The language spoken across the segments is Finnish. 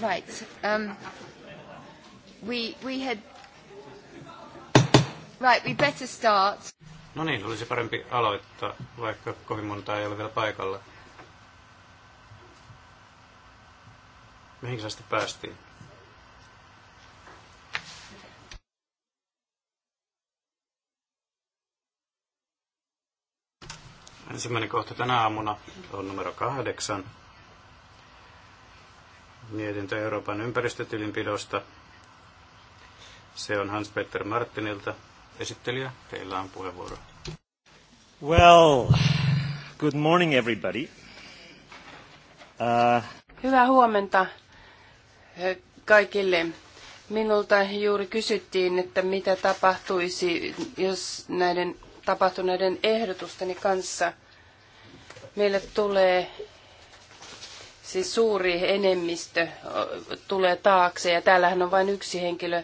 Right. Um, we, we had... Right, we better start. No niin, olisi parempi aloittaa, vaikka kovin monta ei ole vielä paikalla. Mihin asti päästiin? Ensimmäinen kohta tänä aamuna on numero kahdeksan mietintö Euroopan ympäristötilinpidosta. Se on Hans-Peter Martinilta. Esittelijä, teillä on puheenvuoro. Well, good morning everybody. Uh... Hyvää huomenta eh, kaikille. Minulta juuri kysyttiin, että mitä tapahtuisi, jos näiden tapahtuneiden ehdotusteni kanssa meille tulee Siis suuri enemmistö tulee taakse ja täällähän on vain yksi henkilö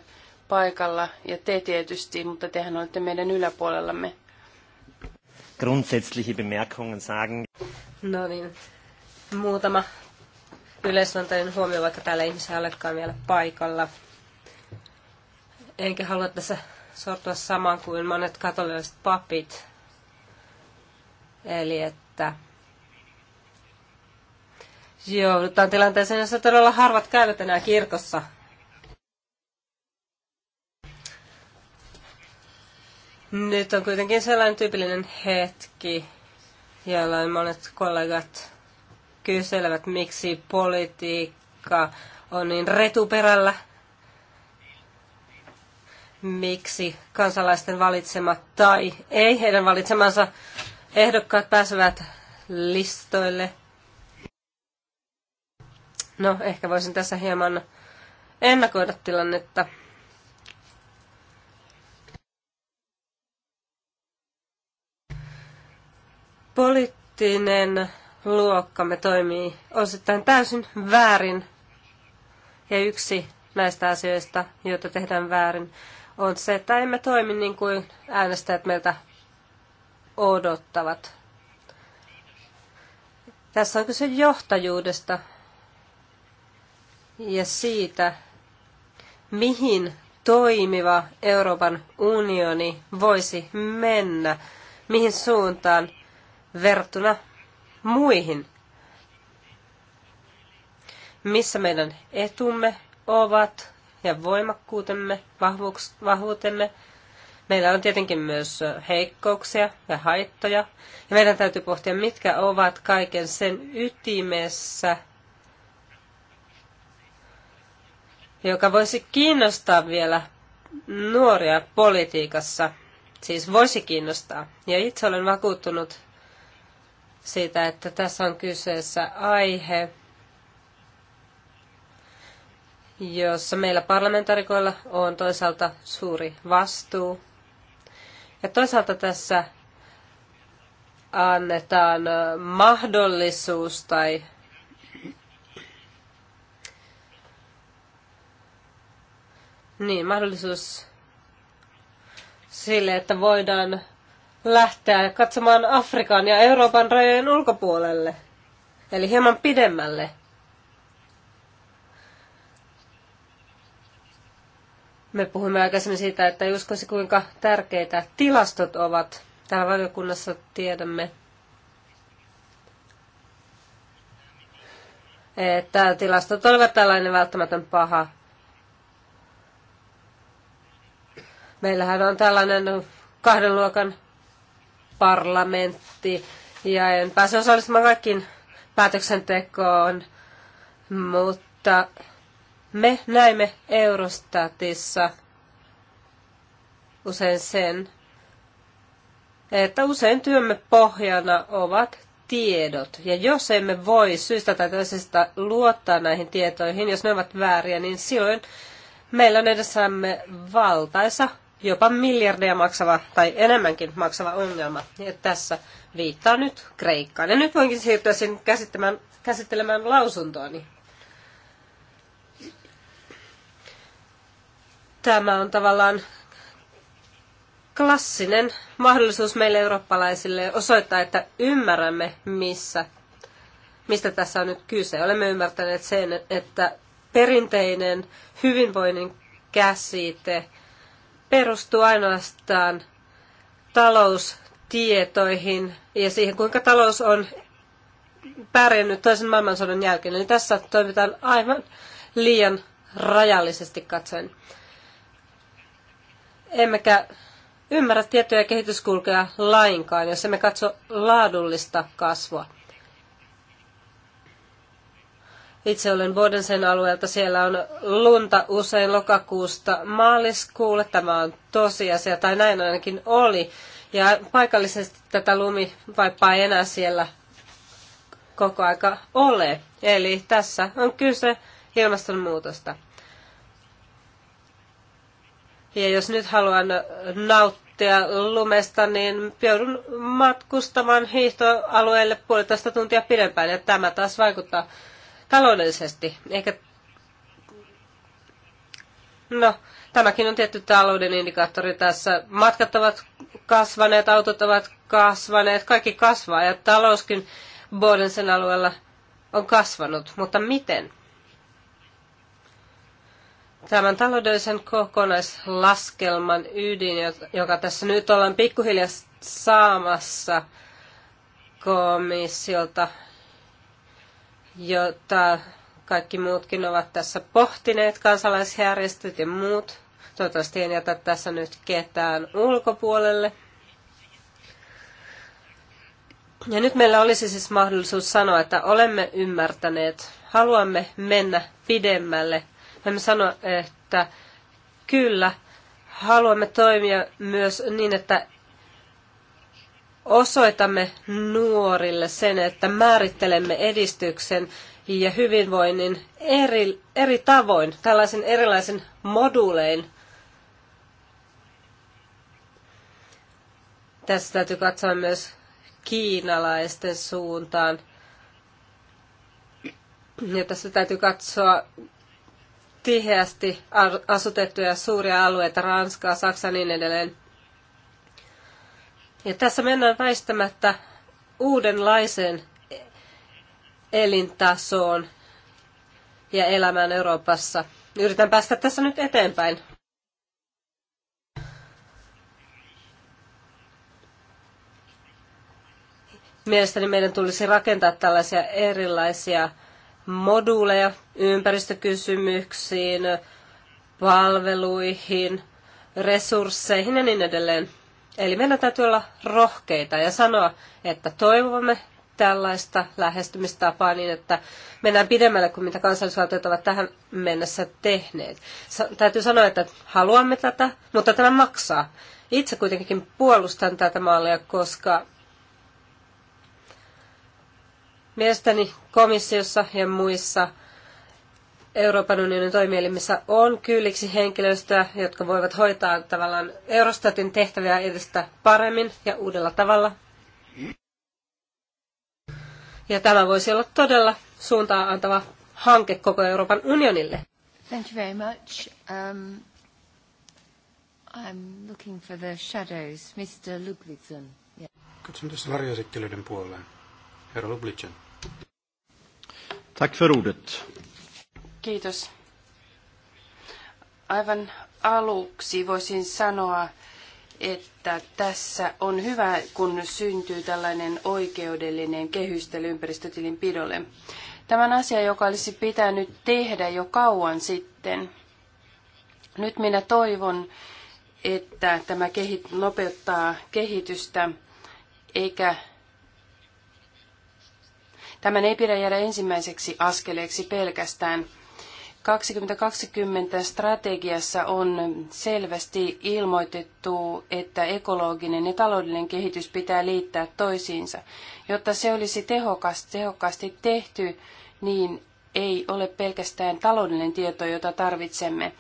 paikalla ja te tietysti, mutta tehän olette meidän yläpuolellamme. Grundsätzliche Bemerkungen sagen. No niin, muutama yleisluontoinen huomio, vaikka täällä ihmisiä olekaan vielä paikalla. Enkä halua tässä sortua samaan kuin monet katolilaiset papit. Eli että joudutaan tilanteeseen, jossa todella harvat käyvät enää kirkossa. Nyt on kuitenkin sellainen tyypillinen hetki, jolloin monet kollegat kyselevät, miksi politiikka on niin retuperällä, miksi kansalaisten valitsema tai ei heidän valitsemansa ehdokkaat pääsevät listoille – No, ehkä voisin tässä hieman ennakoida tilannetta. Poliittinen luokkamme toimii osittain täysin väärin. Ja yksi näistä asioista, joita tehdään väärin, on se, että emme toimi niin kuin äänestäjät meiltä odottavat. Tässä on kyse johtajuudesta, ja siitä, mihin toimiva Euroopan unioni voisi mennä, mihin suuntaan verrattuna muihin. Missä meidän etumme ovat ja voimakkuutemme, vahvuutemme. Meillä on tietenkin myös heikkouksia ja haittoja. Ja meidän täytyy pohtia, mitkä ovat kaiken sen ytimessä – joka voisi kiinnostaa vielä nuoria politiikassa. Siis voisi kiinnostaa. Ja itse olen vakuuttunut siitä, että tässä on kyseessä aihe, jossa meillä parlamentarikoilla on toisaalta suuri vastuu. Ja toisaalta tässä annetaan mahdollisuus tai Niin, mahdollisuus sille, että voidaan lähteä katsomaan Afrikan ja Euroopan rajojen ulkopuolelle, eli hieman pidemmälle. Me puhuimme aikaisemmin siitä, että ei uskoisi kuinka tärkeitä tilastot ovat. Täällä valiokunnassa tiedämme, että tilastot olivat tällainen välttämätön paha Meillähän on tällainen kahden luokan parlamentti ja en pääse osallistumaan kaikkiin päätöksentekoon, mutta me näimme Eurostatissa usein sen, että usein työmme pohjana ovat tiedot. Ja jos emme voi syystä tai toisesta luottaa näihin tietoihin, jos ne ovat vääriä, niin silloin meillä on edessämme valtaisa jopa miljardeja maksava tai enemmänkin maksava ongelma. Ja tässä viittaa nyt Kreikkaan. Ja nyt voinkin siirtyä sen käsittelemään, käsittelemään lausuntoani. Tämä on tavallaan klassinen mahdollisuus meille eurooppalaisille osoittaa, että ymmärrämme, missä, mistä tässä on nyt kyse. Olemme ymmärtäneet sen, että perinteinen hyvinvoinnin käsite – perustuu ainoastaan taloustietoihin ja siihen, kuinka talous on pärjännyt toisen maailmansodan jälkeen. Eli tässä toimitaan aivan liian rajallisesti katsoen. Emmekä ymmärrä tiettyjä kehityskulkuja lainkaan, jos emme katso laadullista kasvua. Itse olen Bodensen alueelta. Siellä on lunta usein lokakuusta maaliskuulle. Tämä on tosiasia, tai näin ainakin oli. Ja paikallisesti tätä lumi vaippaa enää siellä koko aika ole. Eli tässä on kyse ilmastonmuutosta. Ja jos nyt haluan nauttia lumesta, niin joudun matkustamaan hiihtoalueelle puolitoista tuntia pidempään. Ja tämä taas vaikuttaa taloudellisesti. Ehkä, no, tämäkin on tietty talouden indikaattori tässä. Matkat ovat kasvaneet, autot ovat kasvaneet, kaikki kasvaa ja talouskin Bodensen alueella on kasvanut, mutta miten? Tämän taloudellisen kokonaislaskelman ydin, joka tässä nyt ollaan pikkuhiljaa saamassa komissiolta, jota kaikki muutkin ovat tässä pohtineet, kansalaisjärjestöt ja muut. Toivottavasti en jätä tässä nyt ketään ulkopuolelle. Ja nyt meillä olisi siis mahdollisuus sanoa, että olemme ymmärtäneet, haluamme mennä pidemmälle. Voimme sanoa, että kyllä, haluamme toimia myös niin, että osoitamme nuorille sen, että määrittelemme edistyksen ja hyvinvoinnin eri, eri tavoin, tällaisen erilaisen moduulein. Tässä täytyy katsoa myös kiinalaisten suuntaan. Ja tässä täytyy katsoa tiheästi asutettuja suuria alueita, Ranskaa, Saksa ja niin edelleen. Ja tässä mennään väistämättä uudenlaiseen elintasoon ja elämään Euroopassa. Yritän päästä tässä nyt eteenpäin. Mielestäni meidän tulisi rakentaa tällaisia erilaisia moduuleja ympäristökysymyksiin, palveluihin, resursseihin ja niin edelleen. Eli meidän täytyy olla rohkeita ja sanoa, että toivomme tällaista lähestymistapaa niin, että mennään pidemmälle kuin mitä kansallisvaltiot ovat tähän mennessä tehneet. Sa- täytyy sanoa, että haluamme tätä, mutta tämä maksaa. Itse kuitenkin puolustan tätä mallia, koska mielestäni komissiossa ja muissa Euroopan unionin toimielimissä on kylliksi henkilöstöä, jotka voivat hoitaa tavallaan Eurostatin tehtäviä entistä paremmin ja uudella tavalla. Ja tämä voisi olla todella suuntaa antava hanke koko Euroopan unionille. Thank you very much. Um, I'm looking for the shadows. Mr. Ludwigson. Yeah. Katson tässä varjoesittelyiden puoleen. Herra Ludwigson. Tack för ordet. Kiitos. Aivan aluksi voisin sanoa, että tässä on hyvä, kun syntyy tällainen oikeudellinen kehystely pidolle. Tämän asia, joka olisi pitänyt tehdä jo kauan sitten. Nyt minä toivon, että tämä kehit- nopeuttaa kehitystä, eikä tämän ei pidä jäädä ensimmäiseksi askeleeksi pelkästään – 2020 strategiassa on selvästi ilmoitettu, että ekologinen ja taloudellinen kehitys pitää liittää toisiinsa. Jotta se olisi tehokas, tehokkaasti tehty, niin ei ole pelkästään taloudellinen tieto, jota tarvitsemme.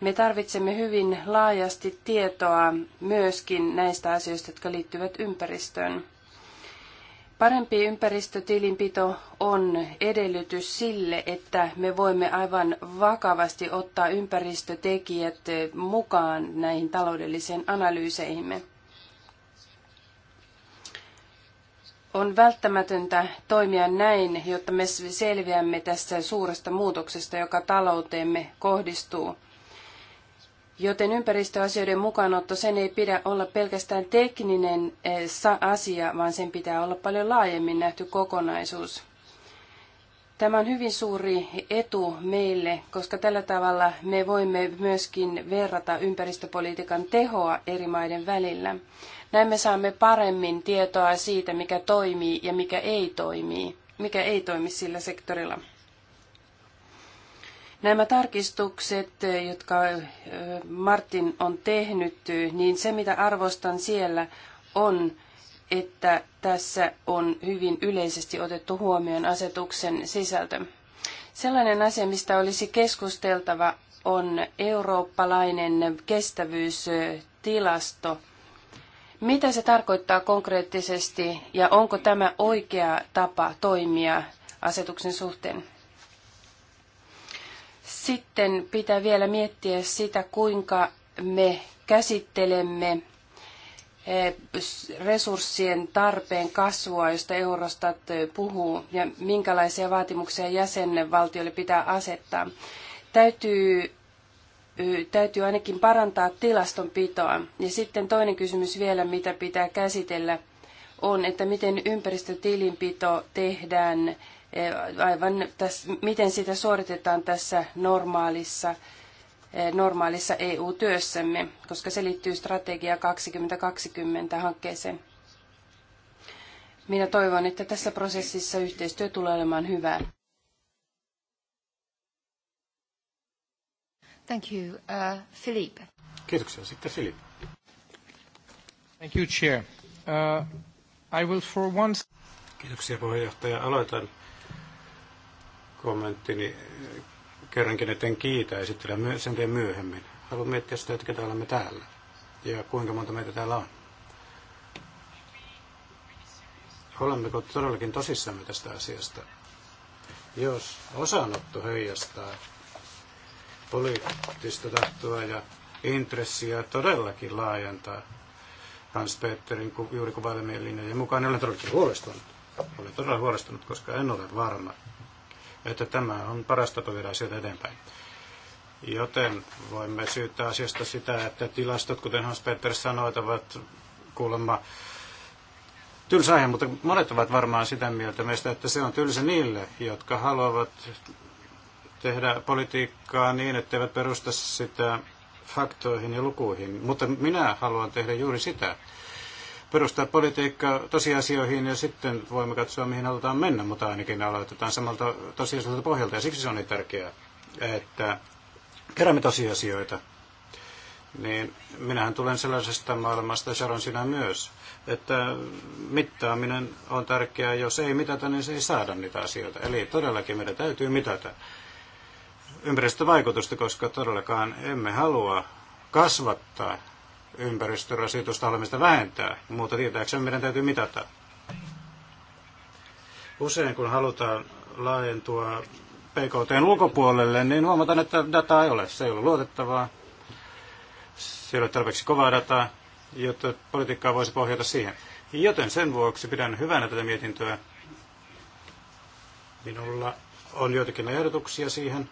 Me tarvitsemme hyvin laajasti tietoa myöskin näistä asioista, jotka liittyvät ympäristöön. Parempi ympäristötilinpito on edellytys sille, että me voimme aivan vakavasti ottaa ympäristötekijät mukaan näihin taloudellisiin analyyseihimme. On välttämätöntä toimia näin, jotta me selviämme tästä suuresta muutoksesta, joka talouteemme kohdistuu. Joten ympäristöasioiden mukaanotto, sen ei pidä olla pelkästään tekninen eh, asia, vaan sen pitää olla paljon laajemmin nähty kokonaisuus. Tämä on hyvin suuri etu meille, koska tällä tavalla me voimme myöskin verrata ympäristöpolitiikan tehoa eri maiden välillä. Näin me saamme paremmin tietoa siitä, mikä toimii ja mikä ei toimi, mikä ei toimi sillä sektorilla. Nämä tarkistukset, jotka Martin on tehnyt, niin se mitä arvostan siellä on, että tässä on hyvin yleisesti otettu huomioon asetuksen sisältö. Sellainen asia, mistä olisi keskusteltava, on eurooppalainen kestävyystilasto. Mitä se tarkoittaa konkreettisesti ja onko tämä oikea tapa toimia asetuksen suhteen? Sitten pitää vielä miettiä sitä, kuinka me käsittelemme eh, resurssien tarpeen kasvua, josta Eurostat eh, puhuu, ja minkälaisia vaatimuksia jäsenvaltioille pitää asettaa. Täytyy, eh, täytyy ainakin parantaa tilastonpitoa. Ja sitten toinen kysymys vielä, mitä pitää käsitellä, on, että miten ympäristötilinpito tehdään Eh, aivan tässä, miten sitä suoritetaan tässä normaalissa, eh, normaalissa EU-työssämme, koska se liittyy strategia 2020 hankkeeseen. Minä toivon, että tässä prosessissa yhteistyö tulee olemaan hyvää. Thank you. Uh, Philippe. Kiitoksia. Sitten Philippe. Thank you, Chair. Uh, I will for once... Kiitoksia puheenjohtaja. Aloitan kommenttini niin kerrankin, etten kiitä, esittelen sen tien myöhemmin. Haluan miettiä sitä, että ketä olemme täällä ja kuinka monta meitä täällä on. Olemmeko todellakin tosissamme tästä asiasta? Jos osanotto heijastaa poliittista tahtoa ja intressiä todellakin laajentaa Hans Peterin juuri kuvailemien linjojen mukaan, niin olen todellakin huolestunut. Olen todella huolestunut, koska en ole varma, että tämä on paras tapa viedä asioita eteenpäin. Joten voimme syyttää asiasta sitä, että tilastot, kuten Hans Peter sanoi, ovat kuulemma tylsä aihe, mutta monet ovat varmaan sitä mieltä meistä, että se on tylsä niille, jotka haluavat tehdä politiikkaa niin, että eivät perusta sitä faktoihin ja lukuihin. Mutta minä haluan tehdä juuri sitä perustaa politiikka tosiasioihin ja sitten voimme katsoa, mihin halutaan mennä, mutta ainakin aloitetaan samalta tosiasioilta pohjalta. Ja siksi se on niin tärkeää, että keräämme tosiasioita. Niin minähän tulen sellaisesta maailmasta, Sharon sinä myös, että mittaaminen on tärkeää. Jos ei mitata, niin se ei saada niitä asioita. Eli todellakin meidän täytyy mitata ympäristövaikutusta, koska todellakaan emme halua kasvattaa ympäristörasitusta olemista vähentää, mutta tietääkseni meidän täytyy mitata. Usein kun halutaan laajentua PKTn ulkopuolelle, niin huomataan, että dataa ei ole. Se ei ole luotettavaa. Se ei ole tarpeeksi kovaa dataa, jotta politiikkaa voisi pohjata siihen. Joten sen vuoksi pidän hyvänä tätä mietintöä. Minulla on joitakin ehdotuksia siihen.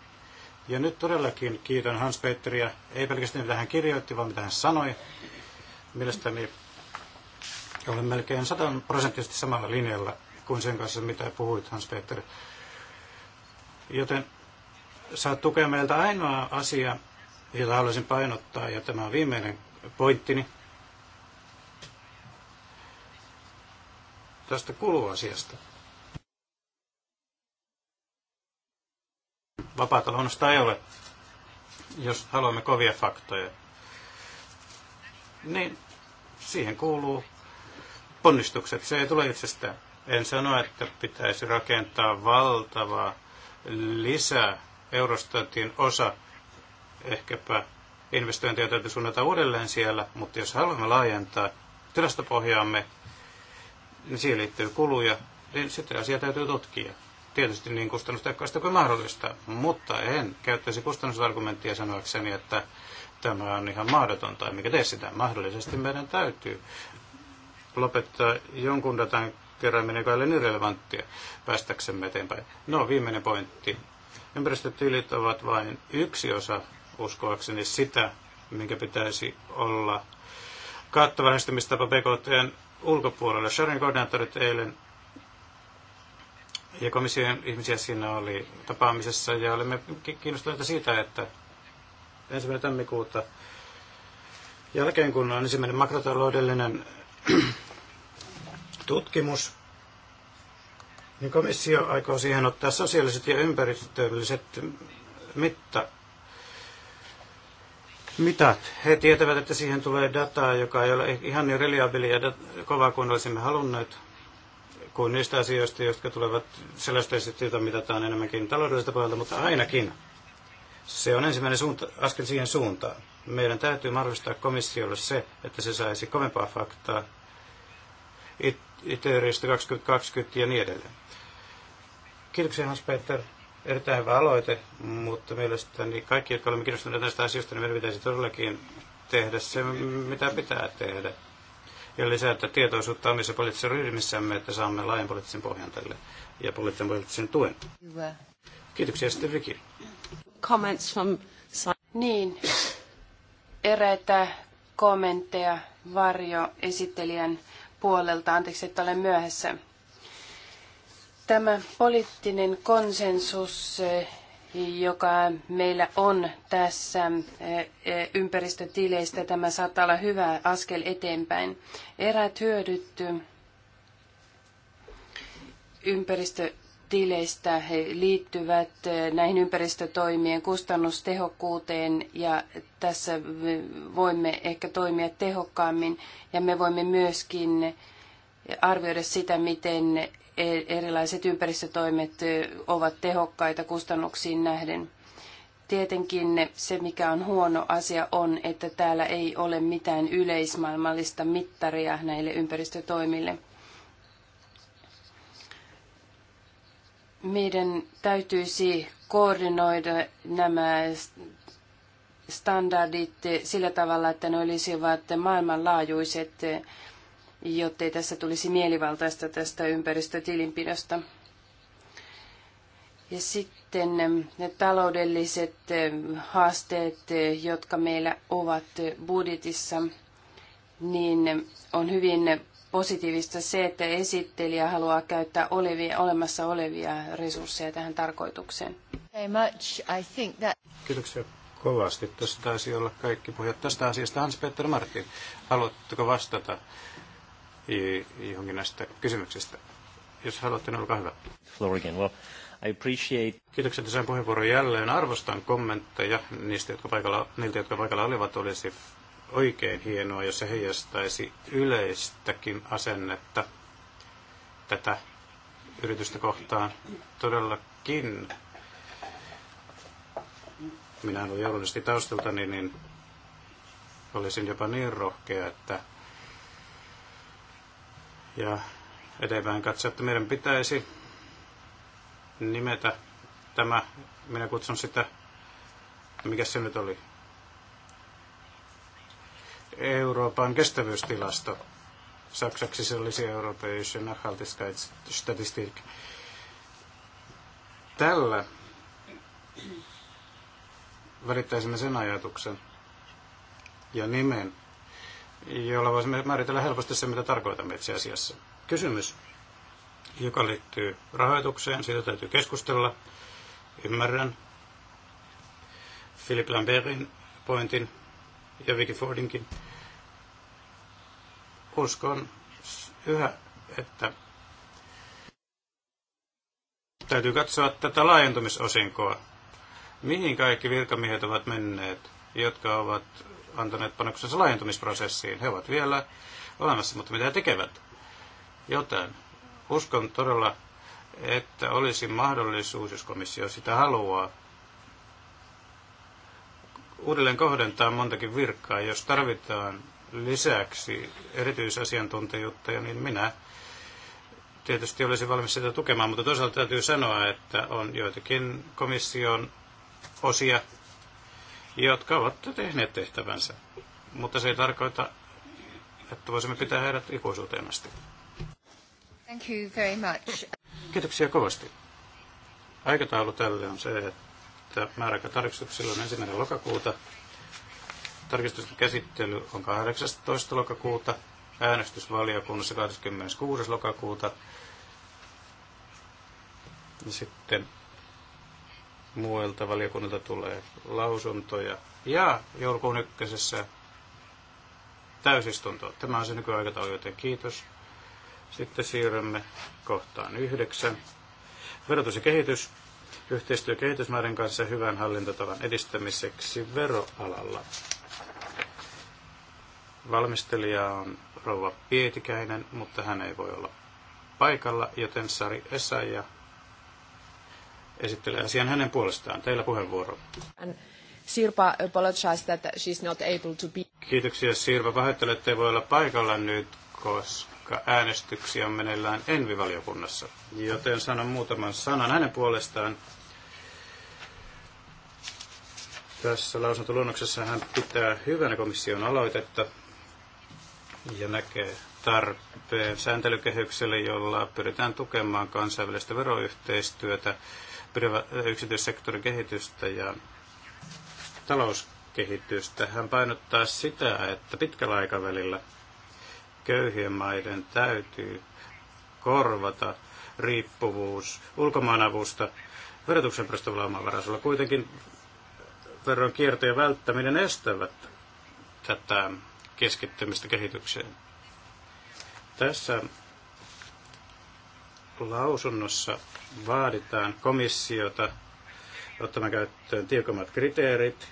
Ja nyt todellakin kiitän Hans Petteriä, ei pelkästään mitä hän kirjoitti, vaan mitä hän sanoi. Mielestäni olen melkein prosenttisesti samalla linjalla kuin sen kanssa, mitä puhuit Hans Peter. Joten saat tukea meiltä ainoa asia, jota haluaisin painottaa, ja tämä on viimeinen pointtini tästä kuluasiasta. Vapaata luonnosta ei ole, jos haluamme kovia faktoja. Niin siihen kuuluu ponnistukset. Se ei tule itsestään. En sano, että pitäisi rakentaa valtavaa lisää Eurostatin osa, ehkäpä investointeja täytyy suunnata uudelleen siellä, mutta jos haluamme laajentaa tilastopohjaamme, niin siihen liittyy kuluja, niin sitten asia täytyy tutkia tietysti niin kustannustehokkaasti kuin mahdollista, mutta en käyttäisi kustannusargumenttia sanoakseni, että tämä on ihan mahdotonta, mikä tee sitä. Mahdollisesti meidän täytyy lopettaa jonkun datan kerääminen, joka ei ole niin päästäksemme eteenpäin. No, viimeinen pointti. Ympäristötilit ovat vain yksi osa, uskoakseni, sitä, minkä pitäisi olla kattava lähestymistapa BKTn ulkopuolelle. Sharing koordinaattorit eilen ja komission ihmisiä siinä oli tapaamisessa ja olemme kiinnostuneita siitä, että ensimmäinen tammikuuta jälkeen, kun on ensimmäinen makrotaloudellinen tutkimus, niin komissio aikoo siihen ottaa sosiaaliset ja ympäristölliset mitta, mitat. He tietävät, että siihen tulee dataa, joka ei ole ihan niin reliabilia ja kovaa kuin olisimme halunneet kuin niistä asioista, jotka tulevat sellaista joita mitataan enemmänkin taloudellisesta puolelta, mutta ainakin se on ensimmäinen suunta, askel siihen suuntaan. Meidän täytyy mahdollistaa komissiolle se, että se saisi kovempaa faktaa ITERistä 2020 ja niin edelleen. Kiitoksia Hans-Peter. Erittäin hyvä aloite, mutta mielestäni kaikki, jotka olemme kiinnostuneet näistä asioista, niin meidän pitäisi todellakin tehdä se, mitä pitää tehdä ja lisätä tietoisuutta omissa poliittisissa ryhmissämme, että saamme laajan poliittisen pohjan tälle ja poliittisen poliittisen tuen. Hyvä. Kiitoksia sitten Viki. Comments from... Niin, eräitä kommentteja varjo esittelijän puolelta. Anteeksi, että olen myöhässä. Tämä poliittinen konsensus joka meillä on tässä ympäristötileistä. Tämä saattaa olla hyvä askel eteenpäin. Erät hyödyt ympäristötileistä liittyvät näihin ympäristötoimien kustannustehokkuuteen ja tässä voimme ehkä toimia tehokkaammin ja me voimme myöskin arvioida sitä, miten E- erilaiset ympäristötoimet ovat tehokkaita kustannuksiin nähden. Tietenkin se, mikä on huono asia, on, että täällä ei ole mitään yleismaailmallista mittaria näille ympäristötoimille. Meidän täytyisi koordinoida nämä standardit sillä tavalla, että ne olisivat maailmanlaajuiset jottei tässä tulisi mielivaltaista tästä ympäristötilinpidosta. Ja sitten ne taloudelliset eh, haasteet, eh, jotka meillä ovat budjetissa, niin on hyvin positiivista se, että esittelijä haluaa käyttää olevia, olemassa olevia resursseja tähän tarkoitukseen. Kiitoksia kovasti. Tässä taisi olla kaikki puhujat tästä asiasta. Hans-Peter Martin, haluatteko vastata johonkin näistä kysymyksistä. Jos haluatte, niin olkaa hyvä. Floor again. Well, I appreciate... Kiitoksia, että sain puheenvuoron jälleen. Arvostan kommentteja niistä, jotka paikalla, niiltä, jotka paikalla olivat. Olisi oikein hienoa, jos se heijastaisi yleistäkin asennetta tätä yritystä kohtaan. Todellakin minä olen journalisti taustalta niin olisin jopa niin rohkea, että ja edevään katsoa, että meidän pitäisi nimetä tämä, minä kutsun sitä, no mikä se nyt oli, Euroopan kestävyystilasto. Saksaksi se olisi Euroopan Nachhaltigkeitsstatistik. Tällä välittäisimme sen ajatuksen ja nimen, jolla voisimme määritellä helposti se, mitä tarkoitamme itse asiassa. Kysymys, joka liittyy rahoitukseen, siitä täytyy keskustella. Ymmärrän Philip Lambertin pointin ja Vicky Fordinkin. Uskon yhä, että täytyy katsoa tätä laajentumisosinkoa. Mihin kaikki virkamiehet ovat menneet, jotka ovat antaneet panoksensa laajentumisprosessiin. He ovat vielä olemassa, mutta mitä he tekevät? Joten uskon todella, että olisi mahdollisuus, jos komissio sitä haluaa, uudelleen kohdentaa montakin virkkaa, jos tarvitaan lisäksi erityisasiantuntijuutta, niin minä tietysti olisin valmis sitä tukemaan, mutta toisaalta täytyy sanoa, että on joitakin komission osia, jotka ovat tehneet tehtävänsä. Mutta se ei tarkoita, että voisimme pitää heidät ikuisuuteen asti. Thank you very much. Kiitoksia kovasti. Aikataulu tälle on se, että määräaika tarkistuksilla on ensimmäinen lokakuuta. Tarkistusten käsittely on 18. lokakuuta, äänestysvaliokunnassa 26. lokakuuta. Ja sitten muilta valiokunnilta tulee lausuntoja. Ja joulukuun ykkösessä täysistunto. Tämä on se nykyaikataulu, joten kiitos. Sitten siirrymme kohtaan yhdeksän. Verotus ja kehitys. Yhteistyö kehitysmaiden kanssa hyvän hallintotavan edistämiseksi veroalalla. Valmistelija on rouva Pietikäinen, mutta hän ei voi olla paikalla, joten Sari Esa ja esittelee asian hänen puolestaan. Teillä puheenvuoro. And Sirpa apologized that she's not able to be... Kiitoksia Sirpa. Pahoittelen, että ei voi olla paikalla nyt, koska äänestyksiä on meneillään Envi-valiokunnassa. Joten sanon muutaman sanan hänen puolestaan. Tässä lausuntoluonnoksessa hän pitää hyvänä komission aloitetta ja näkee tarpeen sääntelykehykselle, jolla pyritään tukemaan kansainvälistä veroyhteistyötä yksityissektorin kehitystä ja talouskehitystä. Hän painottaa sitä, että pitkällä aikavälillä köyhien maiden täytyy korvata riippuvuus ulkomaanavusta verotuksen perustuvalla omavaraisuudella. Kuitenkin veron kierto ja välttäminen estävät tätä keskittymistä kehitykseen. Tässä lausunnossa vaaditaan komissiota ottamaan käyttöön tiukommat kriteerit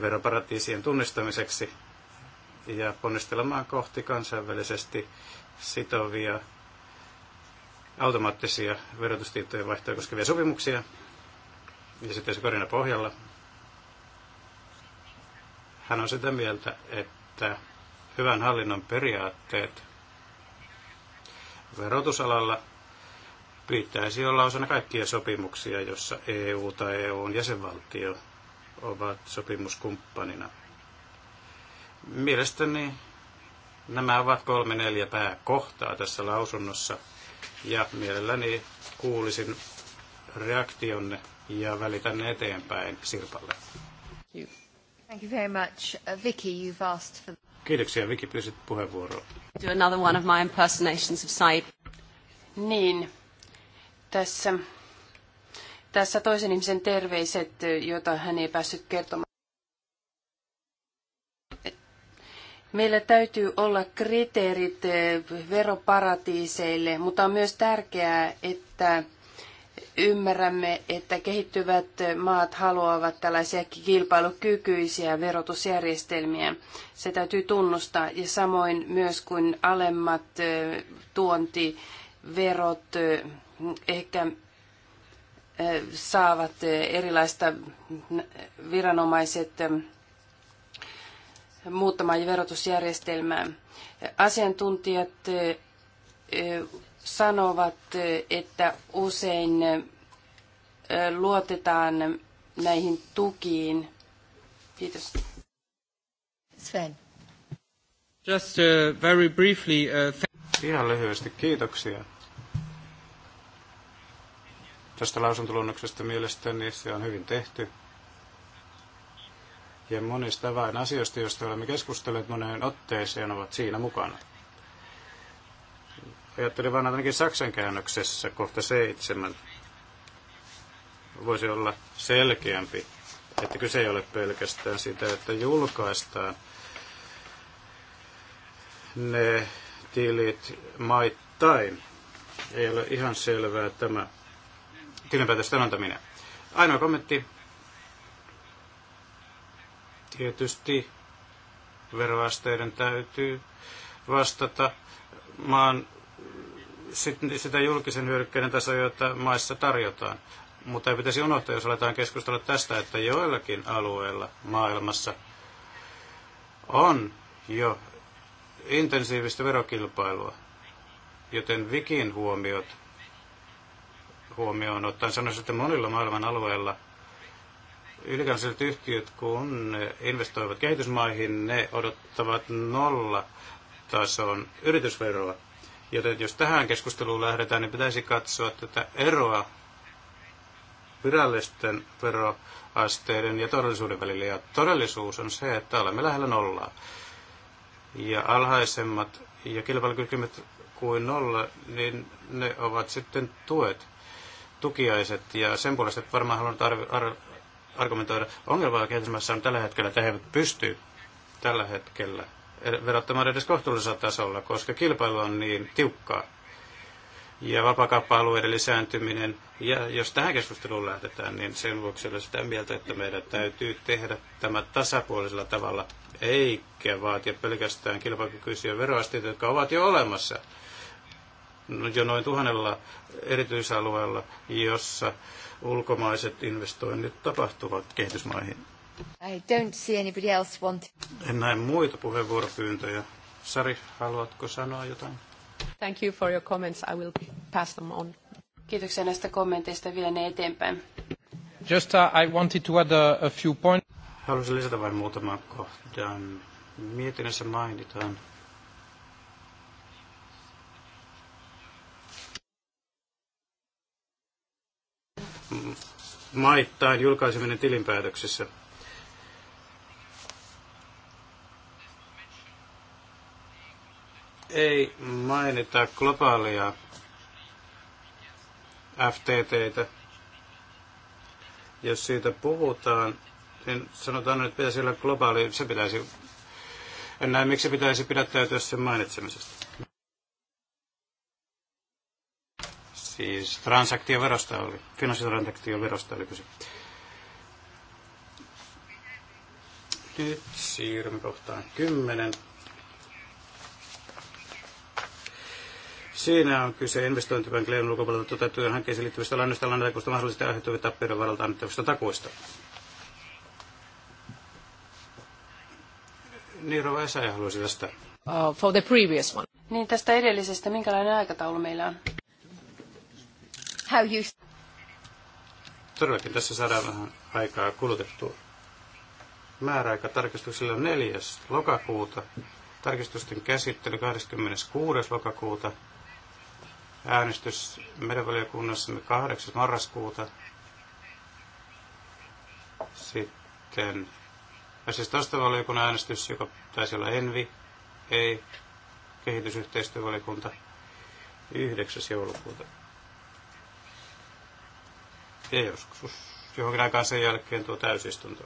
veroparatiisien tunnistamiseksi ja ponnistelemaan kohti kansainvälisesti sitovia automaattisia verotustietojen vaihtoja koskevia sopimuksia. Ja sitten se korina pohjalla. Hän on sitä mieltä, että hyvän hallinnon periaatteet verotusalalla pitäisi olla osana kaikkia sopimuksia, jossa EU tai EUn jäsenvaltio ovat sopimuskumppanina. Mielestäni nämä ovat kolme neljä pääkohtaa tässä lausunnossa ja mielelläni kuulisin reaktionne ja välitän ne eteenpäin Sirpalle. Thank you very much. Uh, Vicky, you've asked for... Kiitoksia, Vicky, pyysit puheenvuoroa. Do another one of my impersonations of Saib. Niin, tässä, tässä toisen ihmisen terveiset, joita hän ei päässyt kertomaan. Meillä täytyy olla kriteerit eh, veroparatiiseille, mutta on myös tärkeää, että ymmärrämme, että kehittyvät maat haluavat tällaisia kilpailukykyisiä verotusjärjestelmiä. Se täytyy tunnustaa ja samoin myös kuin alemmat eh, tuontiverot eh, ehkä saavat erilaista viranomaiset muuttamaan verotusjärjestelmää. Asiantuntijat sanovat, että usein luotetaan näihin tukiin. Kiitos. Sven. Just uh, very briefly, uh, Ihan lyhyesti kiitoksia tästä lausuntoluonnoksesta. Mielestäni se on hyvin tehty. Ja monista vain asioista, joista olemme keskustelleet moneen otteeseen, ovat siinä mukana. Ajattelin vain ainakin Saksan käännöksessä kohta seitsemän. Voisi olla selkeämpi, että kyse ei ole pelkästään sitä, että julkaistaan ne tilit maittain. Ei ole ihan selvää tämä tilinpäätösten antaminen. Ainoa kommentti. Tietysti veroasteiden täytyy vastata maan sitä julkisen hyödykkeiden tasoa, jota maissa tarjotaan. Mutta ei pitäisi unohtaa, jos aletaan keskustella tästä, että joillakin alueilla maailmassa on jo intensiivistä verokilpailua, joten vikin huomiot huomioon ottaen sanoisin, että monilla maailman alueilla ylikansalliset yhtiöt, kun investoivat kehitysmaihin, ne odottavat nolla tason yritysveroa. Joten jos tähän keskusteluun lähdetään, niin pitäisi katsoa tätä eroa virallisten veroasteiden ja todellisuuden välillä. Ja todellisuus on se, että olemme lähellä nollaa. Ja alhaisemmat ja kilpailukykymät kuin nolla, niin ne ovat sitten tuet tukiaiset, ja sen puolesta varmaan haluan ar- ar- argumentoida. Ongelma kehitysmaissa on tällä hetkellä, että he eivät pysty tällä hetkellä verottamaan edes kohtuullisella tasolla, koska kilpailu on niin tiukkaa. Ja vapaakauppa-alueiden lisääntyminen, ja jos tähän keskusteluun lähdetään, niin sen vuoksi olen sitä mieltä, että meidän täytyy tehdä tämä tasapuolisella tavalla, eikä vaatia pelkästään kilpailukykyisiä veroasteita, jotka ovat jo olemassa jo noin tuhannella erityisalueella, jossa ulkomaiset investoinnit tapahtuvat kehitysmaihin. I don't see anybody else want... En näe muita puheenvuoropyyntöjä. Sari, haluatko sanoa jotain? Thank you for your comments. I will pass them on. Kiitoksia näistä kommenteista vielä ne eteenpäin. Just uh, I wanted to add a, a few points. Haluaisin lisätä vain muutaman kohdan. Mietinnössä mainitaan maittain julkaiseminen tilinpäätöksissä. Ei mainita globaalia FTTtä. Jos siitä puhutaan, niin sanotaan, että pitäisi olla globaali, se pitäisi, en näe miksi pitäisi pidättäytyä sen mainitsemisesta. Siis transaktioverosta oli, finanssitransaktioverosta oli kyse. Nyt siirrymme kohtaan 10. Siinä on kyse investointipankin leidon ulkopuolelta toteutettujen hankkeisiin liittyvistä lainoista lainatakuista mahdollisesti aiheutuvien tappioiden varalta annettavista takuista. Niin, Rova Esa haluaisi tästä. Uh, for the previous one. Niin tästä edellisestä, minkälainen aikataulu meillä on? how you... Todellakin tässä saadaan vähän aikaa kulutettua. Määräaika tarkistuksella on 4. lokakuuta. Tarkistusten käsittely 26. lokakuuta. Äänestys meidän valiokunnassamme 8. marraskuuta. Sitten asiasta äh, siis valiokunnan äänestys, joka taisi olla Envi, ei, kehitysyhteistyövaliokunta 9. joulukuuta ja joskus johonkin aikaan sen jälkeen tuo täysistunto.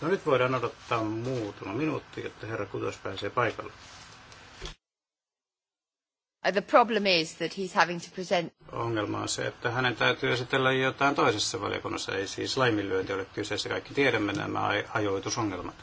No nyt voidaan odottaa muutama minuutti, että herra Kutos pääsee paikalle. Uh, the problem is that he's having to present... Ongelma on se, että hänen täytyy esitellä jotain toisessa valiokunnassa, ei siis laiminlyönti ole kyseessä. Kaikki tiedämme nämä ajoitusongelmat.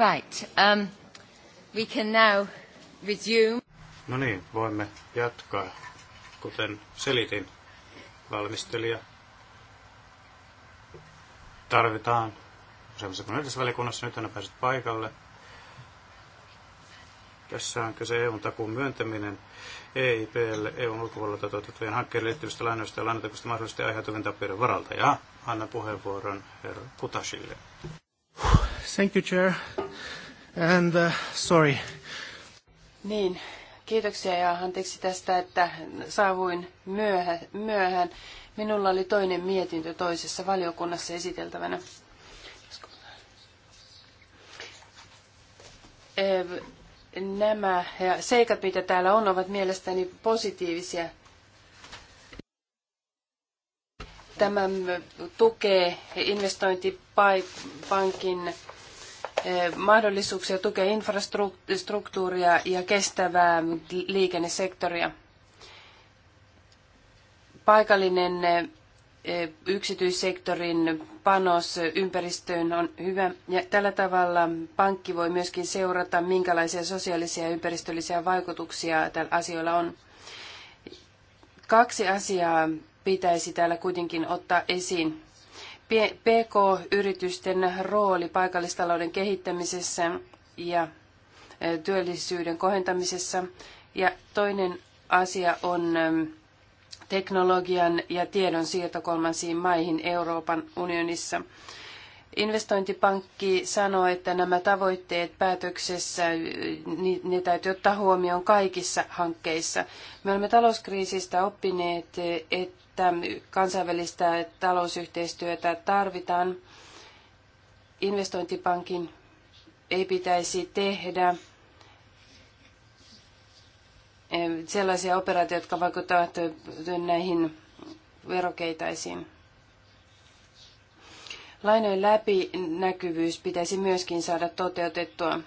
Right. Um, we can now resume. No niin, voimme jatkaa. Kuten selitin, valmistelija tarvitaan useammassa kuin yhdessä välikunnassa Nyt on päässyt paikalle. Tässä on kyse EU-takuun myöntäminen EIPlle EUn ulkopuolelta toteutettujen hankkeiden liittyvistä lainoista ja lainatakusta mahdollisesti aiheutuvien tappioiden varalta. Ja annan puheenvuoron herra Kutasille. Thank you, Chair. And uh, sorry. Niin, kiitoksia ja anteeksi tästä, että saavuin myöhä, myöhään. Minulla oli toinen mietintö toisessa valiokunnassa esiteltävänä. Nämä seikat, mitä täällä on, ovat mielestäni positiivisia. Tämä tukee investointipankin Eh, mahdollisuuksia tukea infrastruktuuria ja kestävää liikennesektoria. Paikallinen eh, yksityissektorin panos ympäristöön on hyvä ja tällä tavalla pankki voi myöskin seurata, minkälaisia sosiaalisia ja ympäristöllisiä vaikutuksia tällä asioilla on. Kaksi asiaa pitäisi täällä kuitenkin ottaa esiin. PK-yritysten rooli paikallistalouden kehittämisessä ja e, työllisyyden kohentamisessa. Ja toinen asia on e, teknologian ja tiedon siirto kolmansiin maihin Euroopan unionissa. Investointipankki sanoi, että nämä tavoitteet päätöksessä, ne täytyy ottaa huomioon kaikissa hankkeissa. Me olemme talouskriisistä oppineet, että kansainvälistä talousyhteistyötä tarvitaan. Investointipankin ei pitäisi tehdä eh, sellaisia operaatioita, jotka vaikuttavat näihin verokeitaisiin. Lainojen läpinäkyvyys pitäisi myöskin saada toteutettua,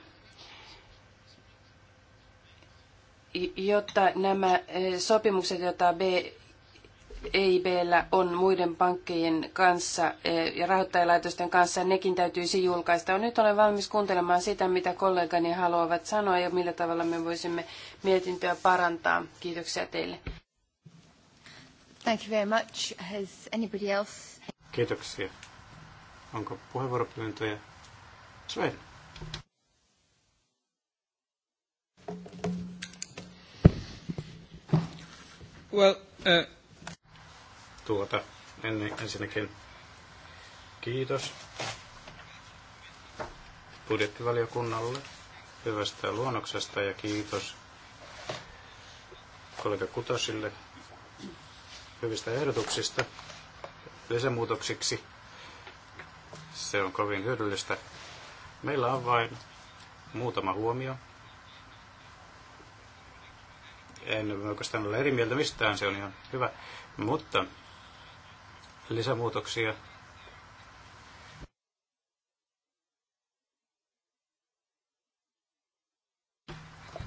jotta nämä eh, sopimukset, joita EIBllä on muiden pankkien kanssa eh, ja rahoittajalaitosten kanssa, nekin täytyisi julkaista. Nyt olen valmis kuuntelemaan sitä, mitä kollegani haluavat sanoa ja millä tavalla me voisimme mietintöä parantaa. Kiitoksia teille. Thank you very much. Has anybody else... Kiitoksia. Onko puheenvuoropyyntöjä? Sven. Well, uh... Tuota, ennen ensinnäkin kiitos budjettivaliokunnalle hyvästä luonnoksesta ja kiitos kollega Kutosille hyvistä ehdotuksista lisämuutoksiksi se on kovin hyödyllistä. Meillä on vain muutama huomio. En oikeastaan ole eri mieltä mistään, se on ihan hyvä. Mutta lisämuutoksia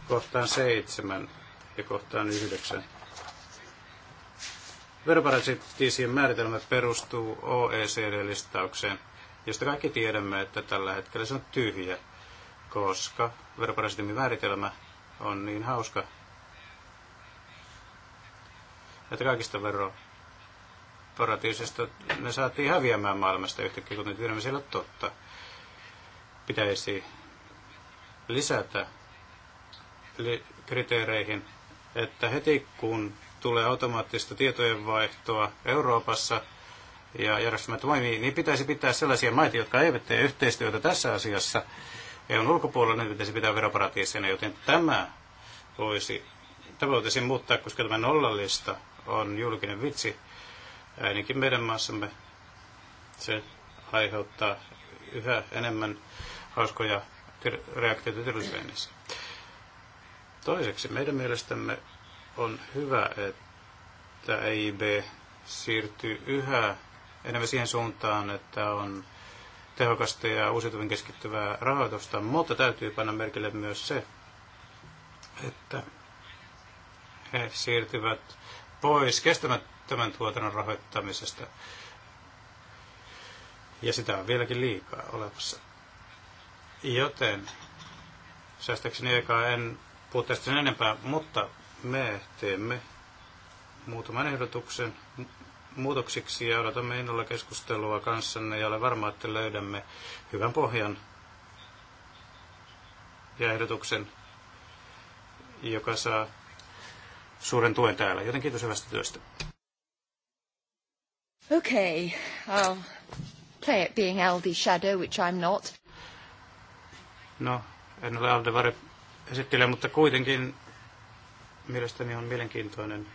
kohtaan seitsemän ja kohtaan yhdeksän. Veroparatiisien määritelmä perustuu OECD-listaukseen josta kaikki tiedämme, että tällä hetkellä se on tyhjä, koska veroparasitimin määritelmä on niin hauska, että kaikista veroparatiisista ne saatiin häviämään maailmasta yhtäkkiä, kun ne tiedämme siellä totta. Pitäisi lisätä kriteereihin, että heti kun tulee automaattista tietojenvaihtoa Euroopassa, ja järjestelmä toimii, niin pitäisi pitää sellaisia maita, jotka eivät tee yhteistyötä tässä asiassa. EUn ulkopuolella niin pitäisi pitää veroparatiiseina, joten tämä voisi, tavoitteisiin muuttaa, koska tämä nollallista on julkinen vitsi, ainakin meidän maassamme. Se aiheuttaa yhä enemmän hauskoja reaktioita tilusveinnissä. Toiseksi meidän mielestämme on hyvä, että EIB siirtyy yhä enemmän siihen suuntaan, että on tehokasta ja uusiutuvin keskittyvää rahoitusta, mutta täytyy panna merkille myös se, että he siirtyvät pois kestämättömän tuotannon rahoittamisesta. Ja sitä on vieläkin liikaa olemassa. Joten, säästäkseni aikaa en puhu tästä sen enempää, mutta me teemme muutaman ehdotuksen muutoksiksi ja odotamme innolla keskustelua kanssanne ja olen varma, että löydämme hyvän pohjan ja ehdotuksen, joka saa suuren tuen täällä. Joten kiitos hyvästä työstä. Okay, I'll play it being Aldi Shadow, which I'm not. No, en ole Aldevar esittelijä, mutta kuitenkin mielestäni on mielenkiintoinen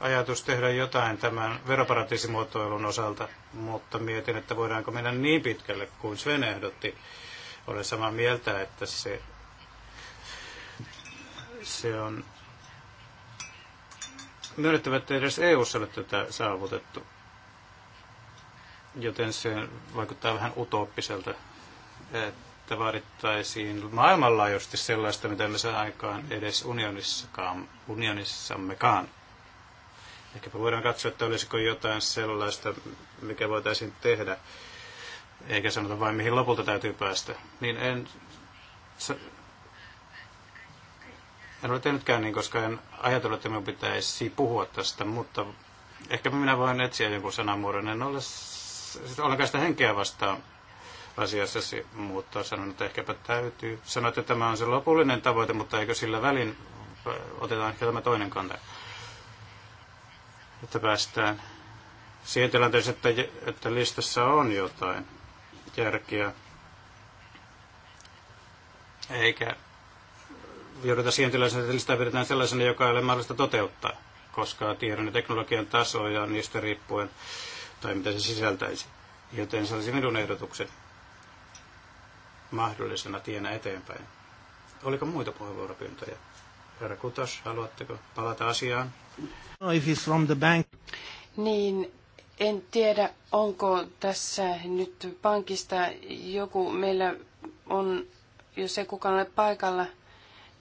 ajatus tehdä jotain tämän veroparatiisimuotoilun osalta, mutta mietin, että voidaanko mennä niin pitkälle kuin Sven ehdotti. Olen samaa mieltä, että se, se on myönnettävä, että edes eu ole tätä saavutettu. Joten se vaikuttaa vähän utooppiselta, että vaadittaisiin maailmanlaajuisesti sellaista, mitä me saa aikaan edes unionissakaan, unionissammekaan. Ehkäpä voidaan katsoa, että olisiko jotain sellaista, mikä voitaisiin tehdä, eikä sanota vain mihin lopulta täytyy päästä. Niin en, en ole tehnytkään niin, koska en ajatellut, että minun pitäisi puhua tästä, mutta ehkä minä voin etsiä jonkun sanamuodon. En ole siis ollenkaan sitä henkeä vastaan asiassa, mutta sanon, että ehkäpä täytyy. Sanoit, että tämä on se lopullinen tavoite, mutta eikö sillä välin otetaan ehkä tämä toinen kanta että päästään siihen tilanteeseen, että, että listassa on jotain järkeä, eikä jouduta siihen tilanteeseen, että listaa pidetään sellaisena, joka ei ole mahdollista toteuttaa, koska tiedon ja teknologian taso ja niistä riippuen, tai mitä se sisältäisi. Joten se olisi minun ehdotukseni mahdollisena tienä eteenpäin. Oliko muita puheenvuoropyyntöjä? Herra Kutas, haluatteko palata asiaan? No, if it's from the bank. Niin, en tiedä, onko tässä nyt pankista joku meillä on, jos ei kukaan ole paikalla,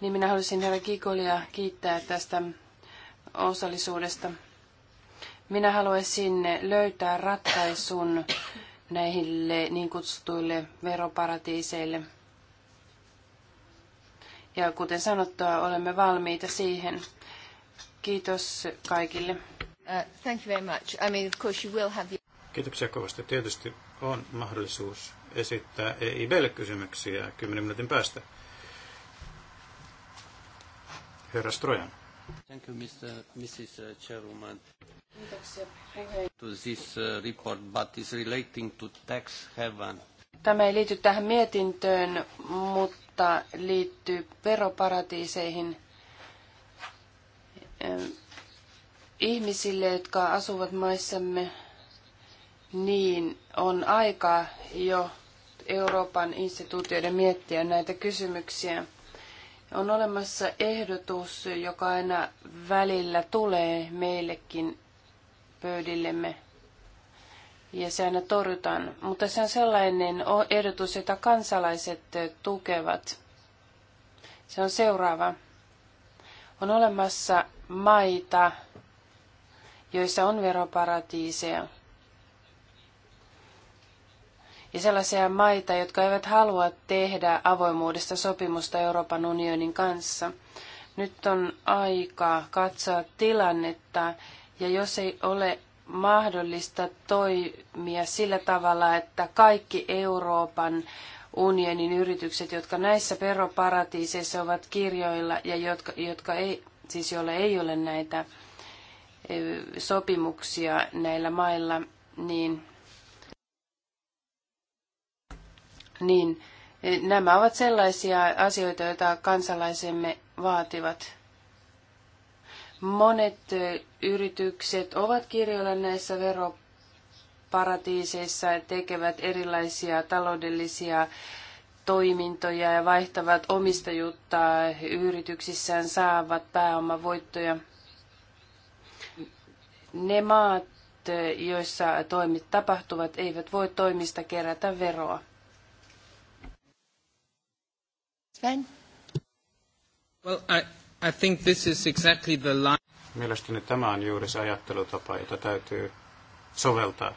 niin minä haluaisin herra Kikolia kiittää tästä osallisuudesta. Minä haluaisin löytää ratkaisun näihin niin kutsutuille veroparatiiseille – ja kuten sanottua, olemme valmiita siihen. Kiitos kaikille. Uh, thank you very much. I mean, of course you will have the... Kiitoksia kovasti. Tietysti on mahdollisuus esittää EIBlle kysymyksiä 10 minuutin päästä. Herra Strojan. Thank you, Mr. Mrs. Uh, chairwoman. To this uh, report, but is relating to tax heaven. Tämä ei liity tähän mietintöön, mutta kohta liittyy veroparatiiseihin ihmisille, jotka asuvat maissamme, niin on aika jo Euroopan instituutioiden miettiä näitä kysymyksiä. On olemassa ehdotus, joka aina välillä tulee meillekin pöydillemme ja se aina torjutaan. Mutta se on sellainen ehdotus, jota kansalaiset tukevat. Se on seuraava. On olemassa maita, joissa on veroparatiiseja. Ja sellaisia maita, jotka eivät halua tehdä avoimuudesta sopimusta Euroopan unionin kanssa. Nyt on aika katsoa tilannetta, ja jos ei ole mahdollista toimia sillä tavalla, että kaikki Euroopan unionin yritykset, jotka näissä veroparatiiseissa ovat kirjoilla ja jotka, jotka ei, siis joille ei ole näitä sopimuksia näillä mailla, niin, niin nämä ovat sellaisia asioita, joita kansalaisemme vaativat. Monet yritykset ovat kirjoilla näissä veroparatiiseissa ja tekevät erilaisia taloudellisia toimintoja ja vaihtavat omistajuutta yrityksissään, saavat pääomavoittoja. Ne maat, joissa toimit tapahtuvat, eivät voi toimista kerätä veroa. Sven? Well, I, I think this is exactly the line. Mielestäni tämä on juuri se ajattelutapa, jota täytyy soveltaa.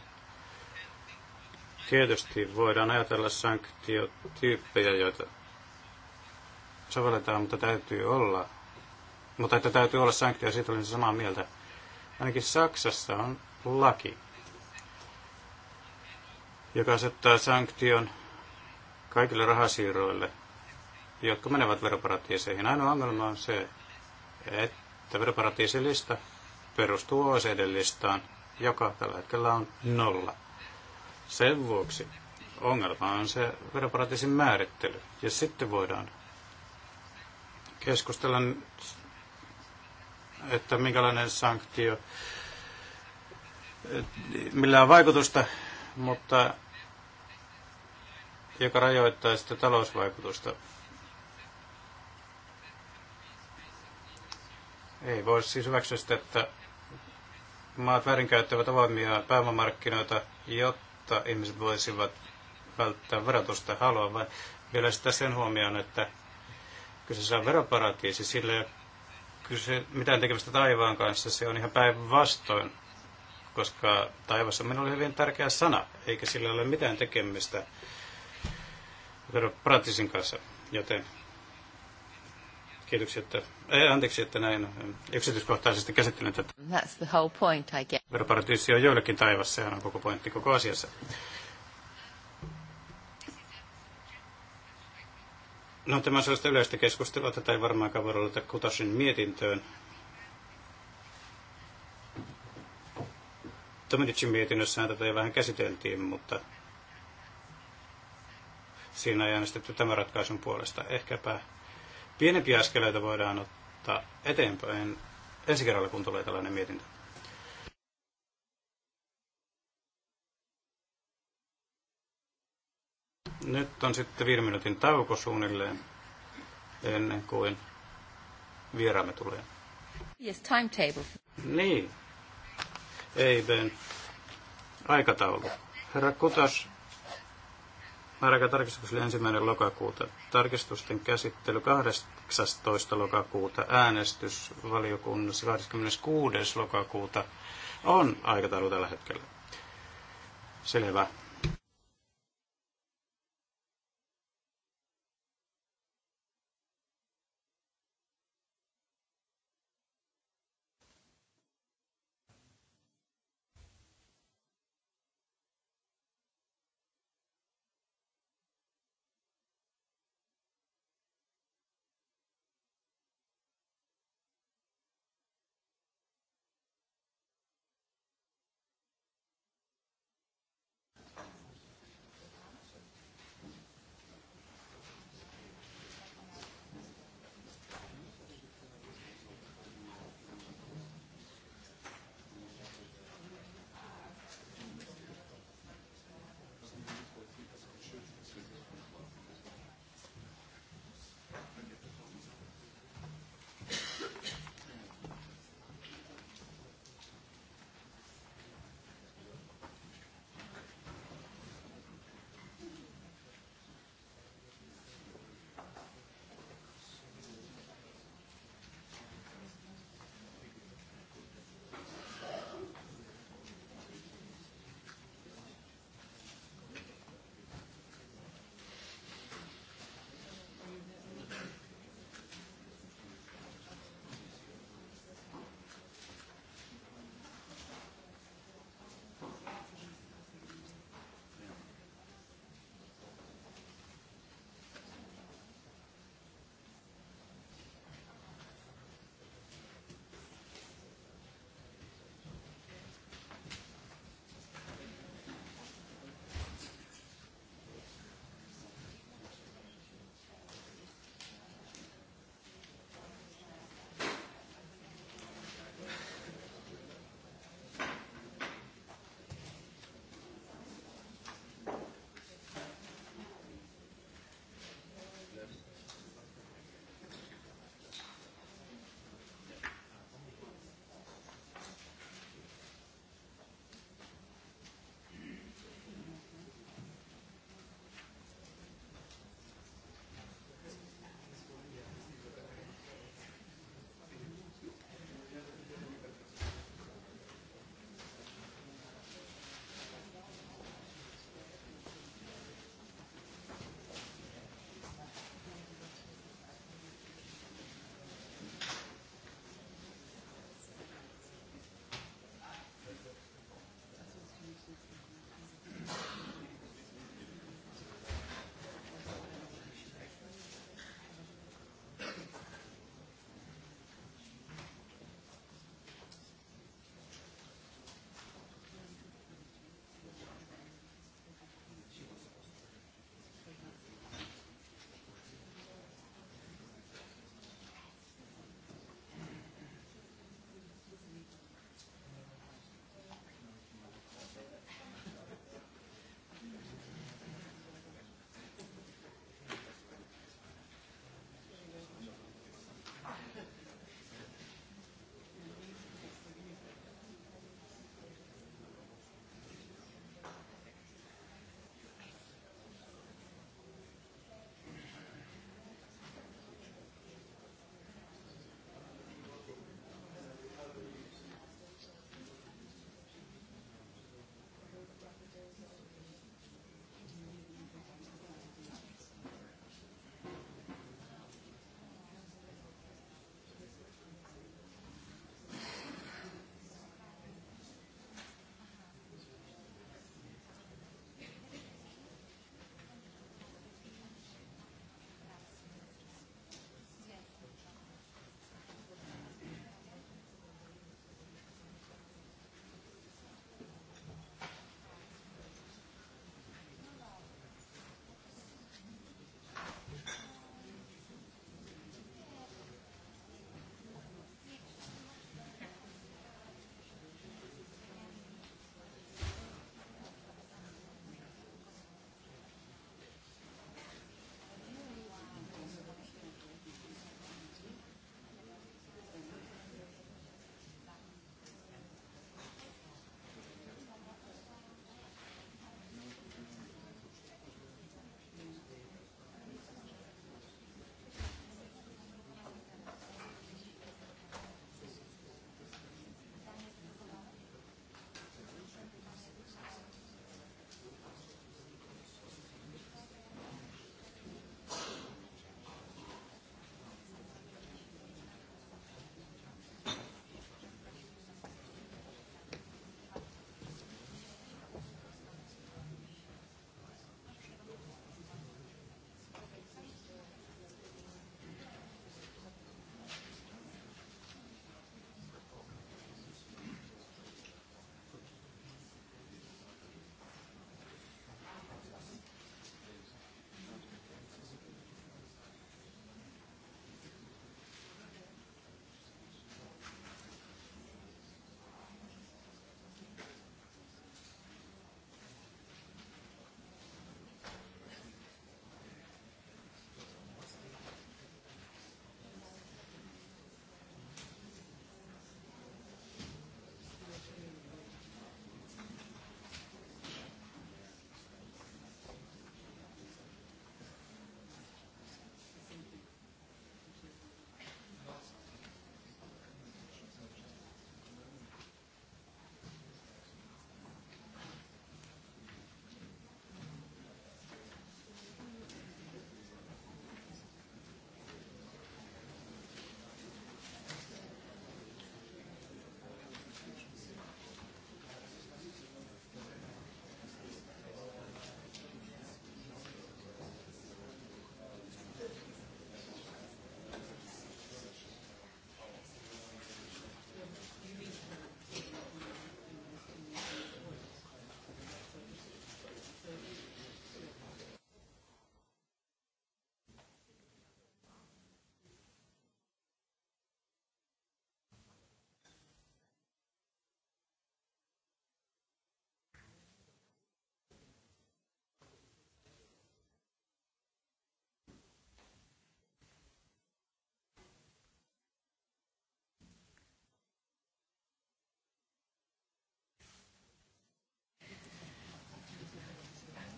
Tietysti voidaan ajatella sanktiotyyppejä, joita sovelletaan, mutta täytyy olla. Mutta että täytyy olla sanktio, siitä olen samaa mieltä. Ainakin Saksassa on laki, joka asettaa sanktion kaikille rahasiirroille – jotka menevät veroparatiiseihin. Ainoa ongelma on se, että veroparatiisilista perustuu OECD-listaan, joka tällä hetkellä on nolla. Sen vuoksi ongelma on se veroparatiisin määrittely. Ja sitten voidaan keskustella, että minkälainen sanktio, millä on vaikutusta, mutta joka rajoittaa sitä talousvaikutusta Ei voi siis hyväksyä sitä, että maat väärinkäyttävät avoimia pääomamarkkinoita, jotta ihmiset voisivat välttää verotusta halua, vai vielä sitä sen huomioon, että kyseessä on veroparatiisi, sille, kyse mitään tekemistä taivaan kanssa, se on ihan päinvastoin, koska taivassa minulla oli hyvin tärkeä sana, eikä sillä ole mitään tekemistä veroparatiisin kanssa, joten Kiitoksia, että, ei, anteeksi, että näin yksityiskohtaisesti käsittelen tätä. That's the whole point, I guess. Veroparatiisi on joillekin taivassa, sehän on koko pointti koko asiassa. No tämä on sellaista yleistä keskustelua, tätä ei varmaankaan voi olla Kutasin mietintöön. Tominicin mietinnössähän tätä jo vähän käsiteltiin, mutta siinä ei äänestetty tämän ratkaisun puolesta. Ehkäpä pienempiä askeleita voidaan ottaa eteenpäin ensi kerralla, kun tulee tällainen mietintö. Nyt on sitten viiden minuutin tauko suunnilleen ennen kuin vieraamme tulee. Yes, timetable. Niin. Ben. aikataulu. Herra Kutas, Määräaikatarkistukselle ensimmäinen lokakuuta. Tarkistusten käsittely 18. lokakuuta. Äänestys valiokunnassa 26. lokakuuta on aikataulu tällä hetkellä. Selvä.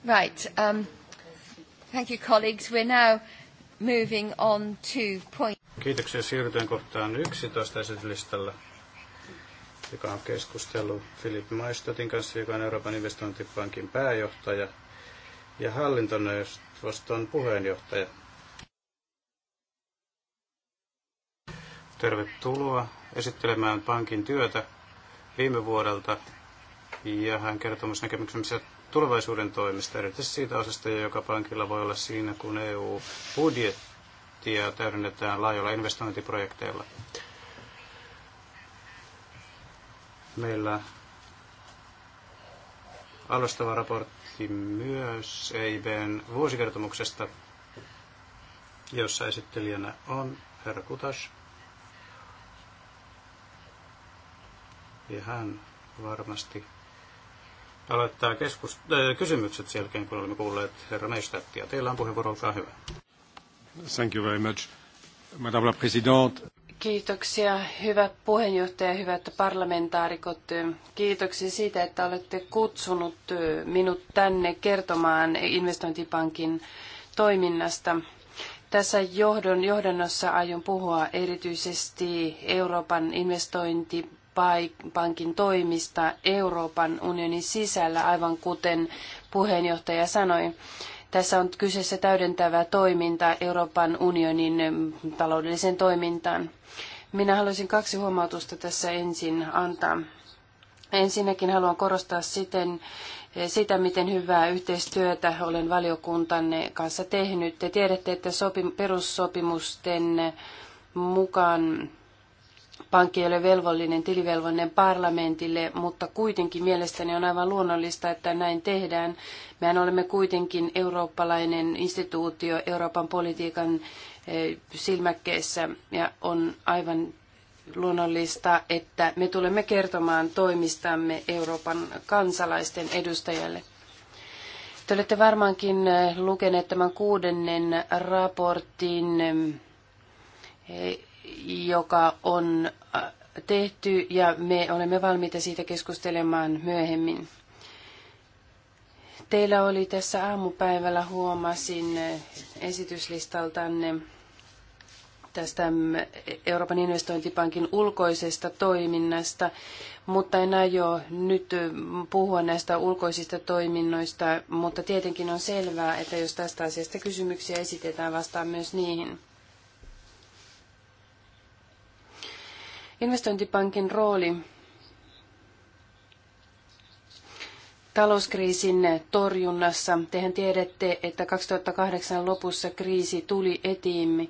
Right. Um, thank you, colleagues. We're now moving on to point... Kiitoksia. Siirrytään kohtaan 11 esityslistalla, joka on keskustelu Philip Maistotin kanssa, joka on Euroopan investointipankin pääjohtaja ja hallintoneuvoston puheenjohtaja. Tervetuloa esittelemään pankin työtä viime vuodelta ja hän kertoo myös näkemyksensä tulevaisuuden toimista, erityisesti siitä osasta, joka pankilla voi olla siinä, kun EU-budjettia täydennetään laajoilla investointiprojekteilla. Meillä alustava raportti myös EIBn vuosikertomuksesta, jossa esittelijänä on herra Kutas. Ja hän varmasti aloittaa keskus- äh, kysymykset sen jälkeen, kun olemme kuulleet herra Ja Teillä on puheenvuoro, olkaa hyvä. Thank you very much. Madame la Présidente. Kiitoksia, hyvä puheenjohtaja, hyvät parlamentaarikot. Kiitoksia siitä, että olette kutsunut minut tänne kertomaan investointipankin toiminnasta. Tässä johdon, johdannossa aion puhua erityisesti Euroopan investointipankin pankin toimista Euroopan unionin sisällä, aivan kuten puheenjohtaja sanoi. Tässä on kyseessä täydentävä toiminta Euroopan unionin taloudelliseen toimintaan. Minä haluaisin kaksi huomautusta tässä ensin antaa. Ensinnäkin haluan korostaa siten, eh, sitä, miten hyvää yhteistyötä olen valiokuntanne kanssa tehnyt. Te tiedätte, että sopim- perussopimusten mukaan Pankki ei ole velvollinen tilivelvollinen parlamentille, mutta kuitenkin mielestäni on aivan luonnollista, että näin tehdään. Mehän olemme kuitenkin eurooppalainen instituutio Euroopan politiikan eh, silmäkkeessä ja on aivan luonnollista, että me tulemme kertomaan toimistamme Euroopan kansalaisten edustajille. Te olette varmaankin eh, lukeneet tämän kuudennen raportin eh, joka on äh, tehty ja me olemme valmiita siitä keskustelemaan myöhemmin. Teillä oli tässä aamupäivällä, huomasin äh, esityslistaltanne tästä mm, Euroopan investointipankin ulkoisesta toiminnasta, mutta en aio nyt äh, puhua näistä ulkoisista toiminnoista, mutta tietenkin on selvää, että jos tästä asiasta kysymyksiä esitetään, vastaan myös niihin. Investointipankin rooli talouskriisin torjunnassa. Tehän tiedätte, että 2008 lopussa kriisi tuli etiimme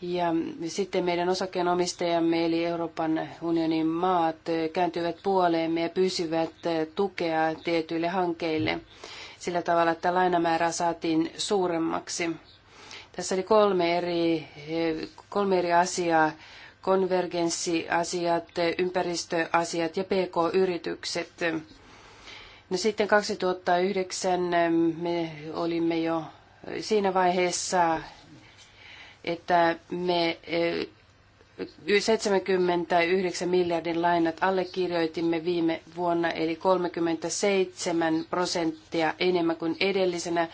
ja sitten meidän osakkeenomistajamme eli Euroopan unionin maat kääntyivät puoleemme ja pyysivät tukea tietyille hankkeille sillä tavalla, että lainamäärää saatiin suuremmaksi. Tässä oli kolme eri, kolme eri asiaa, konvergenssiasiat, ympäristöasiat ja PK-yritykset. No sitten 2009 me olimme jo siinä vaiheessa, että me 79 eh, miljardin lainat allekirjoitimme viime vuonna, eli 37 prosenttia enemmän kuin edellisenä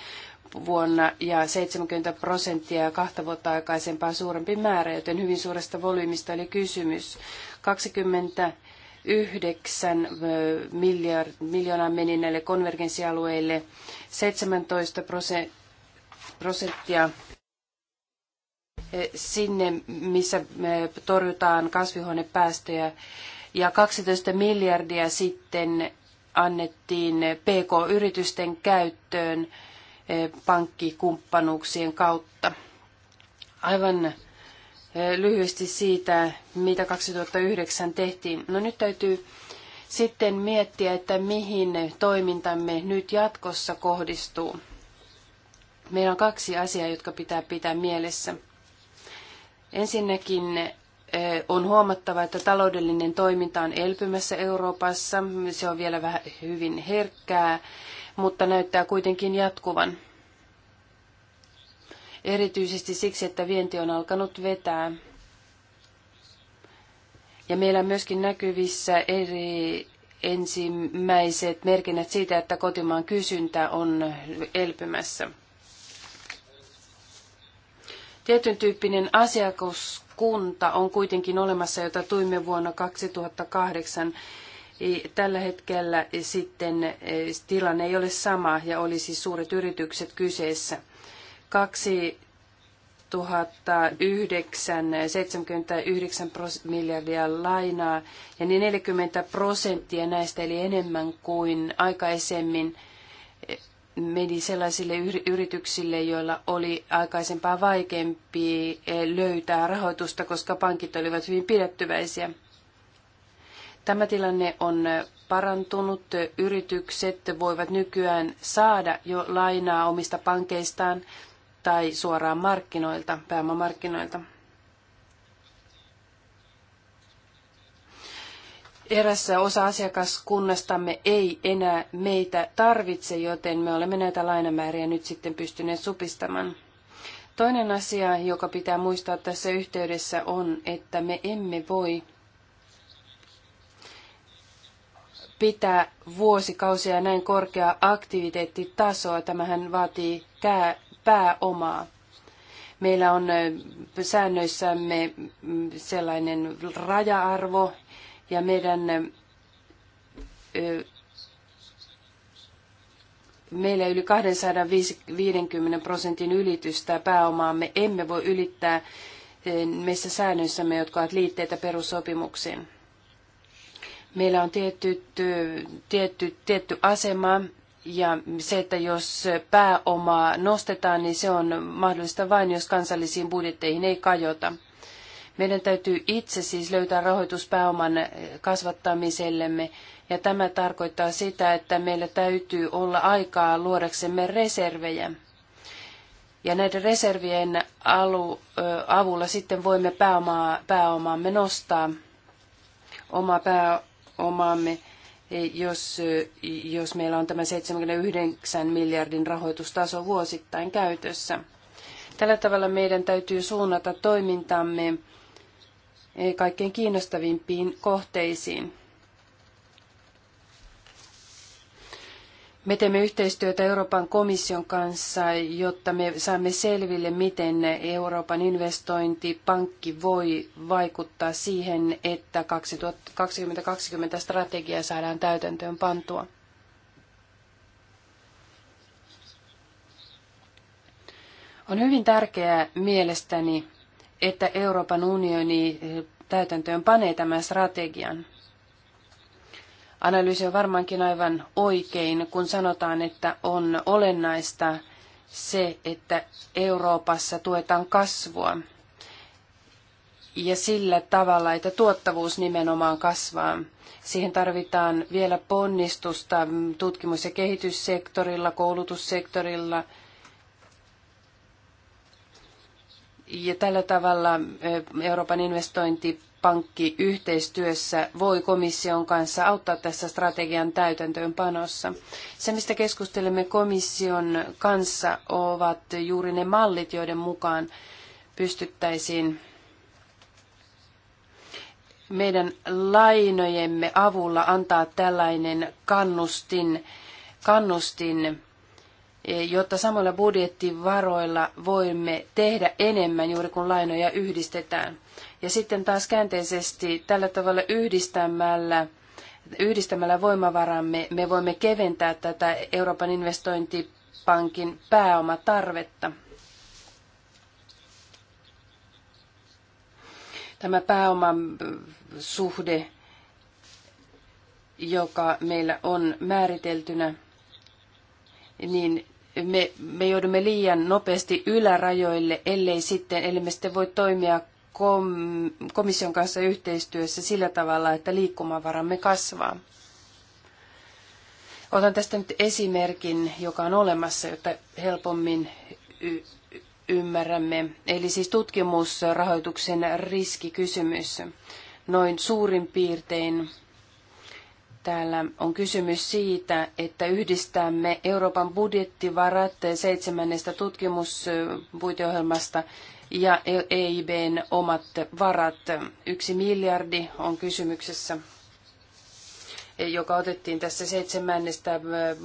loppuvuonna ja 70 prosenttia kahta vuotta aikaisempaa suurempi määrä, joten hyvin suuresta volyymista oli kysymys. 29 miljard, miljoonaa meni näille konvergenssialueille, 17 prosenttia sinne, missä me torjutaan kasvihuonepäästöjä, ja 12 miljardia sitten annettiin PK-yritysten käyttöön pankkikumppanuuksien kautta. Aivan eh, lyhyesti siitä, mitä 2009 tehtiin. No nyt täytyy sitten miettiä, että mihin toimintamme nyt jatkossa kohdistuu. Meillä on kaksi asiaa, jotka pitää pitää mielessä. Ensinnäkin Eh, on huomattava, että taloudellinen toiminta on elpymässä Euroopassa. Se on vielä vähän hyvin herkkää, mutta näyttää kuitenkin jatkuvan. Erityisesti siksi, että vienti on alkanut vetää. Ja meillä on myöskin näkyvissä eri ensimmäiset merkinnät siitä, että kotimaan kysyntä on elpymässä. Tietyn tyyppinen asiakaskunta on kuitenkin olemassa, jota tuimme vuonna 2008. Tällä hetkellä sitten e, tilanne ei ole sama ja olisi siis suuret yritykset kyseessä. 2009 79 miljardia lainaa ja niin 40 prosenttia näistä eli enemmän kuin aikaisemmin – meni sellaisille yrityksille, joilla oli aikaisempaa vaikeampi eh, löytää rahoitusta, koska pankit olivat hyvin pidettyväisiä. Tämä tilanne on eh, parantunut. Yritykset voivat nykyään saada jo lainaa omista pankeistaan tai suoraan markkinoilta, pääomamarkkinoilta. erässä osa asiakaskunnastamme ei enää meitä tarvitse, joten me olemme näitä lainamääriä nyt sitten pystyneet supistamaan. Toinen asia, joka pitää muistaa tässä yhteydessä on, että me emme voi pitää vuosikausia näin korkeaa aktiviteettitasoa. Tämähän vaatii pääomaa. Meillä on säännöissämme mm, sellainen raja-arvo, ja meidän, meillä yli 250 prosentin ylitystä pääomaamme emme voi ylittää meissä säännöissämme, jotka ovat liitteitä perussopimukseen. Meillä on tietty, tietty, tietty asema ja se, että jos pääomaa nostetaan, niin se on mahdollista vain, jos kansallisiin budjetteihin ei kajota. Meidän täytyy itse siis löytää rahoituspääoman kasvattamisellemme. Ja tämä tarkoittaa sitä, että meillä täytyy olla aikaa luodaksemme reservejä. Ja näiden reservien alu, avulla sitten voimme pääomaa, pääomaamme nostaa, omaa pääomaamme, e, jos, jos meillä on tämä 79 miljardin rahoitustaso vuosittain käytössä. Tällä tavalla meidän täytyy suunnata toimintamme kaikkein kiinnostavimpiin kohteisiin. Me teemme yhteistyötä Euroopan komission kanssa, jotta me saamme selville, miten Euroopan investointipankki voi vaikuttaa siihen, että 2020 strategia saadaan täytäntöön pantua. On hyvin tärkeää mielestäni, että Euroopan unioni eh, täytäntöön panee tämän strategian. Analyysi on varmaankin aivan oikein, kun sanotaan, että on olennaista se, että Euroopassa tuetaan kasvua ja sillä tavalla, että tuottavuus nimenomaan kasvaa. Siihen tarvitaan vielä ponnistusta mm, tutkimus- ja kehityssektorilla, koulutussektorilla – Ja tällä tavalla Euroopan investointipankki yhteistyössä voi komission kanssa auttaa tässä strategian täytäntöönpanossa. Se, mistä keskustelemme komission kanssa, ovat juuri ne mallit, joiden mukaan pystyttäisiin meidän lainojemme avulla antaa tällainen kannustin, kannustin Eh, jotta samalla budjettivaroilla voimme tehdä enemmän juuri kun lainoja yhdistetään. Ja sitten taas käänteisesti tällä tavalla yhdistämällä, yhdistämällä voimavaramme me voimme keventää tätä Euroopan investointipankin pääomatarvetta. Tämä pääoman suhde, joka meillä on määriteltynä, niin me, me joudumme liian nopeasti ylärajoille, ellei sitten, ellei me sitten voi toimia kom, komission kanssa yhteistyössä sillä tavalla, että liikkumavaramme kasvaa. Otan tästä nyt esimerkin, joka on olemassa, jotta helpommin y- ymmärrämme. Eli siis tutkimusrahoituksen riskikysymys. Noin suurin piirtein Täällä on kysymys siitä, että yhdistämme Euroopan budjettivarat seitsemännestä tutkimuspuiteohjelmasta ja EIBn omat varat. Yksi miljardi on kysymyksessä, joka otettiin tässä seitsemännestä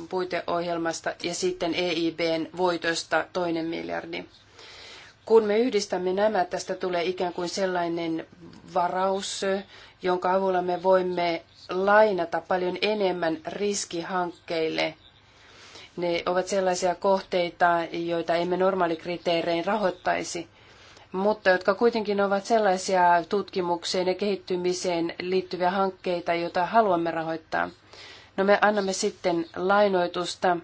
puiteohjelmasta ja sitten EIBn voitosta toinen miljardi. Kun me yhdistämme nämä, tästä tulee ikään kuin sellainen varaus, jonka avulla me voimme lainata paljon enemmän riskihankkeille. Ne ovat sellaisia kohteita, joita emme normaalikriteerein rahoittaisi, mutta jotka kuitenkin ovat sellaisia tutkimukseen ja kehittymiseen liittyviä hankkeita, joita haluamme rahoittaa. No me annamme sitten lainoitusta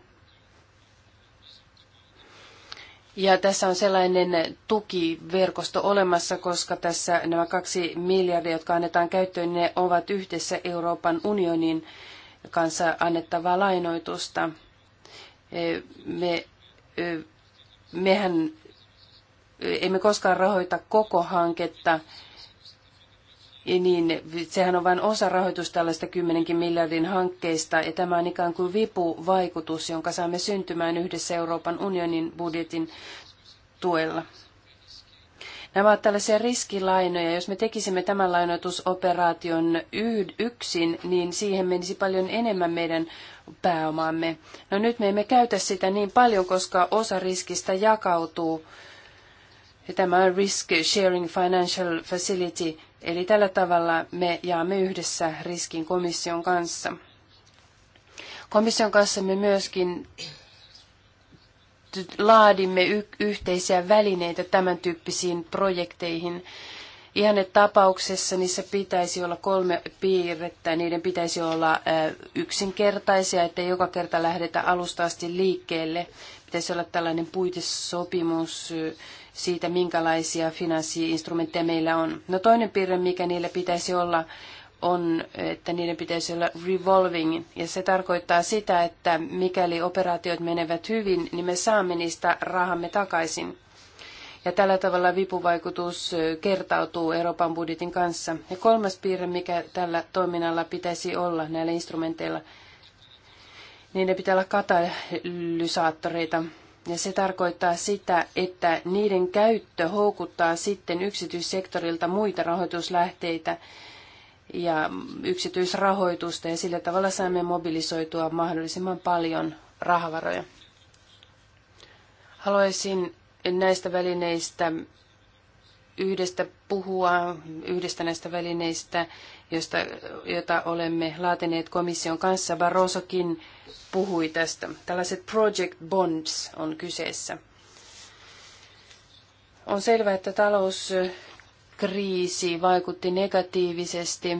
ja tässä on sellainen tukiverkosto olemassa, koska tässä nämä kaksi miljardia, jotka annetaan käyttöön, ne ovat yhdessä Euroopan unionin kanssa annettavaa lainoitusta. E, me, e, mehän e, emme koskaan rahoita koko hanketta, niin sehän on vain osa rahoitusta tällaista kymmenenkin miljardin hankkeista, ja tämä on ikään kuin vipuvaikutus, jonka saamme syntymään yhdessä Euroopan unionin budjetin tuella. Nämä ovat tällaisia riskilainoja. Jos me tekisimme tämän lainoitusoperaation yksin, niin siihen menisi paljon enemmän meidän pääomaamme. No nyt me emme käytä sitä niin paljon, koska osa riskistä jakautuu. ja Tämä on Risk Sharing Financial Facility Eli tällä tavalla me jaamme yhdessä riskin komission kanssa. Komission kanssa me myöskin laadimme y- yhteisiä välineitä tämän tyyppisiin projekteihin. Ihanne tapauksessa niissä pitäisi olla kolme piirrettä. Niiden pitäisi olla yksinkertaisia, ettei joka kerta lähdetä alusta asti liikkeelle. Pitäisi olla tällainen puitesopimus, siitä, minkälaisia finanssiinstrumentteja meillä on. No toinen piirre, mikä niillä pitäisi olla, on, että niiden pitäisi olla revolving, ja se tarkoittaa sitä, että mikäli operaatiot menevät hyvin, niin me saamme niistä rahamme takaisin. Ja tällä tavalla vipuvaikutus kertautuu Euroopan budjetin kanssa. Ja kolmas piirre, mikä tällä toiminnalla pitäisi olla näillä instrumenteilla, niin ne pitää olla katalysaattoreita. Ja se tarkoittaa sitä, että niiden käyttö houkuttaa sitten yksityissektorilta muita rahoituslähteitä ja yksityisrahoitusta ja sillä tavalla saamme mobilisoitua mahdollisimman paljon rahavaroja. Haluaisin näistä välineistä yhdestä puhua, yhdestä näistä välineistä josta, jota olemme laatineet komission kanssa. Barrosokin puhui tästä. Tällaiset project bonds on kyseessä. On selvää, että talouskriisi vaikutti negatiivisesti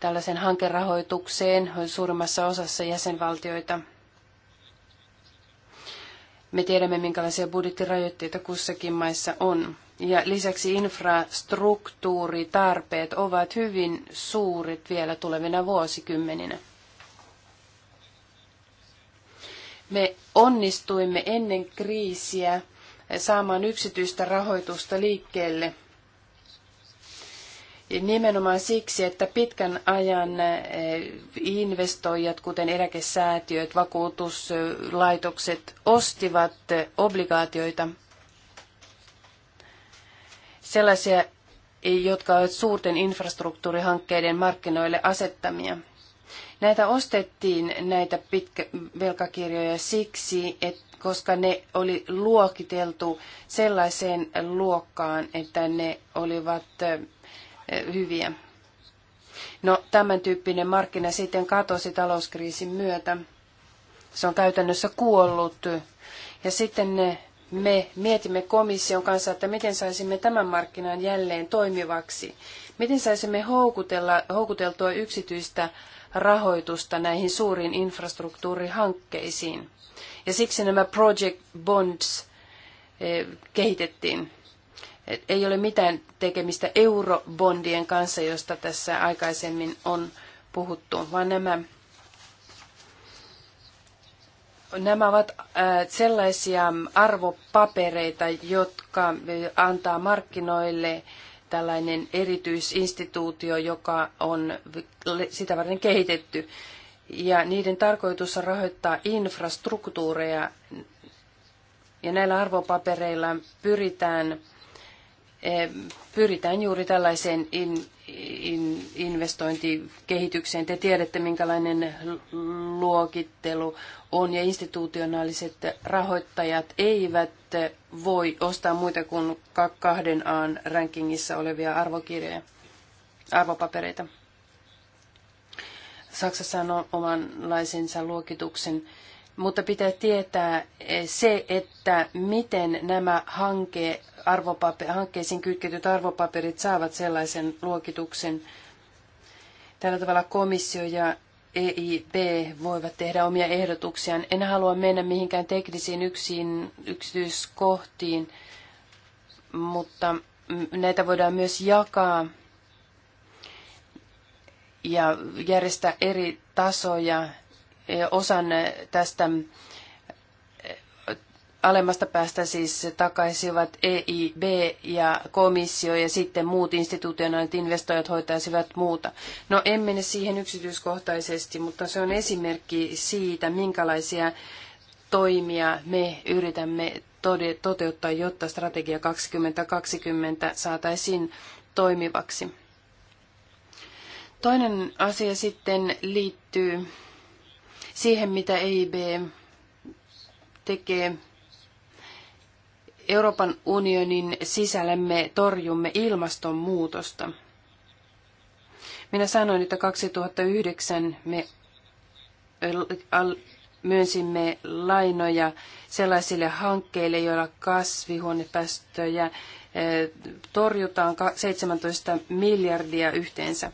tällaisen hankerahoitukseen suurimmassa osassa jäsenvaltioita. Me tiedämme, minkälaisia budjettirajoitteita kussakin maissa on. Ja lisäksi infrastruktuuritarpeet ovat hyvin suuret vielä tulevina vuosikymmeninä. Me onnistuimme ennen kriisiä saamaan yksityistä rahoitusta liikkeelle nimenomaan siksi, että pitkän ajan eh, investoijat, kuten eläkesäätiöt, vakuutuslaitokset, ostivat obligaatioita – sellaisia, jotka ovat suurten infrastruktuurihankkeiden markkinoille asettamia. Näitä ostettiin näitä pitkä velkakirjoja siksi, että koska ne oli luokiteltu sellaiseen luokkaan, että ne olivat hyviä. No, tämän tyyppinen markkina sitten katosi talouskriisin myötä. Se on käytännössä kuollut. Ja sitten ne me mietimme komission kanssa, että miten saisimme tämän markkinan jälleen toimivaksi. Miten saisimme houkutella, houkuteltua yksityistä rahoitusta näihin suuriin infrastruktuurihankkeisiin. Ja siksi nämä Project Bonds eh, kehitettiin. Et ei ole mitään tekemistä eurobondien kanssa, josta tässä aikaisemmin on puhuttu, vaan nämä Nämä ovat äh, sellaisia arvopapereita, jotka antaa markkinoille tällainen erityisinstituutio, joka on sitä varten kehitetty. Ja niiden tarkoitus on rahoittaa infrastruktuureja. Ja näillä arvopapereilla pyritään, äh, pyritään juuri tällaiseen in, investointikehitykseen. Te tiedätte, minkälainen luokittelu on ja institutionaaliset rahoittajat eivät voi ostaa muita kuin kahden aan rankingissa olevia arvokirjoja, arvopapereita. Saksassa on omanlaisensa luokituksen mutta pitää tietää eh, se, että miten nämä hanke, arvopaper, hankkeisiin kytketyt arvopaperit saavat sellaisen luokituksen. Tällä tavalla komissio ja EIB voivat tehdä omia ehdotuksiaan. En halua mennä mihinkään teknisiin yksiin, yksityiskohtiin, mutta näitä voidaan myös jakaa ja järjestää eri tasoja osan tästä eh, alemmasta päästä siis takaisivat EIB ja komissio ja sitten muut institutionaaliset investoijat hoitaisivat muuta. No en mene siihen yksityiskohtaisesti, mutta se on esimerkki siitä, minkälaisia toimia me yritämme toteuttaa, jotta strategia 2020 saataisiin toimivaksi. Toinen asia sitten liittyy siihen, mitä EIB tekee. Euroopan unionin sisällä me torjumme ilmastonmuutosta. Minä sanoin, että 2009 me myönsimme lainoja sellaisille hankkeille, joilla kasvihuonepäästöjä eh, torjutaan 17 miljardia yhteensä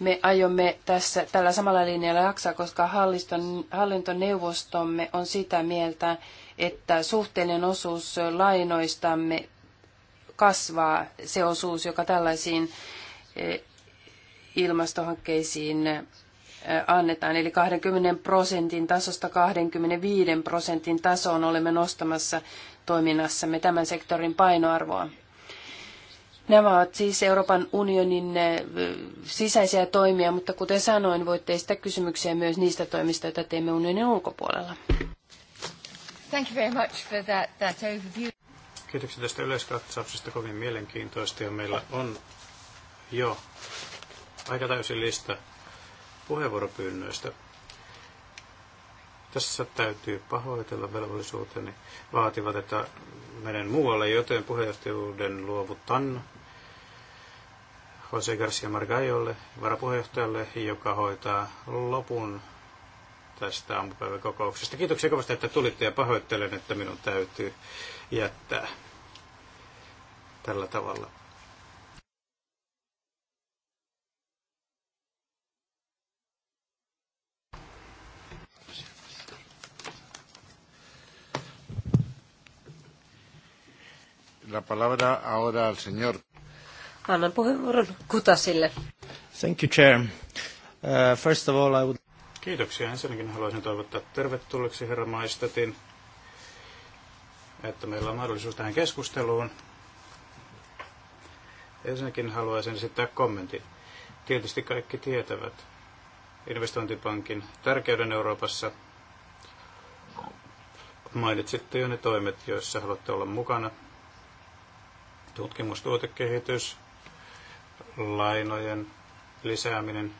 me aiomme tässä tällä samalla linjalla jaksaa, koska hallintoneuvostomme on sitä mieltä, että suhteellinen osuus lainoistamme kasvaa se osuus, joka tällaisiin e, ilmastohankkeisiin e, annetaan. Eli 20 prosentin tasosta 25 prosentin tasoon olemme nostamassa toiminnassamme tämän sektorin painoarvoa. Nämä ovat siis Euroopan unionin eh, sisäisiä toimia, mutta kuten sanoin, voitte esittää kysymyksiä myös niistä toimista, joita teemme unionin ulkopuolella. Thank you very much for that, that overview. Kiitoksia tästä yleiskatsauksesta kovin mielenkiintoista ja meillä on jo aika täysin lista puheenvuoropyynnöistä. Tässä täytyy pahoitella velvollisuuteni. Vaativat, että menen muualle, joten puheenjohtajuuden luovutan Jose Garcia Margaiolle, varapuheenjohtajalle, joka hoitaa lopun tästä aamupäivän kokouksesta. Kiitoksia kovasti, että tulitte ja pahoittelen, että minun täytyy jättää tällä tavalla. La palabra ahora al señor. Annan puheenvuoron Kutasille. Thank you, Chair. Uh, first of all, I would... Kiitoksia. Ensinnäkin haluaisin toivottaa tervetulleeksi herra Maistatin, että meillä on mahdollisuus tähän keskusteluun. Ensinnäkin haluaisin esittää kommentin. Tietysti kaikki tietävät investointipankin tärkeyden Euroopassa. Mainitsitte jo ne toimet, joissa haluatte olla mukana. Tutkimus, tuotekehitys, lainojen lisääminen.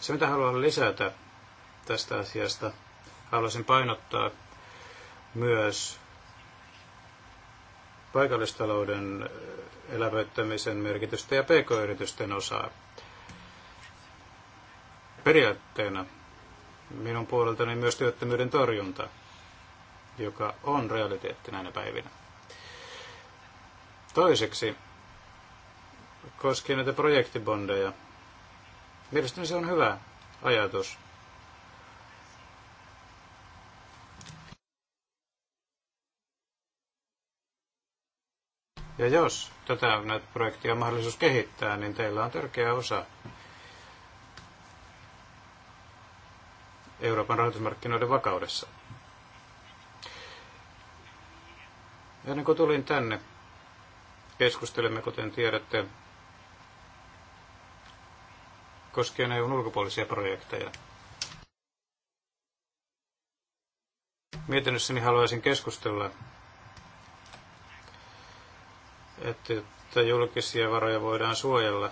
Se, mitä haluan lisätä tästä asiasta, haluaisin painottaa myös paikallistalouden elävöittämisen merkitystä ja pk-yritysten osaa. Periaatteena minun puoleltani myös työttömyyden torjunta, joka on realiteetti näinä päivinä. Toiseksi koskee näitä projektibondeja. Mielestäni se on hyvä ajatus. Ja jos tätä näitä projektia on mahdollisuus kehittää, niin teillä on tärkeä osa Euroopan rahoitusmarkkinoiden vakaudessa. Ennen kuin tulin tänne, keskustelemme kuten tiedätte, koskien EUn ulkopuolisia projekteja. Mietinnössäni haluaisin keskustella, että julkisia varoja voidaan suojella,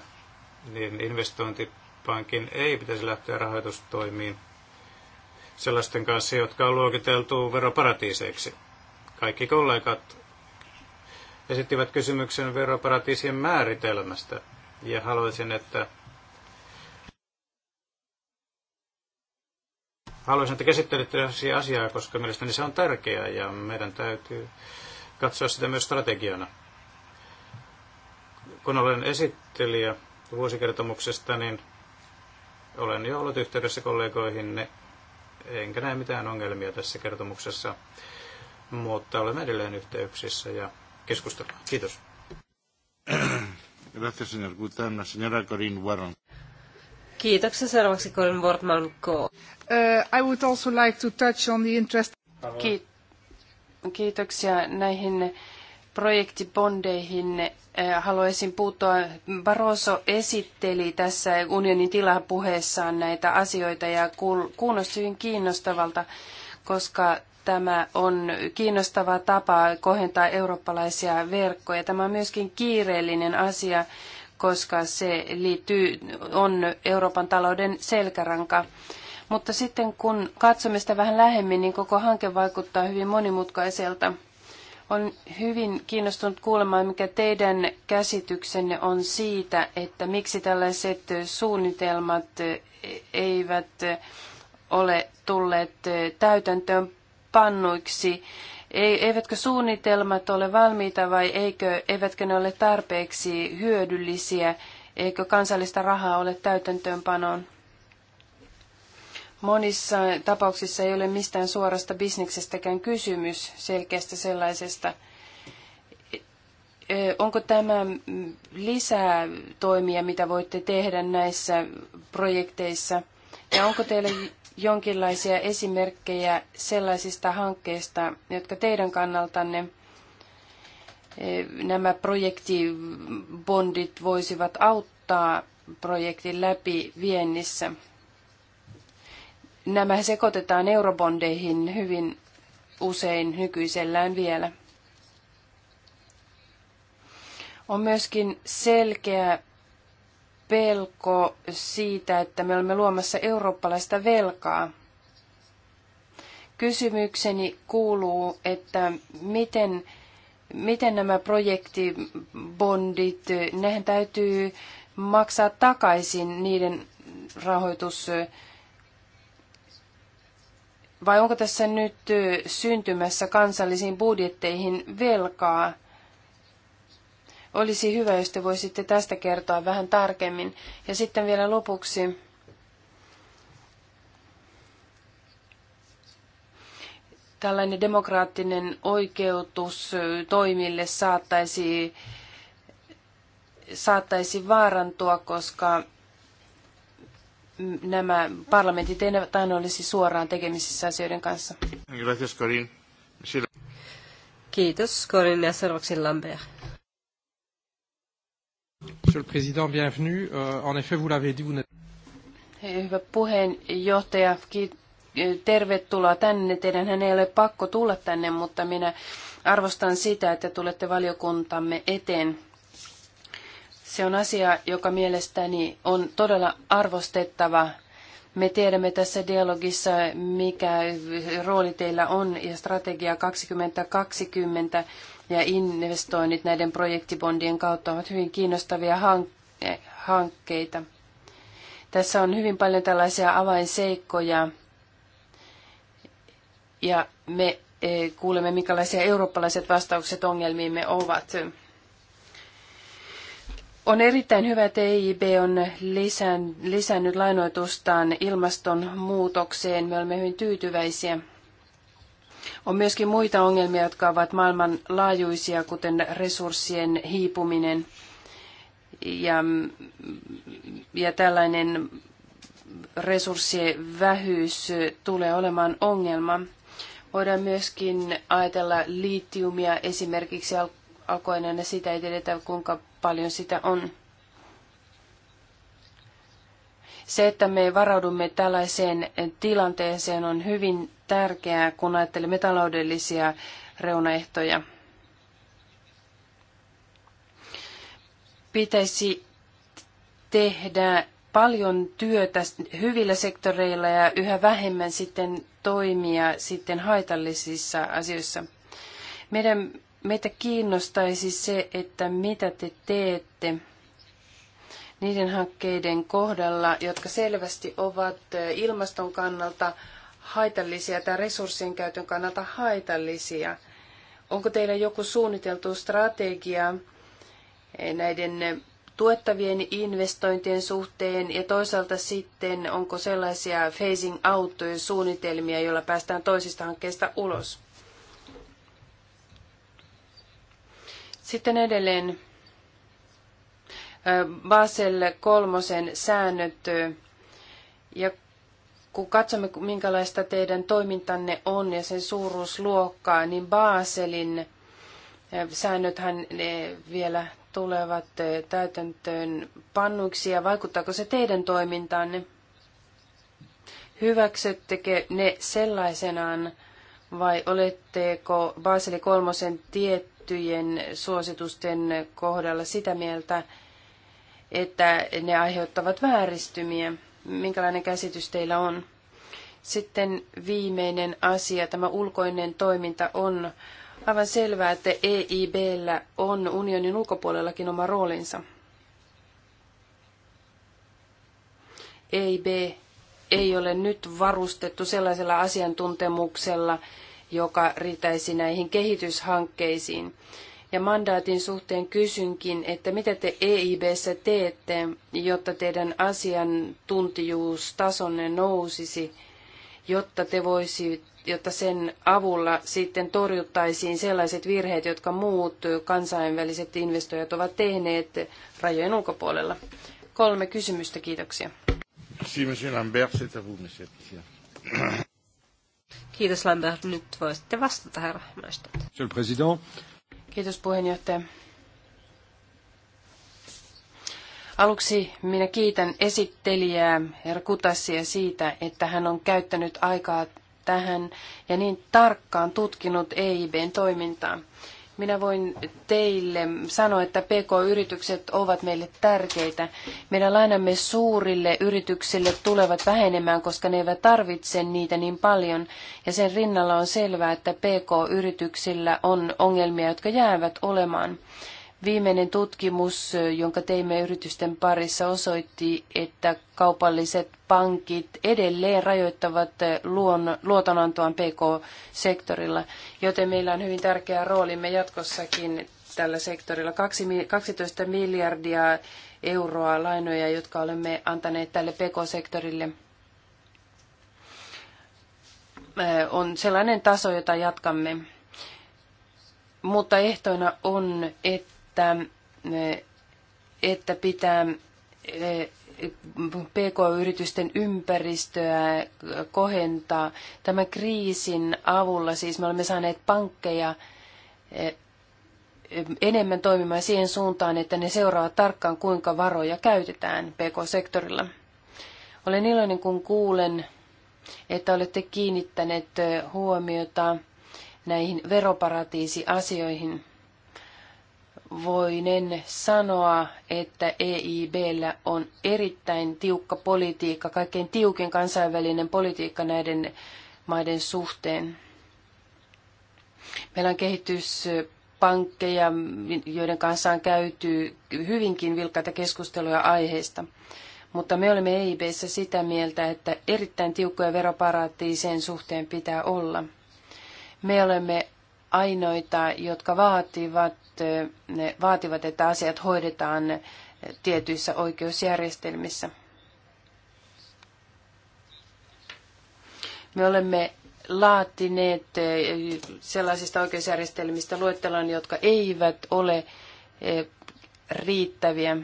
niin investointipankin ei pitäisi lähteä rahoitustoimiin sellaisten kanssa, jotka on luokiteltu veroparatiiseiksi. Kaikki kollegat esittivät kysymyksen veroparatiisien määritelmästä ja haluaisin, että haluaisin, että käsittelette asiaa, asiaa, koska mielestäni se on tärkeää ja meidän täytyy katsoa sitä myös strategiana. Kun olen esittelijä vuosikertomuksesta, niin olen jo ollut yhteydessä kollegoihinne, enkä näe mitään ongelmia tässä kertomuksessa, mutta olemme edelleen yhteyksissä ja keskustellaan. Kiitos. Gracias, señor Guterres. Señora Corinne Warren. Kiitoksia. Seuraavaksi Colin Wortman K. Uh, I would also like to touch on the interest... Kiitoksia näihin projektibondeihin. Uh, haluaisin puuttua. Barroso esitteli tässä unionin tilapuheessaan näitä asioita ja kuulosti hyvin kiinnostavalta, koska tämä on kiinnostava tapa kohentaa eurooppalaisia verkkoja. Tämä on myöskin kiireellinen asia, koska se liittyy, on Euroopan talouden selkäranka. Mutta sitten kun katsomme sitä vähän lähemmin, niin koko hanke vaikuttaa hyvin monimutkaiselta. On hyvin kiinnostunut kuulemaan, mikä teidän käsityksenne on siitä, että miksi tällaiset suunnitelmat eivät ole tulleet täytäntöön pannuiksi. E- eivätkö suunnitelmat ole valmiita vai eikö, eivätkö ne ole tarpeeksi hyödyllisiä? Eikö kansallista rahaa ole täytäntöönpanoon? Monissa tapauksissa ei ole mistään suorasta bisneksestäkään kysymys, selkeästä sellaisesta. Onko tämä lisää toimia, mitä voitte tehdä näissä projekteissa? Ja onko teillä jonkinlaisia esimerkkejä sellaisista hankkeista, jotka teidän kannaltanne nämä projektibondit voisivat auttaa projektin läpi viennissä? nämä sekoitetaan eurobondeihin hyvin usein nykyisellään vielä. On myöskin selkeä pelko siitä, että me olemme luomassa eurooppalaista velkaa. Kysymykseni kuuluu, että miten, miten nämä projektibondit, nehän täytyy maksaa takaisin niiden rahoitus vai onko tässä nyt syntymässä kansallisiin budjetteihin velkaa? Olisi hyvä, jos te voisitte tästä kertoa vähän tarkemmin. Ja sitten vielä lopuksi. Tällainen demokraattinen oikeutus toimille saattaisi, saattaisi vaarantua, koska nämä parlamentit eivät aina olisi suoraan tekemisissä asioiden kanssa. Gracias, Corin. Kiitos, Corin ja seuraavaksi Lambert. Monsieur le Président, bienvenue. Euh, en effet, vous l'avez dit, vous n'êtes Hyvä puheenjohtaja, tervetuloa tänne. Teidän hän ei ole pakko tulla tänne, mutta minä arvostan sitä, että tulette valiokuntamme eteen. Se on asia, joka mielestäni on todella arvostettava. Me tiedämme tässä dialogissa, mikä rooli teillä on ja strategia 2020 ja investoinnit näiden projektibondien kautta ovat hyvin kiinnostavia hankkeita. Tässä on hyvin paljon tällaisia avainseikkoja ja me eh, kuulemme, minkälaisia eurooppalaiset vastaukset ongelmiimme ovat. On erittäin hyvä, että EIB on lisän, lisännyt lainoitustaan ilmastonmuutokseen. Me olemme hyvin tyytyväisiä. On myöskin muita ongelmia, jotka ovat maailmanlaajuisia, kuten resurssien hiipuminen ja, ja tällainen resurssien vähyys tulee olemaan ongelma. Voidaan myöskin ajatella liittiumia esimerkiksi alkoinen sitä ei tiedetä kuinka paljon sitä on. Se, että me varaudumme tällaiseen tilanteeseen on hyvin tärkeää, kun ajattelemme taloudellisia reunaehtoja. Pitäisi tehdä paljon työtä hyvillä sektoreilla ja yhä vähemmän sitten toimia sitten haitallisissa asioissa. Meidän Meitä kiinnostaisi se, että mitä te teette niiden hankkeiden kohdalla, jotka selvästi ovat ilmaston kannalta haitallisia tai resurssien käytön kannalta haitallisia. Onko teillä joku suunniteltu strategia näiden tuettavien investointien suhteen ja toisaalta sitten onko sellaisia phasing out suunnitelmia, joilla päästään toisista hankkeista ulos? Sitten edelleen Basel kolmosen säännöt ja kun katsomme, minkälaista teidän toimintanne on ja sen suuruusluokkaa, niin Baselin säännöthän ne vielä tulevat täytäntöön pannuiksi ja vaikuttaako se teidän toimintaanne? Hyväksyttekö ne sellaisenaan vai oletteko Baseli kolmosen tiet tiettyjen suositusten kohdalla sitä mieltä, että ne aiheuttavat vääristymiä. Minkälainen käsitys teillä on? Sitten viimeinen asia, tämä ulkoinen toiminta on aivan selvää, että EIBllä on unionin ulkopuolellakin oma roolinsa. EIB ei ole nyt varustettu sellaisella asiantuntemuksella, joka riittäisi näihin kehityshankkeisiin. Ja mandaatin suhteen kysynkin, että mitä te EIBssä teette, jotta teidän asiantuntijuustasonne nousisi, jotta te voisi, jotta sen avulla sitten torjuttaisiin sellaiset virheet, jotka muut kansainväliset investoijat ovat tehneet rajojen ulkopuolella. Kolme kysymystä, kiitoksia. Merci, monsieur Lambert, c'est à vous, monsieur. Kiitos Lambert. Nyt voisitte vastata herra Maistat. Kiitos puheenjohtaja. Aluksi minä kiitän esittelijää herra Kutassia siitä, että hän on käyttänyt aikaa tähän ja niin tarkkaan tutkinut EIBn toimintaa. Minä voin teille sanoa, että PK-yritykset ovat meille tärkeitä. Meidän lainamme suurille yrityksille tulevat vähenemään, koska ne eivät tarvitse niitä niin paljon. Ja sen rinnalla on selvää, että PK-yrityksillä on ongelmia, jotka jäävät olemaan. Viimeinen tutkimus, jonka teimme yritysten parissa, osoitti, että kaupalliset pankit edelleen rajoittavat luon, luotonantoaan PK-sektorilla, joten meillä on hyvin tärkeä roolimme jatkossakin tällä sektorilla. 12 miljardia euroa lainoja, jotka olemme antaneet tälle PK-sektorille, äh, on sellainen taso, jota jatkamme. Mutta ehtoina on, että että, että pitää eh, PK-yritysten ympäristöä kohentaa. Tämän kriisin avulla siis me olemme saaneet pankkeja eh, enemmän toimimaan siihen suuntaan, että ne seuraavat tarkkaan, kuinka varoja käytetään PK-sektorilla. Olen iloinen, kun kuulen, että olette kiinnittäneet eh, huomiota näihin veroparatiisiasioihin voinen sanoa, että EIBllä on erittäin tiukka politiikka, kaikkein tiukin kansainvälinen politiikka näiden maiden suhteen. Meillä on kehityspankkeja, joiden kanssa on käyty hyvinkin vilkkaita keskusteluja aiheesta. Mutta me olemme EIBssä sitä mieltä, että erittäin tiukkoja veroparatiisien suhteen pitää olla. Me olemme ainoita, jotka vaativat ne vaativat, että asiat hoidetaan tietyissä oikeusjärjestelmissä. Me olemme laatineet eh, sellaisista oikeusjärjestelmistä luettelon, jotka eivät ole eh, riittäviä.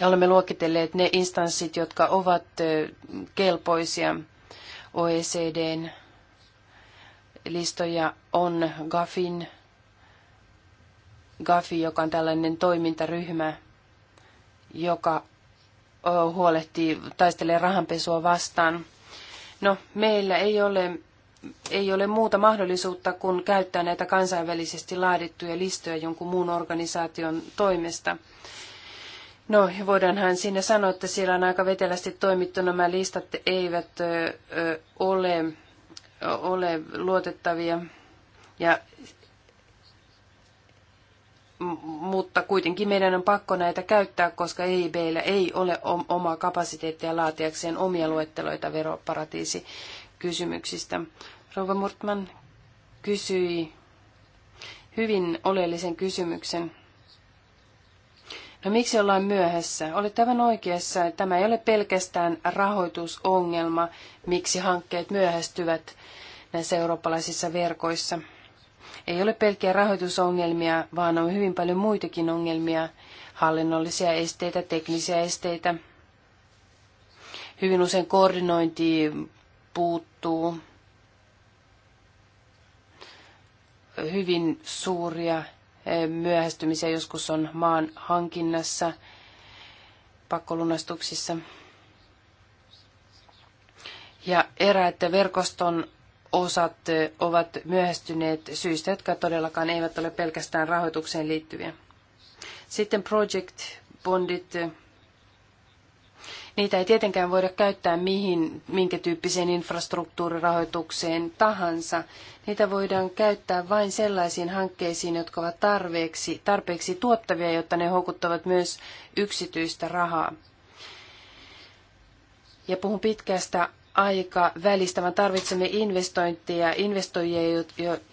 Ja olemme luokitelleet ne instanssit, jotka ovat eh, kelpoisia OECDn listoja on GAFin GAFI, joka on tällainen toimintaryhmä, joka huolehtii, taistelee rahanpesua vastaan. No, meillä ei ole, ei ole muuta mahdollisuutta kuin käyttää näitä kansainvälisesti laadittuja listoja jonkun muun organisaation toimesta. No, voidaanhan siinä sanoa, että siellä on aika vetelästi toimittu. Nämä listat eivät ole, ole luotettavia. Ja mutta kuitenkin meidän on pakko näitä käyttää, koska EIBllä ei ole omaa kapasiteettia laatiakseen omia luetteloita kysymyksistä. Rova Murtman kysyi hyvin oleellisen kysymyksen. No miksi ollaan myöhässä? Olet aivan oikeassa, että tämä ei ole pelkästään rahoitusongelma, miksi hankkeet myöhästyvät näissä eurooppalaisissa verkoissa – ei ole pelkkiä rahoitusongelmia, vaan on hyvin paljon muitakin ongelmia, hallinnollisia esteitä, teknisiä esteitä. Hyvin usein koordinointi puuttuu. Hyvin suuria eh, myöhästymisiä joskus on maan hankinnassa, pakkolunastuksissa. Ja eräät verkoston osat ovat myöhästyneet syistä, jotka todellakaan eivät ole pelkästään rahoitukseen liittyviä. Sitten project bondit. Niitä ei tietenkään voida käyttää mihin, minkä tyyppiseen infrastruktuurirahoitukseen tahansa. Niitä voidaan käyttää vain sellaisiin hankkeisiin, jotka ovat tarpeeksi, tarpeeksi tuottavia, jotta ne houkuttavat myös yksityistä rahaa. Ja puhun pitkästä aika välistä, vaan tarvitsemme investointeja, investoijia,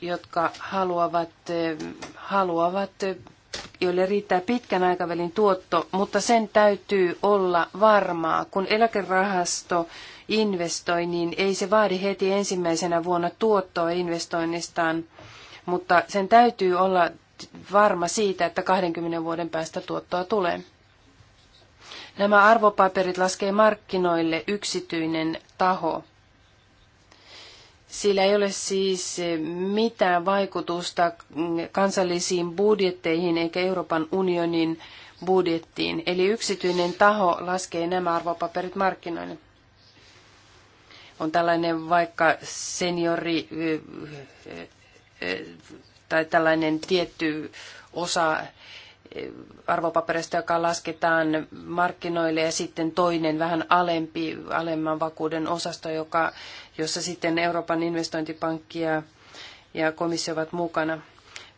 jotka haluavat, eh, haluavat eh, joille riittää pitkän aikavälin tuotto, mutta sen täytyy olla varmaa. Kun eläkerahasto investoi, niin ei se vaadi heti ensimmäisenä vuonna tuottoa investoinnistaan, mutta sen täytyy olla varma siitä, että 20 vuoden päästä tuottoa tulee. Nämä arvopaperit laskee markkinoille yksityinen taho. Sillä ei ole siis eh, mitään vaikutusta mm, kansallisiin budjetteihin eikä Euroopan unionin budjettiin. Eli yksityinen taho laskee nämä arvopaperit markkinoille. On tällainen vaikka seniori eh, eh, tai tällainen tietty osa arvopapereista, joka lasketaan markkinoille ja sitten toinen vähän alempi, alemman vakuuden osasto, joka, jossa sitten Euroopan investointipankki ja, ja komissio ovat mukana.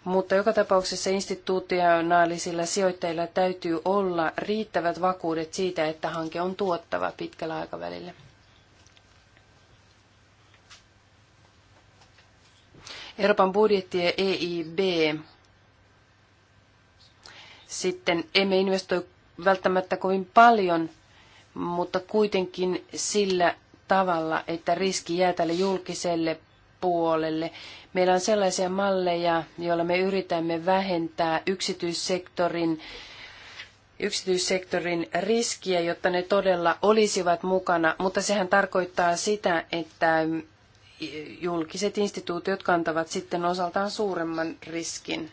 Mutta joka tapauksessa institutionaalisilla sijoittajilla täytyy olla riittävät vakuudet siitä, että hanke on tuottava pitkällä aikavälillä. Euroopan budjetti ja EIB sitten emme investoi välttämättä kovin paljon, mutta kuitenkin sillä tavalla, että riski jää tälle julkiselle puolelle. Meillä on sellaisia malleja, joilla me yritämme vähentää yksityissektorin, yksityissektorin riskiä, jotta ne todella olisivat mukana, mutta sehän tarkoittaa sitä, että julkiset instituutiot kantavat sitten osaltaan suuremman riskin.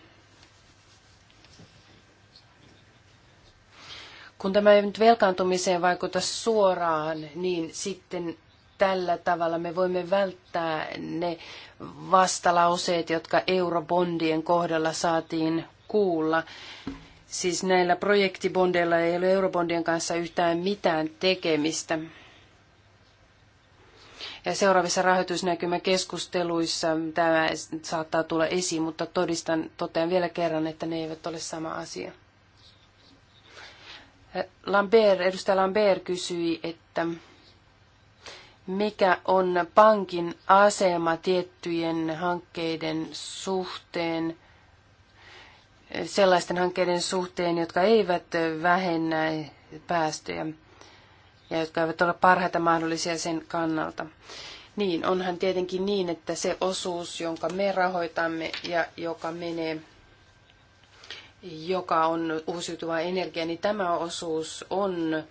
Kun tämä ei nyt velkaantumiseen vaikuta suoraan, niin sitten tällä tavalla me voimme välttää ne vastalauseet, jotka eurobondien kohdalla saatiin kuulla. Siis näillä projektibondeilla ei ole eurobondien kanssa yhtään mitään tekemistä. Ja seuraavissa rahoitusnäkymäkeskusteluissa tämä saattaa tulla esiin, mutta todistan, totean vielä kerran, että ne eivät ole sama asia. Lambert, edustaja Lambert kysyi, että mikä on pankin asema tiettyjen hankkeiden suhteen, sellaisten hankkeiden suhteen, jotka eivät vähennä päästöjä ja jotka eivät ole parhaita mahdollisia sen kannalta. Niin, onhan tietenkin niin, että se osuus, jonka me rahoitamme ja joka menee joka on uusiutuva energia, niin tämä osuus on,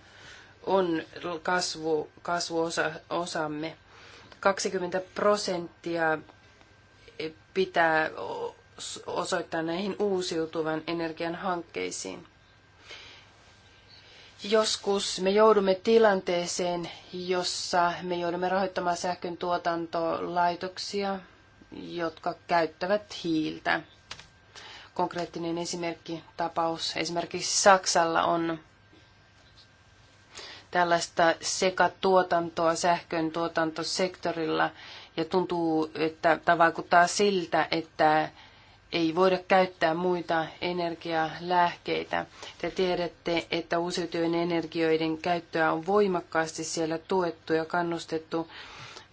on kasvu, kasvuosamme. 20 prosenttia pitää osoittaa näihin uusiutuvan energian hankkeisiin. Joskus me joudumme tilanteeseen, jossa me joudumme rahoittamaan sähkön tuotantolaitoksia, jotka käyttävät hiiltä konkreettinen esimerkki, tapaus. Esimerkiksi Saksalla on tällaista sekatuotantoa sähkön tuotantosektorilla ja tuntuu, että tämä vaikuttaa siltä, että ei voida käyttää muita energialähkeitä. Te tiedätte, että uusiutujen energioiden käyttöä on voimakkaasti siellä tuettu ja kannustettu,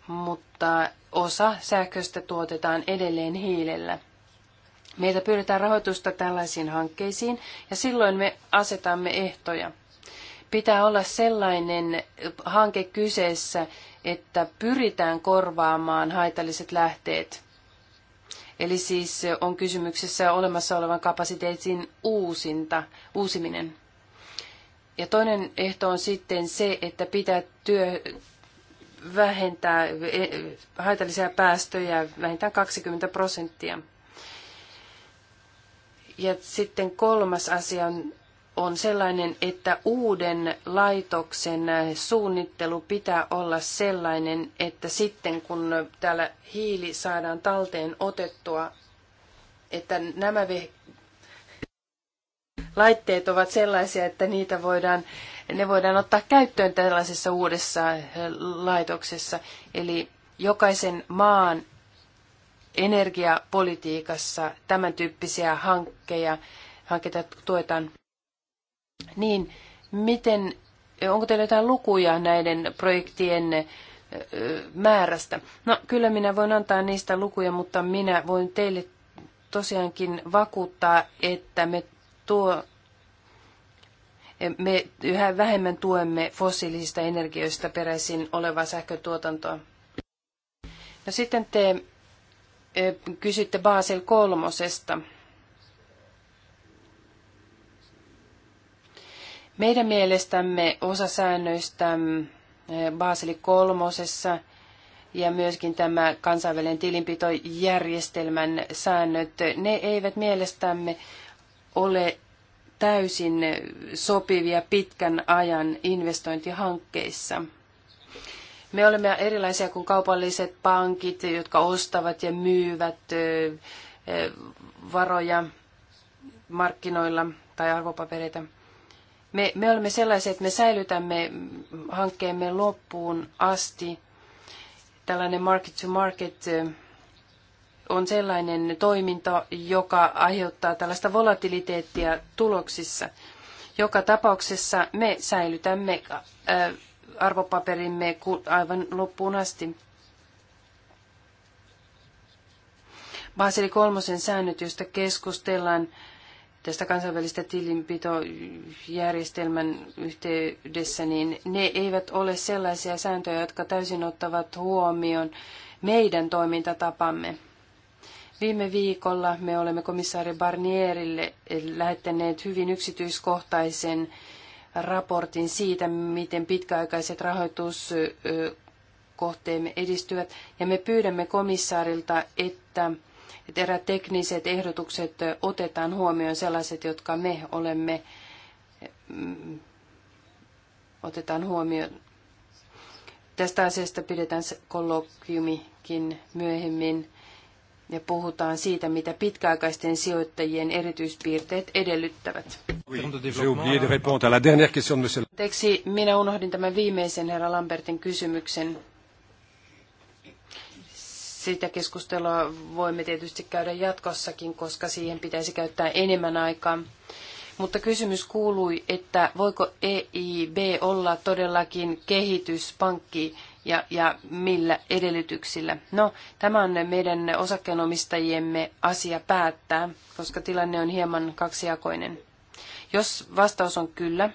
mutta osa sähköstä tuotetaan edelleen hiilellä. Meitä pyydetään rahoitusta tällaisiin hankkeisiin ja silloin me asetamme ehtoja. Pitää olla sellainen hanke kyseessä, että pyritään korvaamaan haitalliset lähteet. Eli siis on kysymyksessä olemassa olevan kapasiteetin uusinta, uusiminen. Ja toinen ehto on sitten se, että pitää työ, vähentää eh, eh, haitallisia päästöjä vähintään 20 prosenttia. Ja sitten kolmas asia on, on sellainen, että uuden laitoksen suunnittelu pitää olla sellainen, että sitten kun täällä hiili saadaan talteen otettua, että nämä laitteet ovat sellaisia, että niitä voidaan, ne voidaan ottaa käyttöön tällaisessa uudessa eh, laitoksessa. Eli jokaisen maan energiapolitiikassa tämän tyyppisiä hankkeja, hankkeita tuetaan, niin miten, onko teillä jotain lukuja näiden projektien määrästä? No kyllä minä voin antaa niistä lukuja, mutta minä voin teille tosiaankin vakuuttaa, että me tuo me yhä vähemmän tuemme fossiilisista energioista peräisin olevaa sähkötuotantoa. No sitten te kysytte Basel kolmosesta. Meidän mielestämme osa säännöistä Baseli kolmosessa ja myöskin tämä kansainvälinen tilinpitojärjestelmän säännöt, ne eivät mielestämme ole täysin sopivia pitkän ajan investointihankkeissa. Me olemme erilaisia kuin kaupalliset pankit, jotka ostavat ja myyvät varoja markkinoilla tai arvopapereita. Me, me olemme sellaisia, että me säilytämme hankkeemme loppuun asti. Tällainen market-to-market on sellainen toiminta, joka aiheuttaa tällaista volatiliteettia tuloksissa. Joka tapauksessa me säilytämme arvopaperimme aivan loppuun asti. Baseli kolmosen säännöt, joista keskustellaan tästä kansainvälistä tilinpitojärjestelmän yhteydessä, niin ne eivät ole sellaisia sääntöjä, jotka täysin ottavat huomioon meidän toimintatapamme. Viime viikolla me olemme komissaari Barnierille lähettäneet hyvin yksityiskohtaisen raportin siitä, miten pitkäaikaiset rahoituskohteemme edistyvät. Ja me pyydämme komissaarilta, että, että erät tekniset ehdotukset otetaan huomioon sellaiset, jotka me olemme, mm, otetaan huomioon. Tästä asiasta pidetään kollokviumikin myöhemmin ja puhutaan siitä, mitä pitkäaikaisten sijoittajien erityispiirteet edellyttävät. Anteeksi, minä unohdin tämän viimeisen herra Lambertin kysymyksen. Sitä keskustelua voimme tietysti käydä jatkossakin, koska siihen pitäisi käyttää enemmän aikaa. Mutta kysymys kuului, että voiko EIB olla todellakin kehityspankki ja, ja millä edellytyksillä. No, tämä on meidän osakkeenomistajiemme asia päättää, koska tilanne on hieman kaksijakoinen. Jos vastaus on kyllä,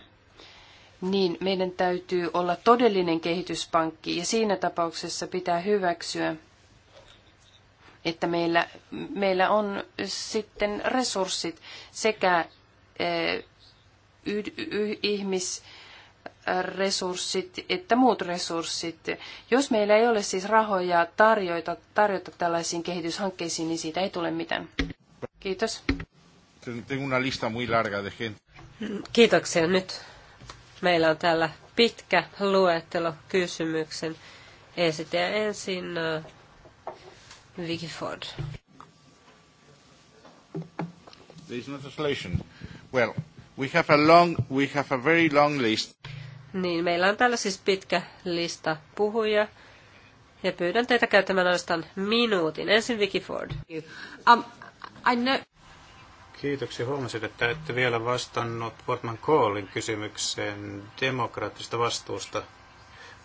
niin meidän täytyy olla todellinen kehityspankki ja siinä tapauksessa pitää hyväksyä, että meillä, meillä on sitten resurssit sekä eh, y, y, ihmis- resurssit että muut resurssit. Jos meillä ei ole siis rahoja tarjota, tarjota tällaisiin kehityshankkeisiin, niin siitä ei tule mitään. Kiitos. Tengo una lista muy larga de gente. Kiitoksia. Nyt meillä on täällä pitkä luettelo kysymyksen. esittäjä ensin äh, Vicky Ford. There is no translation. Well, we have a long, we have a very long list. Niin, meillä on täällä siis pitkä lista puhuja. Ja pyydän teitä käyttämään ainoastaan minuutin. Ensin Vicky Ford. Um, I know... Kiitoksia. Huomasin, että ette vielä vastannut Portman Callin kysymykseen demokraattista vastuusta.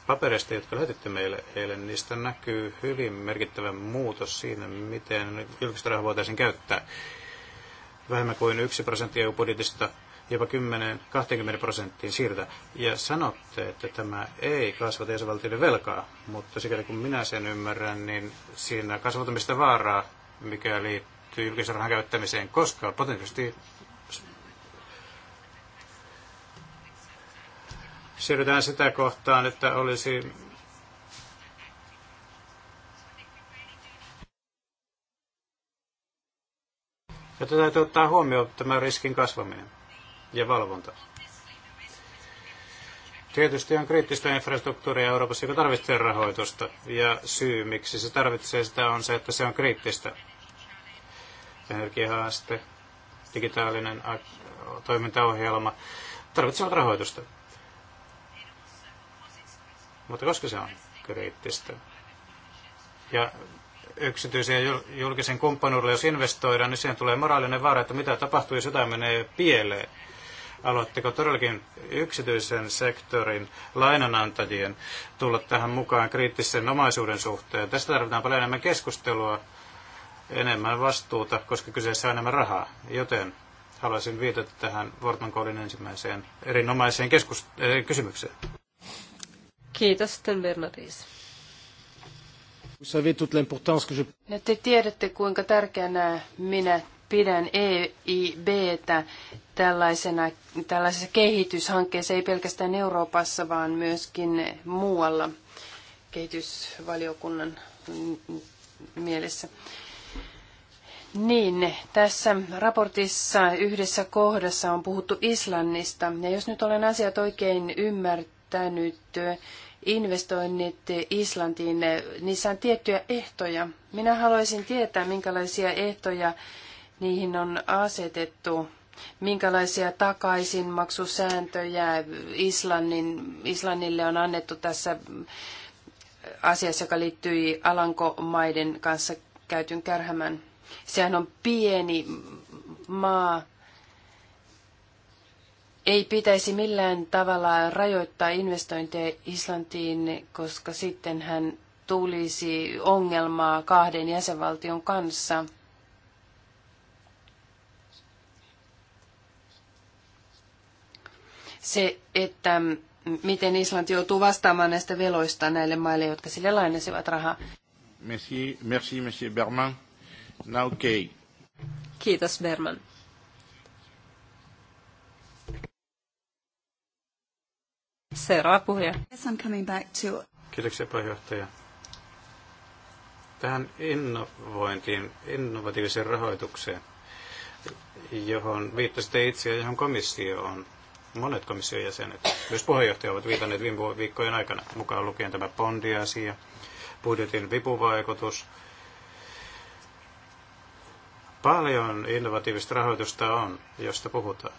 Papereista, jotka lähetitte meille eilen, niistä näkyy hyvin merkittävä muutos siinä, miten julkista rahaa voitaisiin käyttää. Vähemmän kuin yksi prosenttia EU-budjetista jopa 10-20 prosenttiin siirtää. Ja sanotte, että tämä ei kasvata jäsenvaltioiden velkaa, mutta sikäli kun minä sen ymmärrän, niin siinä kasvatamista vaaraa, mikä liittyy julkisen rahan käyttämiseen, koska potentiaalisesti siirrytään sitä kohtaan, että olisi Jotta täytyy ottaa huomioon tämä riskin kasvaminen ja valvonta. Tietysti on kriittistä infrastruktuuria Euroopassa, joka tarvitsee rahoitusta. Ja syy, miksi se tarvitsee sitä, on se, että se on kriittistä. Energiahaaste, digitaalinen toimintaohjelma tarvitsevat rahoitusta. Mutta koska se on kriittistä? Ja yksityisen ja julkisen kumppanuudelle, jos investoidaan, niin siihen tulee moraalinen vaara, että mitä tapahtuu, jos jotain menee pieleen Aloitteko todellakin yksityisen sektorin lainanantajien tulla tähän mukaan kriittisen omaisuuden suhteen? Tästä tarvitaan paljon enemmän keskustelua, enemmän vastuuta, koska kyseessä on enemmän rahaa. Joten haluaisin viitata tähän Wortman Koulin ensimmäiseen erinomaiseen keskus- äh, kysymykseen. Kiitos sitten Bernadise. Vous savez toute l'importance que je... No, te tiedätte, kuinka tärkeänä minä pidän EIBtä tällaisena, tällaisessa kehityshankkeessa, ei pelkästään Euroopassa, vaan myöskin muualla kehitysvaliokunnan mielessä. Niin, tässä raportissa yhdessä kohdassa on puhuttu Islannista, ja jos nyt olen asiat oikein ymmärtänyt, investoinnit Islantiin, niissä on tiettyjä ehtoja. Minä haluaisin tietää, minkälaisia ehtoja niihin on asetettu minkälaisia takaisinmaksusääntöjä Islannin, Islannille on annettu tässä asiassa, joka liittyi Alankomaiden kanssa käytyn kärhämän. Sehän on pieni maa. Ei pitäisi millään tavalla rajoittaa investointeja Islantiin, koska sitten hän tulisi ongelmaa kahden jäsenvaltion kanssa. se, että miten Islanti joutuu vastaamaan näistä veloista näille maille, jotka sille lainasivat rahaa. Merci, merci, monsieur Berman. Now, okay. Kiitos, Berman. Seuraava puhuja. Yes, I'm coming back to... Kiitoksia, puheenjohtaja. Tähän innovointiin, innovatiiviseen rahoitukseen, johon viittasitte itse ja johon komissio on Monet komission jäsenet, myös puheenjohtaja, ovat viitanneet viime viikkojen aikana, mukaan lukien tämä Bondi-asia, budjetin vipuvaikutus. Paljon innovatiivista rahoitusta on, josta puhutaan.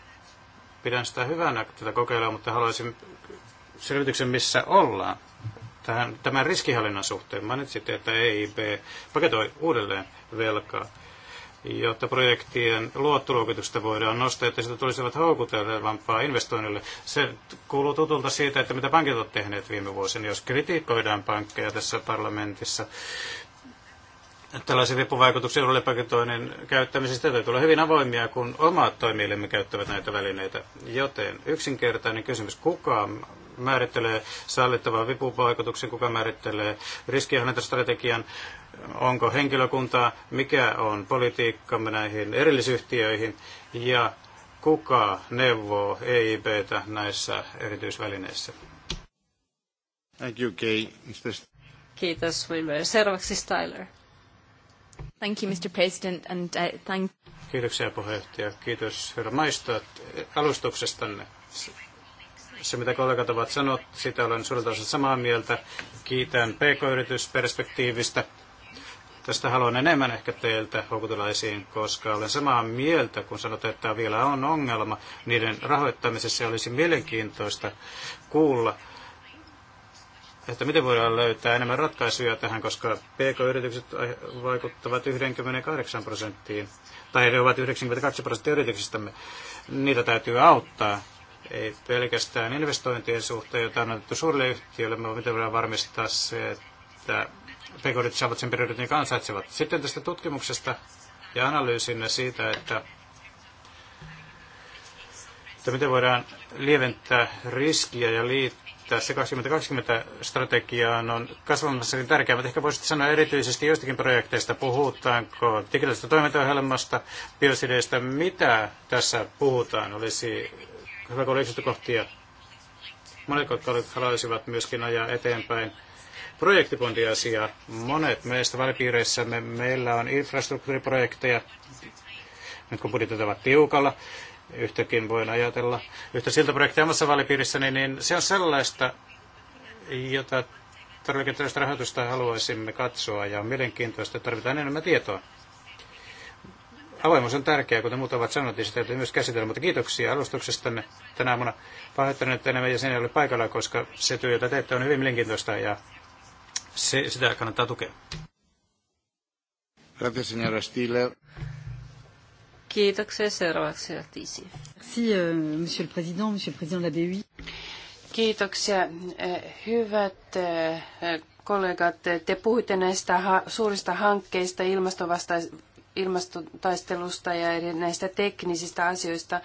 Pidän sitä hyvänä tätä kokeilua, mutta haluaisin selvityksen, missä ollaan tähän, tämän riskihallinnan suhteen. Mainitsitte, että EIB paketoi uudelleen velkaa jotta projektien luottoluokitusta voidaan nostaa, että sitä tulisivat houkutelevampaa investoinnille. Se kuuluu tutulta siitä, että mitä pankit ovat tehneet viime vuosina, jos kritiikoidaan pankkeja tässä parlamentissa. Tällaisen vipuvaikutuksen uudelleenpaketoinnin käyttämisestä täytyy olla hyvin avoimia, kun omat toimielimme käyttävät näitä välineitä. Joten yksinkertainen kysymys, kuka määrittelee sallittavan vipuvaikutuksen, kuka määrittelee riskienhallintastrategian, onko henkilökuntaa, mikä on politiikkamme näihin erillisyhtiöihin ja kuka neuvoo EIBtä näissä erityisvälineissä. Thank you, Kay. Kiitos, Winberg. Seuraavaksi Styler. Thank you, Mr. President, and uh, thank... Kiitoksia puheenjohtaja. Kiitos herra Maistot alustuksestanne. Se, mitä kollegat ovat sanoneet, sitä olen suurelta osalta samaa mieltä. Kiitän PK-yritysperspektiivistä. Tästä haluan enemmän ehkä teiltä houkutelaisiin, koska olen samaa mieltä, kun sanotaan, että tämä vielä on ongelma. Niiden rahoittamisessa olisi mielenkiintoista kuulla, että miten voidaan löytää enemmän ratkaisuja tähän, koska PK-yritykset vaikuttavat 98 prosenttiin, tai ne ovat 92 prosenttia yrityksistämme. Niitä täytyy auttaa, ei pelkästään investointien suhteen, joita on annettu suurille yhtiöille, vaan miten voidaan varmistaa se, että pk saavat sen periodit, niin ansaitsevat. Sitten tästä tutkimuksesta ja analyysinne siitä, että, että miten voidaan lieventää riskiä ja liittää se 2020-strategiaan on kasvamassakin tärkeää, mutta ehkä voisit sanoa erityisesti joistakin projekteista, puhutaanko digitaalisesta toimintaohjelmasta, biosideistä, mitä tässä puhutaan, olisi hyvä, kun yksityiskohtia monet, jotka haluaisivat myöskin ajaa eteenpäin projektibondiasiaa. Monet meistä välipiireissämme meillä on infrastruktuuriprojekteja, nyt kun budjetit ovat tiukalla, yhtäkin voin ajatella yhtä siltä projektia omassa välipiirissäni, niin se on sellaista, jota todellakin tällaista rahoitusta haluaisimme katsoa ja on mielenkiintoista, että tarvitaan enemmän tietoa. Avoimuus on tärkeää, kuten muut ovat sanoneet, niin sitä täytyy myös käsitellä, mutta kiitoksia alustuksestanne tänä aamuna. Pahoittelen, että enemmän jäseniä oli paikalla, koska se työ, jota teette, on hyvin mielenkiintoista ja se, sitä kannattaa tukea. Gracias, señora Stiller. Kiitoksia. Seuraavaksi Tisi. Merci, euh, monsieur le président, monsieur le président de la BUI. Kiitoksia. Eh, hyvät eh, kollegat, eh, te puhuitte näistä suurista hankkeista ilmastotaistelusta ja näistä teknisistä asioista,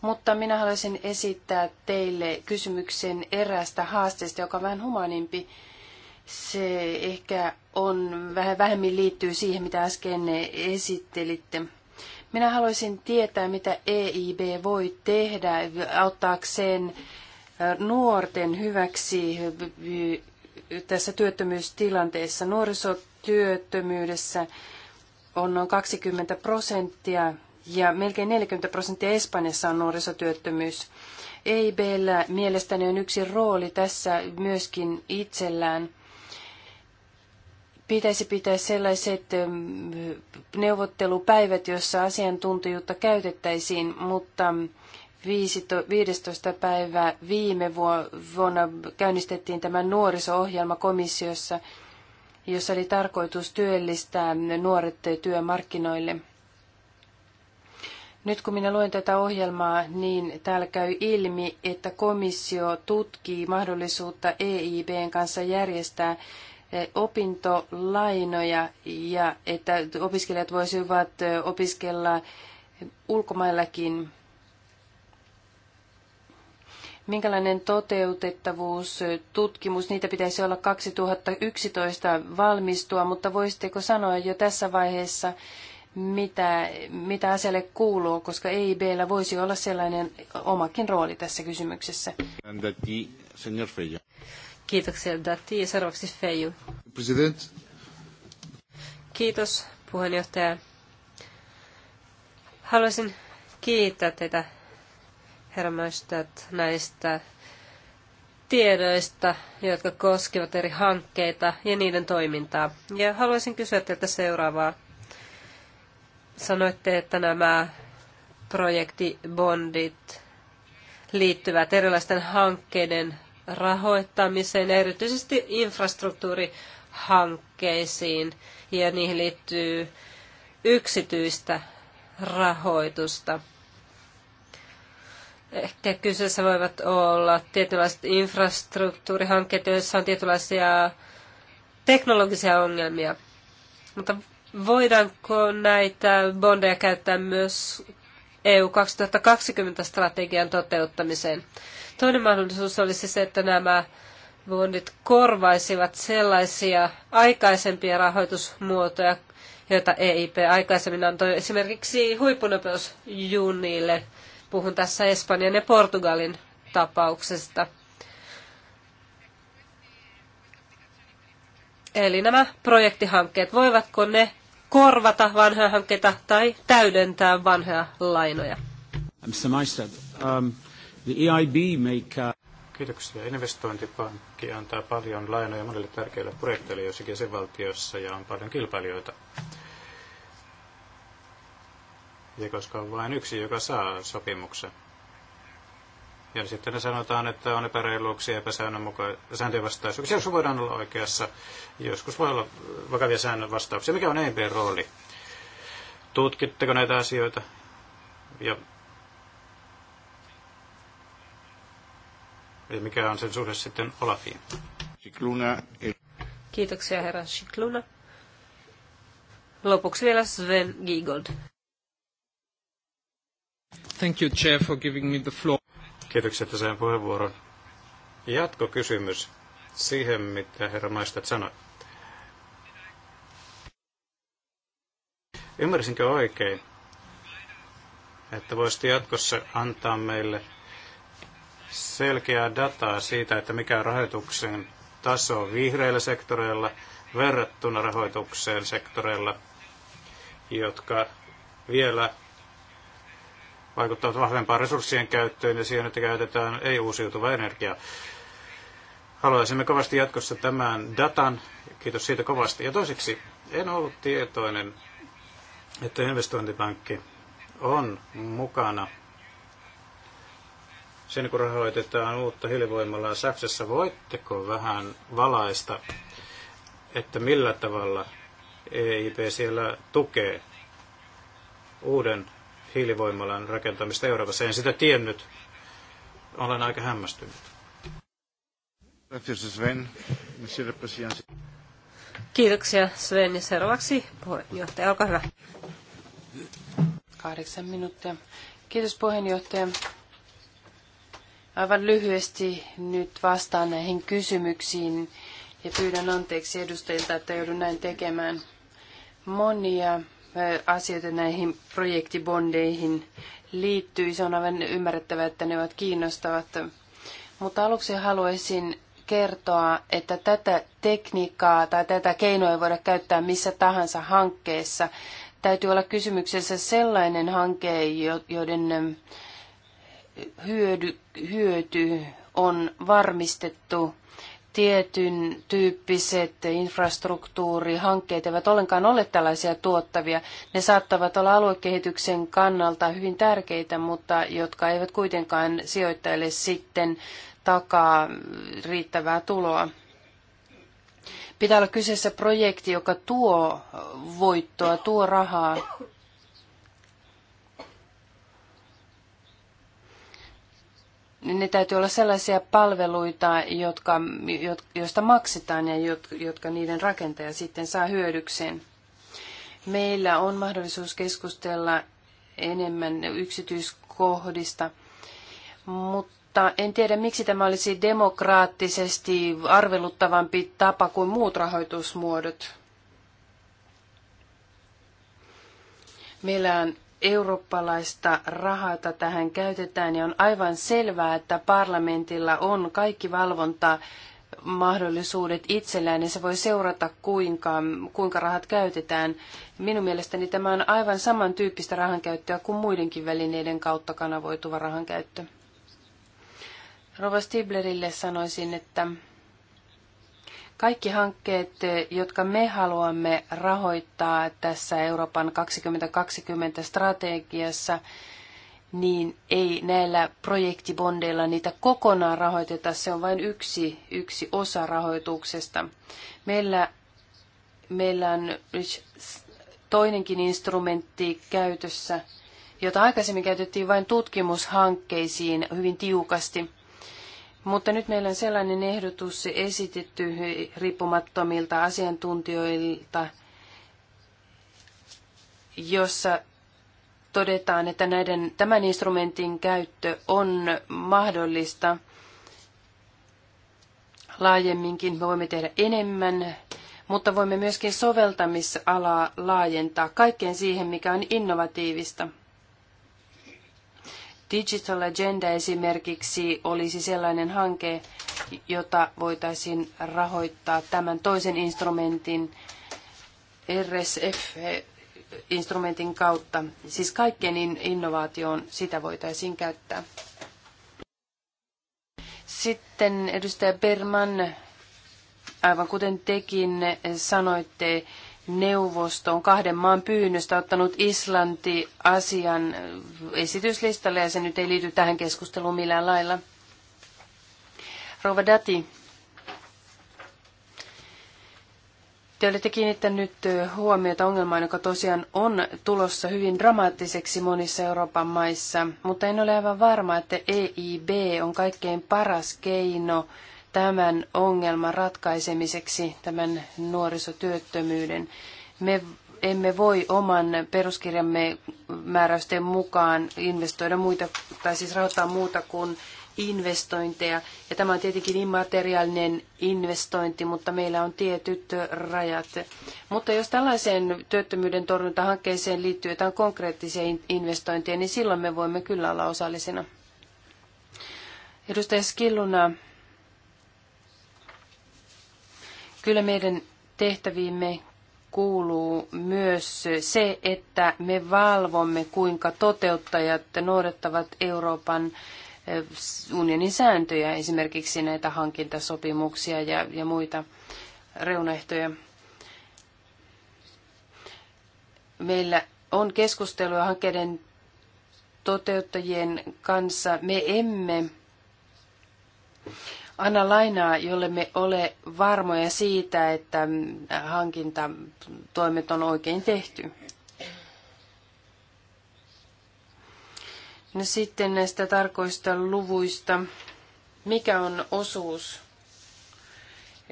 mutta minä haluaisin esittää teille kysymyksen eräästä haasteesta, joka on vähän humanimpi se ehkä on vähän vähemmin liittyy siihen, mitä äsken esittelitte. Minä haluaisin tietää, mitä EIB voi tehdä auttaakseen nuorten hyväksi tässä työttömyystilanteessa. Nuorisotyöttömyydessä on noin 20 prosenttia ja melkein 40 prosenttia Espanjassa on nuorisotyöttömyys. EIBllä mielestäni on yksi rooli tässä myöskin itsellään – pitäisi pitää sellaiset ähm, neuvottelupäivät, joissa asiantuntijuutta käytettäisiin, mutta 15. päivä viime vuonna käynnistettiin tämä nuoriso-ohjelma komissiossa, jossa oli tarkoitus työllistää nuoret työmarkkinoille. Nyt kun minä luen tätä ohjelmaa, niin täällä käy ilmi, että komissio tutkii mahdollisuutta EIBn kanssa järjestää E, opintolainoja ja että opiskelijat voisivat e, opiskella ulkomaillakin. Minkälainen toteutettavuus, e, tutkimus, niitä pitäisi olla 2011 valmistua, mutta voisitteko sanoa jo tässä vaiheessa, mitä, mitä asialle kuuluu, koska EIBllä voisi olla sellainen omakin rooli tässä kysymyksessä. Kiitoksia Datti ja seuraavaksi Feiju. President. Kiitos puheenjohtaja. Haluaisin kiittää teitä herra Möstät, näistä tiedoista, jotka koskevat eri hankkeita ja niiden toimintaa. Ja haluaisin kysyä teiltä seuraavaa. Sanoitte, että nämä projektibondit liittyvät erilaisten hankkeiden rahoittamiseen, erityisesti infrastruktuurihankkeisiin, ja niihin liittyy yksityistä rahoitusta. Ehkä kyseessä voivat olla tietynlaiset infrastruktuurihankkeet, joissa on tietynlaisia teknologisia ongelmia. Mutta voidaanko näitä bondeja käyttää myös EU 2020-strategian toteuttamiseen. Toinen mahdollisuus olisi se, että nämä bondit korvaisivat sellaisia aikaisempia rahoitusmuotoja, joita EIP aikaisemmin antoi esimerkiksi huippunopeusjunille. Puhun tässä Espanjan ja Portugalin tapauksesta. Eli nämä projektihankkeet, voivatko ne korvata vanhoja hankkeita tai täydentää vanhoja lainoja. Uh, Mr. Maistad, um, the EIB make, uh... Kiitoksia. Investointipankki antaa paljon lainoja monille tärkeille projekteille joissakin jäsenvaltiossa ja on paljon kilpailijoita. Ja koska on vain yksi, joka saa sopimuksen, ja sitten sanotaan, että on epäreiluuksia, epäsääntöjen vastaisuuksia. Joskus voidaan olla oikeassa, joskus voi olla vakavia säännön vastauksia. Mikä on EIPn rooli? Tutkitteko näitä asioita? Ja ja mikä on sen suhde sitten Olafiin. Sikluna. Kiitoksia herra Sikluna. Lopuksi vielä Sven Giegold. Thank you, Chair, for giving me the floor. Kiitoksia, että sain puheenvuoron. Jatkokysymys siihen, mitä herra Maistat sanoi. Ymmärsinkö oikein, että voisit jatkossa antaa meille selkeää dataa siitä, että mikä on rahoituksen taso vihreillä sektoreilla verrattuna rahoitukseen sektoreilla, jotka vielä vaikuttavat vahvempaan resurssien käyttöön ja siihen, että käytetään ei-uusiutuvaa energiaa. Haluaisimme kovasti jatkossa tämän datan. Kiitos siitä kovasti. Ja toiseksi, en ollut tietoinen, että investointipankki on mukana sen, kun rahoitetaan uutta hiilivoimalaa Saksassa. Voitteko vähän valaista, että millä tavalla EIP siellä tukee uuden hiilivoimalan rakentamista Euroopassa. En sitä tiennyt. Olen aika hämmästynyt. Kiitoksia Sven ja seuraavaksi puheenjohtaja, olkaa hyvä. Kahdeksan minuuttia. Kiitos puheenjohtaja. Aivan lyhyesti nyt vastaan näihin kysymyksiin ja pyydän anteeksi edustajilta, että joudun näin tekemään. Monia asioita näihin projektibondeihin liittyy. Se on aivan ymmärrettävää, että ne ovat kiinnostavat. Mutta aluksi haluaisin kertoa, että tätä tekniikkaa tai tätä keinoa ei voida käyttää missä tahansa hankkeessa. Täytyy olla kysymyksessä sellainen hanke, joiden hyödy, hyöty on varmistettu tietyn tyyppiset infrastruktuurihankkeet eivät ollenkaan ole tällaisia tuottavia. Ne saattavat olla aluekehityksen kannalta hyvin tärkeitä, mutta jotka eivät kuitenkaan sijoittajille sitten takaa riittävää tuloa. Pitää olla kyseessä projekti, joka tuo voittoa, tuo rahaa ne täytyy olla sellaisia palveluita, jotka, joista maksetaan ja jotka niiden rakentaja sitten saa hyödykseen. Meillä on mahdollisuus keskustella enemmän yksityiskohdista, mutta en tiedä, miksi tämä olisi demokraattisesti arveluttavampi tapa kuin muut rahoitusmuodot. Meillä on eurooppalaista rahaa, jota tähän käytetään, on aivan selvää, että parlamentilla on kaikki valvonta mahdollisuudet itsellään, niin se voi seurata, kuinka, kuinka rahat käytetään. Minun mielestäni tämä on aivan samantyyppistä rahankäyttöä kuin muidenkin välineiden kautta kanavoituva rahankäyttö. Rova Stiblerille sanoisin, että kaikki hankkeet, jotka me haluamme rahoittaa tässä Euroopan 2020 strategiassa, niin ei näillä projektibondeilla niitä kokonaan rahoiteta. Se on vain yksi, yksi osa rahoituksesta. Meillä, meillä on toinenkin instrumentti käytössä, jota aikaisemmin käytettiin vain tutkimushankkeisiin hyvin tiukasti – mutta nyt meillä on sellainen ehdotus esitetty riippumattomilta asiantuntijoilta, jossa todetaan, että näiden, tämän instrumentin käyttö on mahdollista laajemminkin. Me voimme tehdä enemmän, mutta voimme myöskin soveltamisalaa laajentaa kaikkeen siihen, mikä on innovatiivista. Digital Agenda esimerkiksi olisi sellainen hanke, jota voitaisiin rahoittaa tämän toisen instrumentin RSF-instrumentin eh, kautta. Siis kaikkeen innovaatioon sitä voitaisiin käyttää. Sitten edustaja Berman, aivan kuten tekin sanoitte, neuvosto on kahden maan pyynnöstä ottanut Islanti asian esityslistalle ja se nyt ei liity tähän keskusteluun millään lailla. Rova Dati, te olette kiinnittänyt huomiota ongelmaan, joka tosiaan on tulossa hyvin dramaattiseksi monissa Euroopan maissa, mutta en ole aivan varma, että EIB on kaikkein paras keino – tämän ongelman ratkaisemiseksi, tämän nuorisotyöttömyyden. Me emme voi oman peruskirjamme määräysten mukaan investoida muita, tai siis rahoittaa muuta kuin investointeja. Ja tämä on tietenkin immateriaalinen investointi, mutta meillä on tietyt rajat. Mutta jos tällaiseen työttömyyden torjuntahankkeeseen liittyy jotain konkreettisia investointeja, niin silloin me voimme kyllä olla osallisena. Edustaja Skilluna Kyllä meidän tehtäviimme kuuluu myös se, että me valvomme, kuinka toteuttajat noudattavat Euroopan eh, unionin sääntöjä, esimerkiksi näitä hankintasopimuksia ja, ja muita reunaehtoja. Meillä on keskustelua hankkeiden toteuttajien kanssa. Me emme anna lainaa, jolle me ole varmoja siitä, että mm, hankintatoimet on oikein tehty. No sitten näistä tarkoista luvuista. Mikä on osuus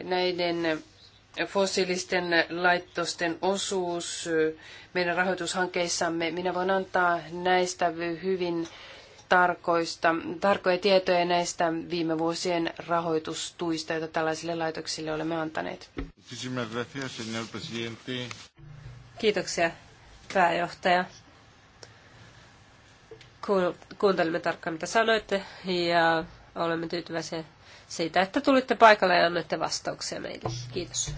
näiden fossiilisten laitosten osuus meidän rahoitushankkeissamme? Minä voin antaa näistä hyvin tarkoista, tarkkoja tietoja näistä viime vuosien rahoitustuista, joita tällaisille laitoksille olemme antaneet. Kiitoksia, pääjohtaja. Kuuntelimme tarkkaan, mitä sanoitte, ja olemme tyytyväisiä siitä, että tulitte paikalle ja annoitte vastauksia meille. Kiitos.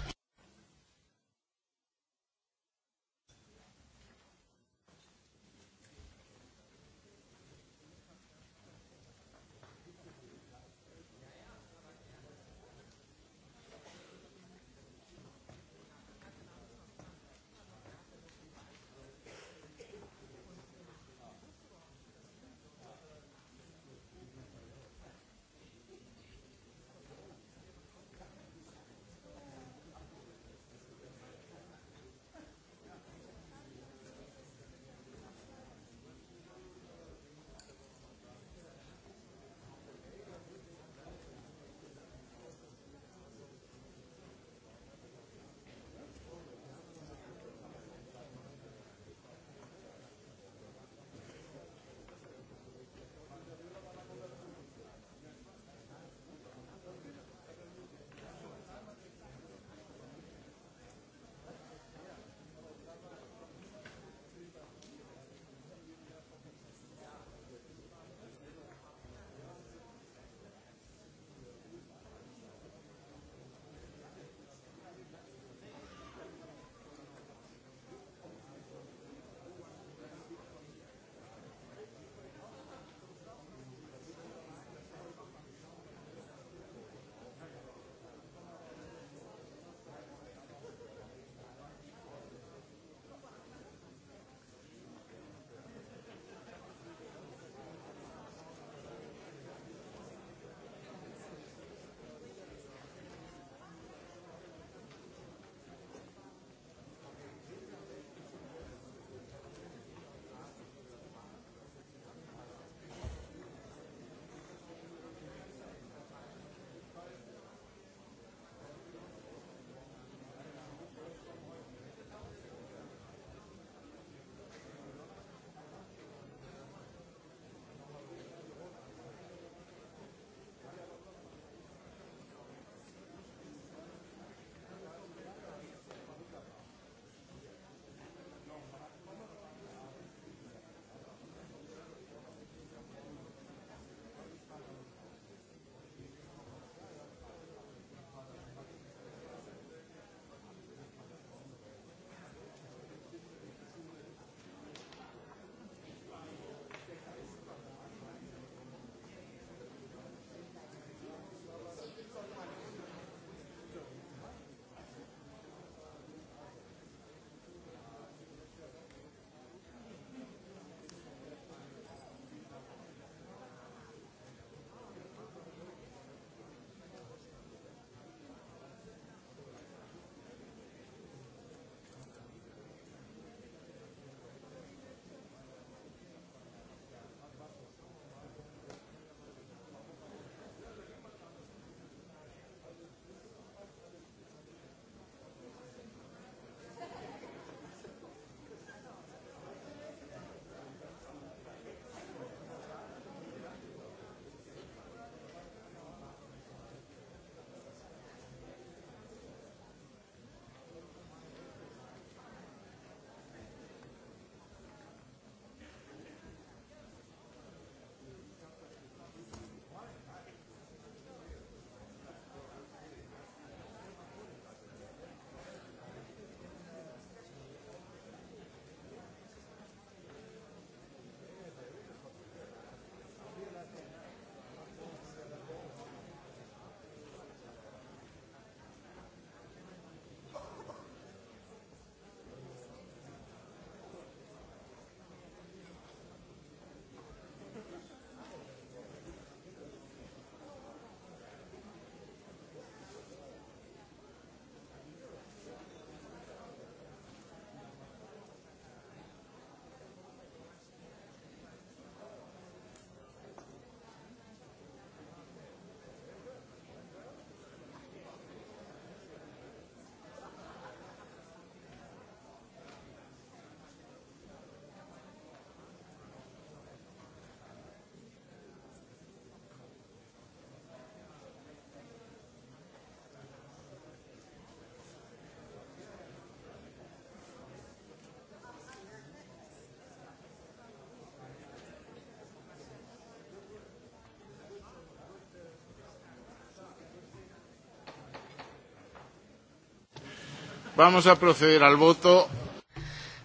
Vamos a proceder al voto.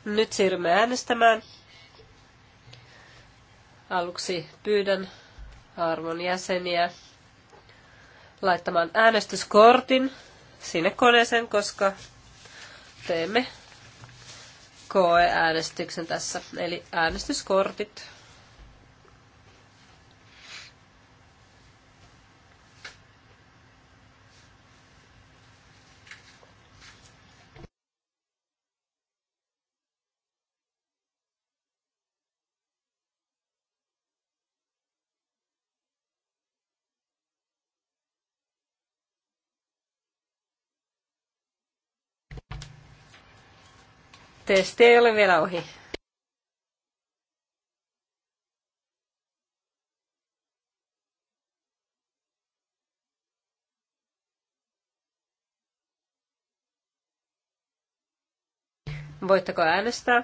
Nyt siirrymme äänestämään. Aluksi pyydän arvon jäseniä laittamaan äänestyskortin sinne koneeseen, koska teemme koeäänestyksen tässä. Eli äänestyskortit. Testi ei ole vielä ohi. Voitteko äänestää?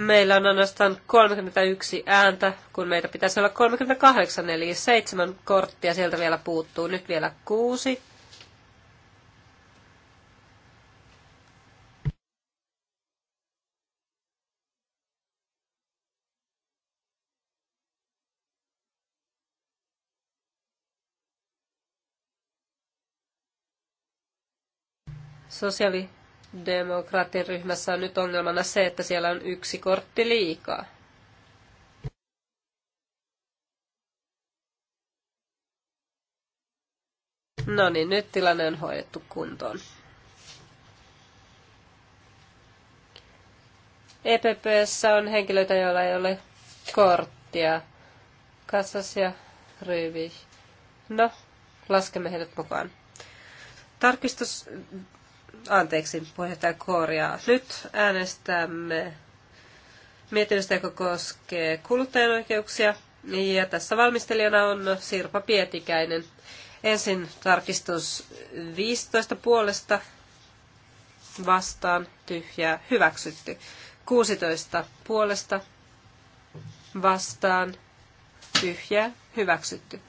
Meillä on ainoastaan 31 ääntä, kun meitä pitäisi olla 38, eli seitsemän korttia sieltä vielä puuttuu. Nyt vielä kuusi. Sosiaali- ryhmässä on nyt ongelmana se, että siellä on yksi kortti liikaa. No niin, nyt tilanne on hoidettu kuntoon. EPPssä on henkilöitä, joilla ei ole korttia. Kassas ja Ryvi. No, laskemme heidät mukaan. Tarkistus anteeksi, puheenjohtaja korjaa. Nyt äänestämme mietinnöstä, joka koskee kuluttajan oikeuksia. Ja tässä valmistelijana on Sirpa Pietikäinen. Ensin tarkistus 15 puolesta vastaan tyhjää hyväksytty. 16 puolesta vastaan tyhjää hyväksytty.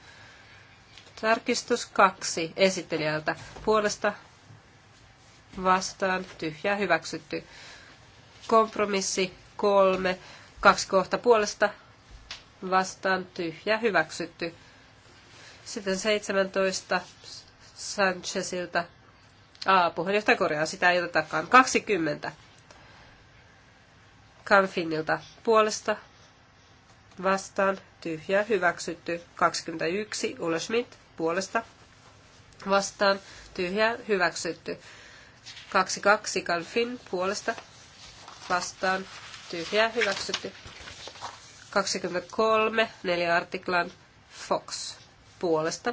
Tarkistus 2 esittelijältä puolesta vastaan, tyhjää hyväksytty. Kompromissi kolme, kaksi kohta puolesta vastaan, tyhjää hyväksytty. Sitten 17 Sanchezilta. A, puheenjohtaja korjaa, sitä ei otetakaan. 20. Kanfinilta puolesta vastaan, tyhjää hyväksytty. 21 Ulle Schmidt puolesta vastaan, tyhjää hyväksytty. 22 Kalfin puolesta vastaan tyhjää hyväksytty. 23 neljä artiklan Fox puolesta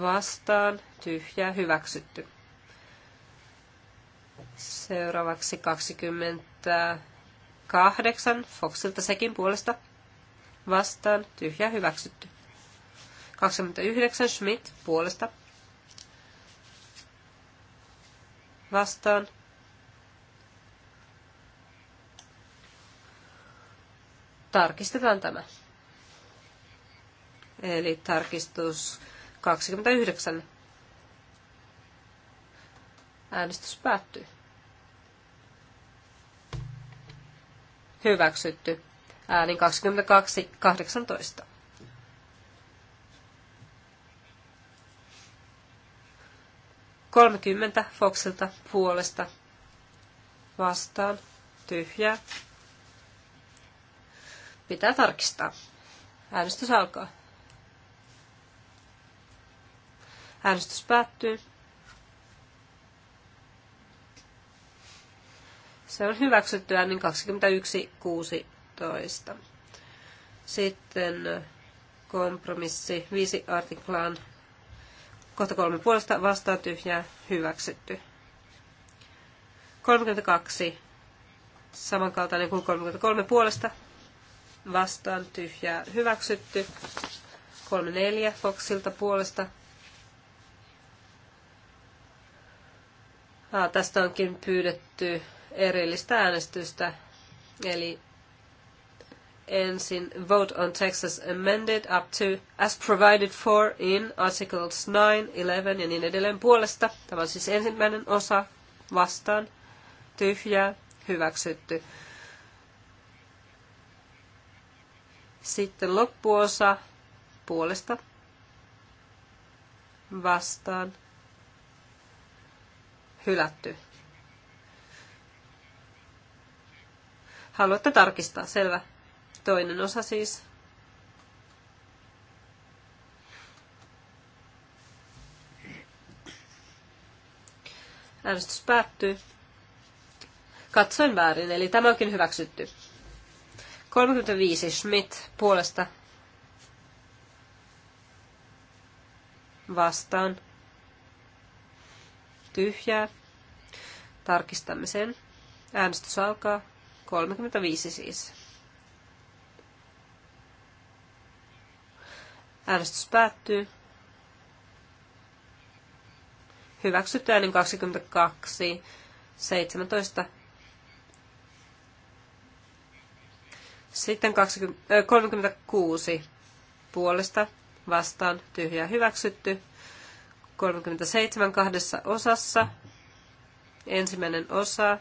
vastaan tyhjää hyväksytty. Seuraavaksi 28 Foxilta sekin puolesta vastaan tyhjää hyväksytty. 29 Schmidt puolesta vastaan. Tarkistetaan tämä. Eli tarkistus 29. Äänestys päättyy. Hyväksytty. Äänin 22.18. 30 Foxilta puolesta vastaan tyhjää. Pitää tarkistaa. Äänestys alkaa. Äänestys päättyy. Se on hyväksytty äänin 21.16. Sitten kompromissi 5 artiklaan Kohta kolme puolesta vastaa tyhjää hyväksytty. 32. Samankaltainen kuin 33 puolesta vastaan tyhjää hyväksytty. 34 Foxilta puolesta. Ah, tästä onkin pyydetty erillistä äänestystä, eli ensin vote on text as amended up to as provided for in articles 9, 11 ja niin edelleen puolesta. Tämä on siis ensimmäinen osa vastaan. Tyhjää, hyväksytty. Sitten loppuosa puolesta vastaan. Hylätty. Haluatte tarkistaa, selvä. Toinen osa siis. Äänestys päättyy. Katsoin väärin, eli tämä onkin hyväksytty. 35 Schmidt puolesta vastaan. Tyhjää. Tarkistamme sen. Äänestys alkaa. 35 siis. Äänestys päättyy. Hyväksytty äänin 22, 17. Sitten 20, 36 puolesta vastaan tyhjä hyväksytty. 37 kahdessa osassa. Ensimmäinen osa.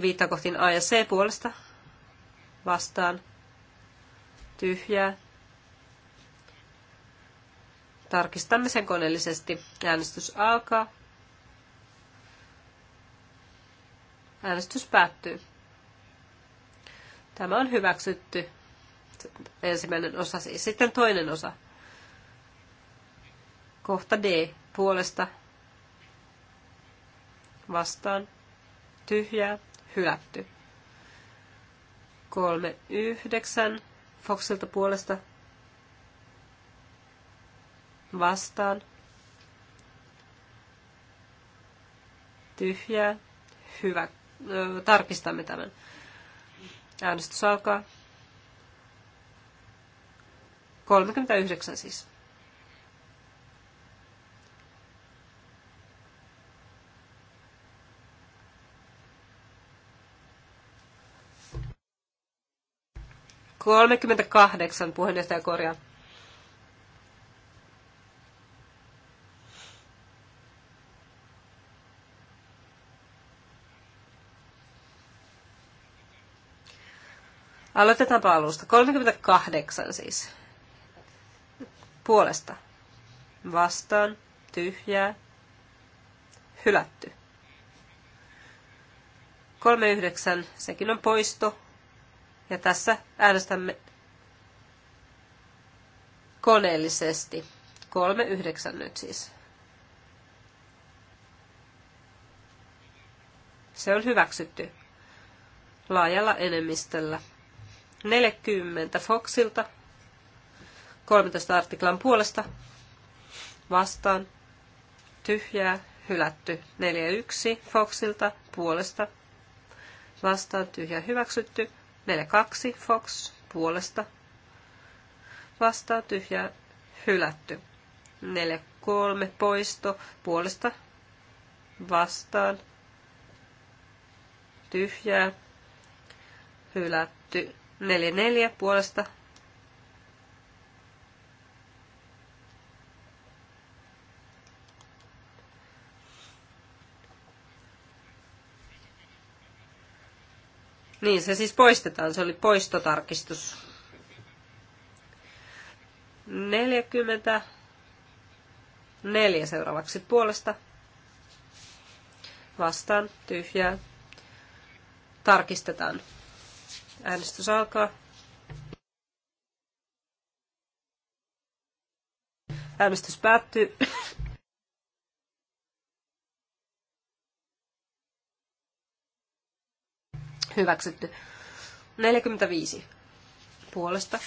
Viittaa kohtiin A ja C puolesta vastaan tyhjää. Tarkistamme sen koneellisesti. Äänestys alkaa. Äänestys päättyy. Tämä on hyväksytty. Ensimmäinen osa siis. Sitten toinen osa. Kohta D. Puolesta. Vastaan. Tyhjää. Hylätty. Kolme yhdeksän Foxilta puolesta vastaan. Tyhjää. Hyvä. Tarkistamme tämän. Äänestys alkaa. 39 siis. 38 puheenjohtaja korjaa. Aloitetaanpa alusta. 38 siis. Puolesta. Vastaan. Tyhjää. Hylätty. 39. Sekin on poisto. Ja tässä äänestämme koneellisesti. 39 nyt siis. Se on hyväksytty laajalla enemmistöllä. 40 Foxilta, 13 artiklan puolesta, vastaan, tyhjää, hylätty. 41 Foxilta, puolesta, vastaan, tyhjää, hyväksytty. 42 Fox puolesta vastaa tyhjä hylätty. 43 poisto puolesta vastaan tyhjää hylätty. 44 puolesta Niin, se siis poistetaan. Se oli poistotarkistus. 44 seuraavaksi puolesta. Vastaan. Tyhjää. Tarkistetaan. Äänestys alkaa. Äänestys päättyy. Hyväksytty. 45 puolesta.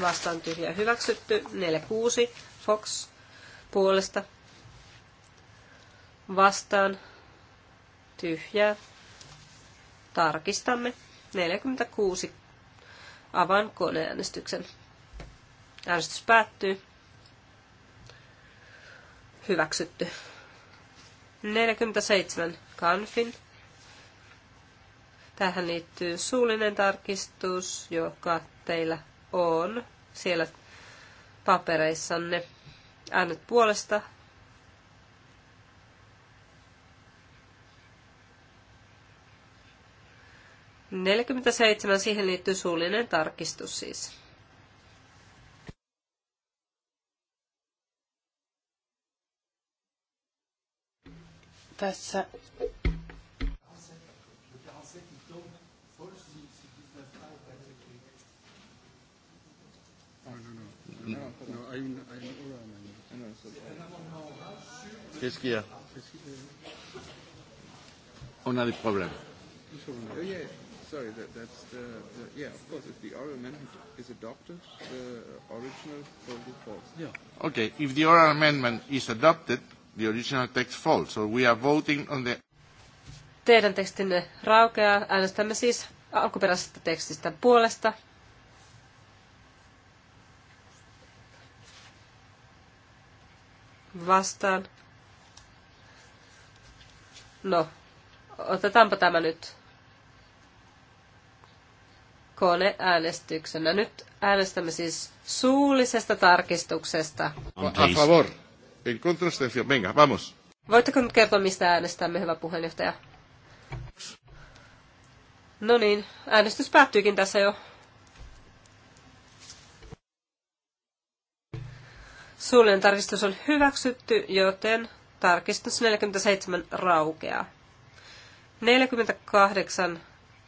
Vastaan tyhjä hyväksytty. 46 Fox puolesta. Vastaan tyhjää. Tarkistamme. 46 avaan koneäänestyksen. Äänestys päättyy. Hyväksytty. 47 Kanfin Tähän liittyy suullinen tarkistus, joka teillä on siellä papereissanne. Äänet puolesta. seitsemän siihen liittyy suullinen tarkistus siis. Tässä No, hay un, hay un Qu'est-ce qu'il y a On a des problèmes. Oh, Sorry, that, that's the, the yeah. Of course, if the oral amendment is adopted, the original Yeah. Okay. If the oral amendment is adopted, the original text falls. So we are voting on the. Teidän tekstinne raukeaa. Äänestämme siis alkuperäisestä tekstistä puolesta vastaan. No, otetaanpa tämä nyt koneäänestyksenä. Nyt äänestämme siis suullisesta tarkistuksesta. A favor. En contra abstención. Venga, vamos. Voitteko nyt kertoa, mistä äänestämme, hyvä puheenjohtaja? No niin, äänestys päättyykin tässä jo. Suullinen tarkistus on hyväksytty, joten tarkistus 47 raukeaa. 48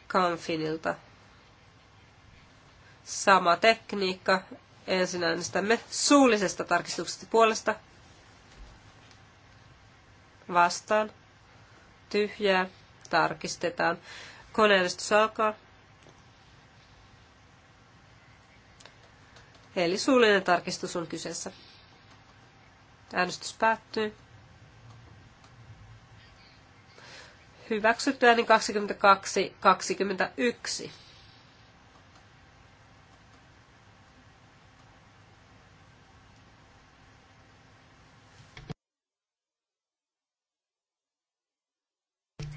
Kanfinilta. Sama tekniikka. Ensin äänestämme suullisesta tarkistuksesta puolesta. Vastaan. Tyhjää. Tarkistetaan. Koneäänestys alkaa. Eli suullinen tarkistus on kyseessä. Äänestys päättyy. Hyväksytty ääni 22, 21.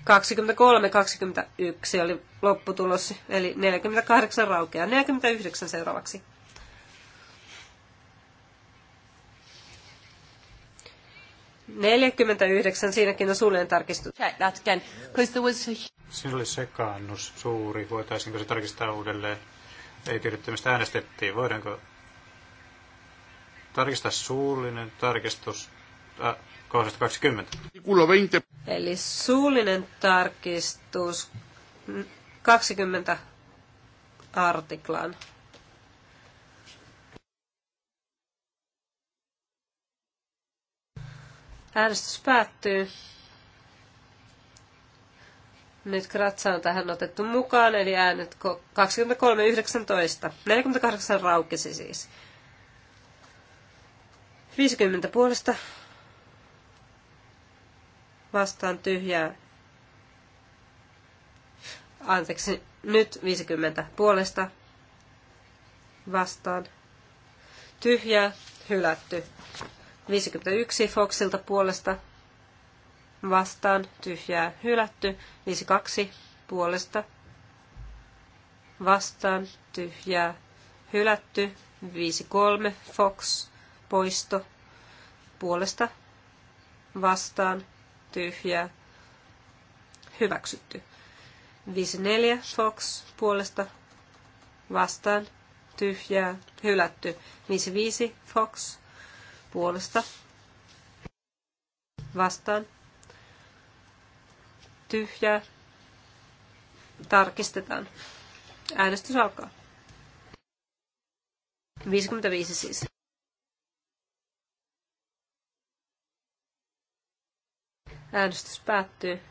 Kaksikymmentäkolme, kaksikymmentäyksi oli lopputulos, eli 48 raukeaa. 49 seuraavaksi. 49, siinäkin on suullinen tarkistus. Check that again, because there was... Siinä oli sekaannus suuri, voitaisiinko se tarkistaa uudelleen? Ei tiedetty, mistä äänestettiin, voidaanko tarkistaa suullinen tarkistus äh, kohdasta 20. Eli suullinen tarkistus 20 artiklaan. Äänestys päättyy. Nyt Kratsa on tähän otettu mukaan, eli äänet 23.19. 48 raukesi siis. 50 puolesta vastaan tyhjää. Anteeksi, nyt 50 puolesta vastaan tyhjää, hylätty. 51 Foxilta puolesta vastaan tyhjää hylätty. 52 puolesta vastaan tyhjää hylätty. 53 Fox poisto puolesta vastaan tyhjää hyväksytty. 54 Fox puolesta vastaan tyhjää hylätty. 55 Fox puolesta vastaan tyhjää tarkistetaan. Äänestys alkaa. 55 siis. Äänestys päättyy.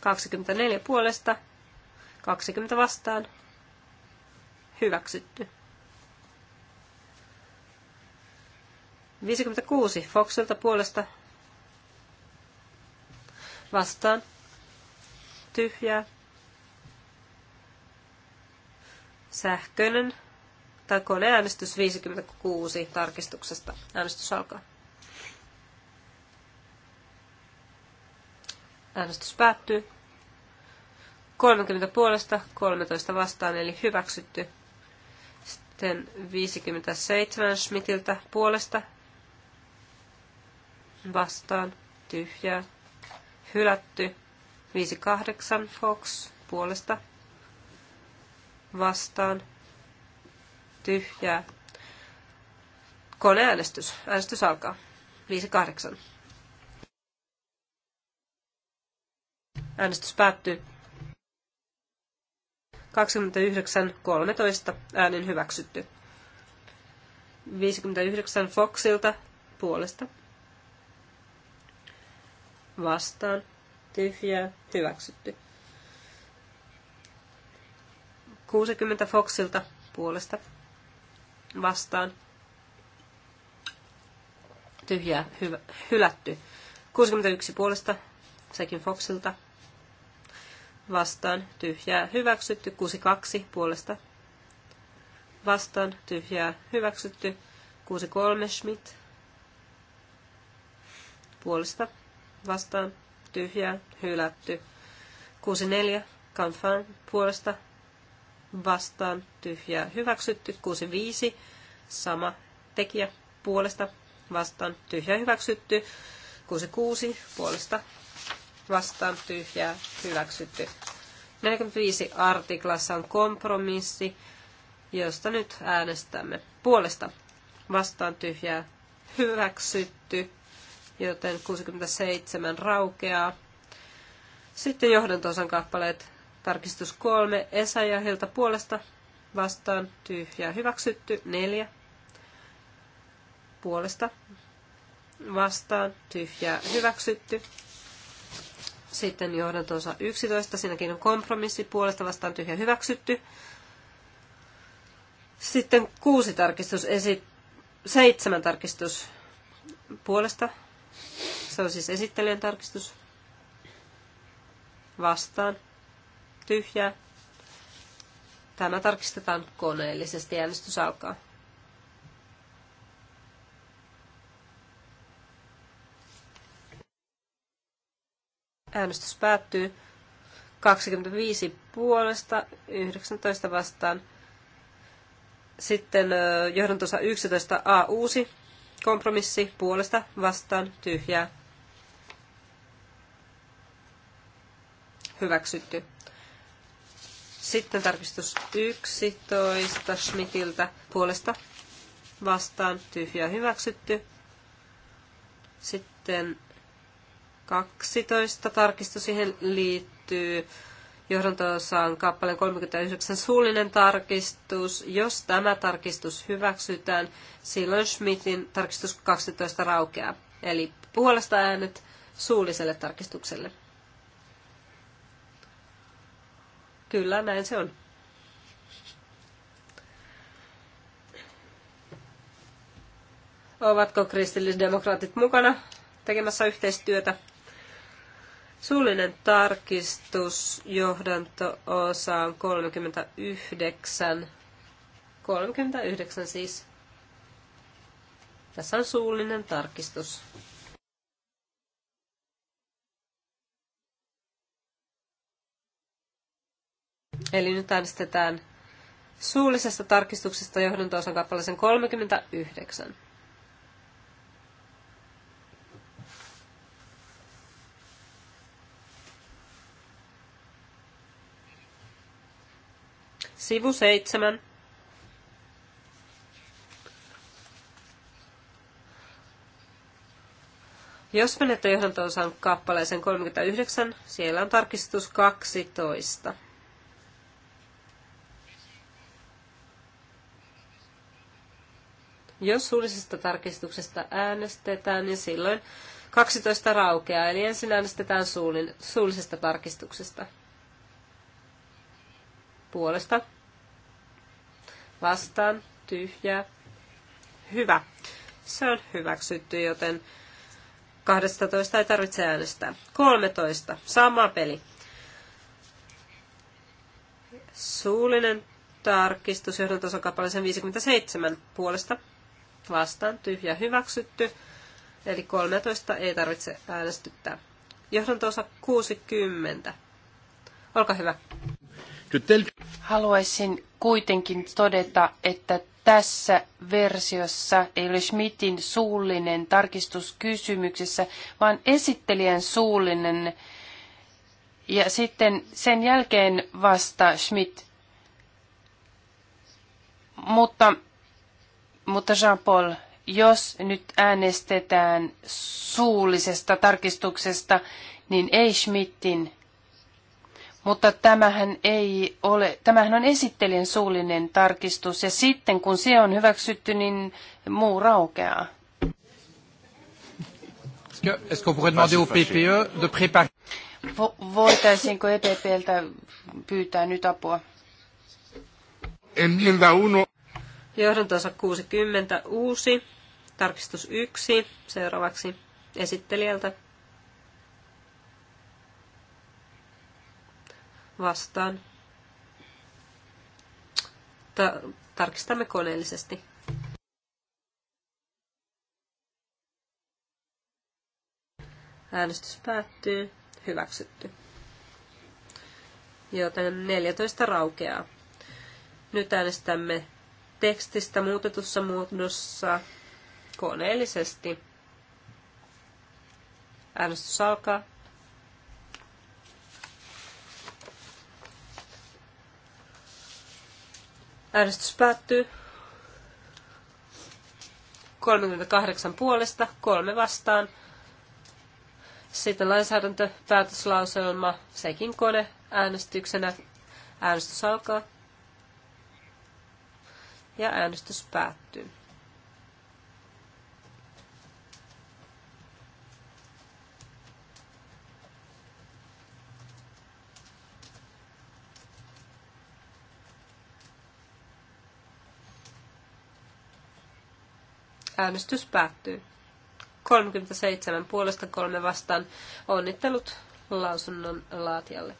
24 puolesta, 20 vastaan. Hyväksytty. 56 foxelta puolesta vastaan. Tyhjää. Sähköinen tai koneäänestys 56 tarkistuksesta. Äänestys alkaa. Äänestys päättyy. 30 puolesta, 13 vastaan, eli hyväksytty. Sitten 57 Schmidtiltä puolesta vastaan, tyhjää, hylätty. 58 Fox puolesta vastaan, tyhjää. Koneäänestys. Äänestys alkaa. 58. Äänestys päättyy. 29.13 äänin hyväksytty. 59 Foxilta puolesta vastaan, tyhjää, hyväksytty. 60 Foxilta puolesta vastaan, tyhjää, hyvä, hylätty. 61 puolesta, sekin Foxilta vastaan, tyhjää, hyväksytty. 62 puolesta vastaan, tyhjää, hyväksytty. 63 Schmidt puolesta vastaan tyhjää hylätty. 64 Kanfan puolesta vastaan tyhjää hyväksytty. 65 sama tekijä puolesta vastaan tyhjää hyväksytty. 66 puolesta vastaan tyhjää hyväksytty. 45 artiklassa on kompromissi, josta nyt äänestämme puolesta vastaan tyhjää hyväksytty joten 67 raukeaa. Sitten johdantosan kappaleet. Tarkistus 3. Esa ja Hilta puolesta vastaan tyhjä hyväksytty. 4. Puolesta vastaan tyhjä hyväksytty. Sitten johdantosa 11. Siinäkin on kompromissi. Puolesta vastaan tyhjä hyväksytty. Sitten kuusi tarkistus, esi- seitsemän tarkistus puolesta se on siis esittelijän tarkistus. Vastaan. Tyhjää. Tämä tarkistetaan koneellisesti. Äänestys alkaa. Äänestys päättyy. 25 puolesta, 19 vastaan. Sitten johdantosa 11a uusi kompromissi puolesta vastaan tyhjää hyväksytty. Sitten tarkistus 11 Schmidtiltä puolesta vastaan tyhjä hyväksytty. Sitten 12 tarkistus siihen liittyy johdanto on kappaleen 39 suullinen tarkistus. Jos tämä tarkistus hyväksytään, silloin Schmidtin tarkistus 12 raukeaa. Eli puolesta äänet suulliselle tarkistukselle. Kyllä, näin se on. Ovatko kristillisdemokraatit mukana tekemässä yhteistyötä? Suullinen tarkistus johdanto-osaan 39. 39 siis. Tässä on suullinen tarkistus. Eli nyt äänestetään suullisesta tarkistuksesta johdantoosan kappaleeseen 39. Sivu 7. Jos menette johdantoosaan kappaleeseen 39, siellä on tarkistus 12. Jos suullisesta tarkistuksesta äänestetään, niin silloin 12 raukeaa, eli ensin äänestetään suullin, suullisesta tarkistuksesta. Puolesta. Vastaan. Tyhjää. Hyvä. Se on hyväksytty, joten 12 ei tarvitse äänestää. 13. Sama peli. Suullinen tarkistus johdantosokapallisen 57 puolesta vastaan tyhjä hyväksytty. Eli 13 ei tarvitse äänestyttää. Johdanto-osa 60. Olkaa hyvä. Haluaisin kuitenkin todeta, että tässä versiossa ei ole Schmidtin suullinen tarkistus kysymyksessä, vaan esittelijän suullinen. Ja sitten sen jälkeen vasta Schmidt. Mutta mutta Jean-Paul, jos nyt äänestetään suullisesta tarkistuksesta, niin ei Schmidtin. Mutta tämähän, ei ole, tämähän on esittelijän suullinen tarkistus ja sitten kun se on hyväksytty, niin muu raukeaa. E voitaisiinko EPPltä pyytää nyt apua? Enmienda uno. Johdantonsa 60 uusi, tarkistus 1 seuraavaksi esittelijältä. Vastaan. Ta- tarkistamme koneellisesti. Äänestys päättyy. Hyväksytty. Joten 14 raukeaa. Nyt äänestämme tekstistä muutetussa muodossa koneellisesti. Äänestys alkaa. Äänestys päättyy. 38 puolesta, kolme vastaan. Sitten lainsäädäntö päätöslauselma sekin kone äänestyksenä. Äänestys alkaa ja äänestys päättyy. Äänestys päättyy. 37 puolesta kolme vastaan. Onnittelut lausunnon laatijalle.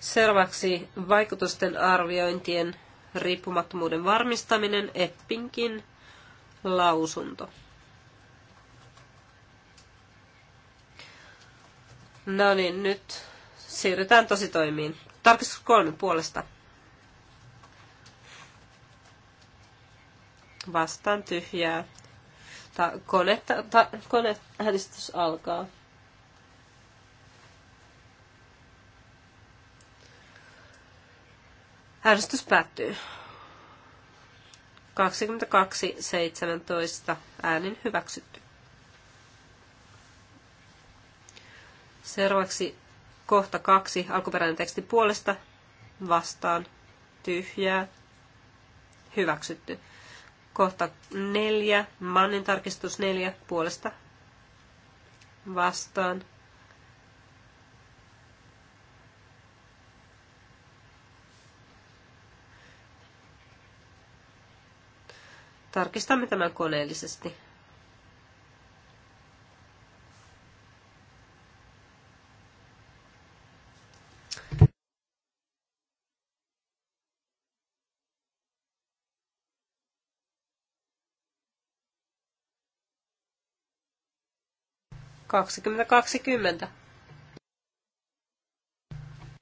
Seuraavaksi vaikutusten arviointien riippumattomuuden varmistaminen, Eppinkin lausunto. No niin, nyt siirrytään tositoimiin. Tarkistus kolme puolesta. Vastaan tyhjää. Ta- kone, ta- kone, äänestys alkaa. Äänestys päättyy. 22.17 äänin hyväksytty. Seuraavaksi kohta kaksi, alkuperäinen teksti puolesta, vastaan, tyhjää, hyväksytty. Kohta neljä, mannin tarkistus neljä, puolesta, vastaan, Tarkistamme tämän koneellisesti.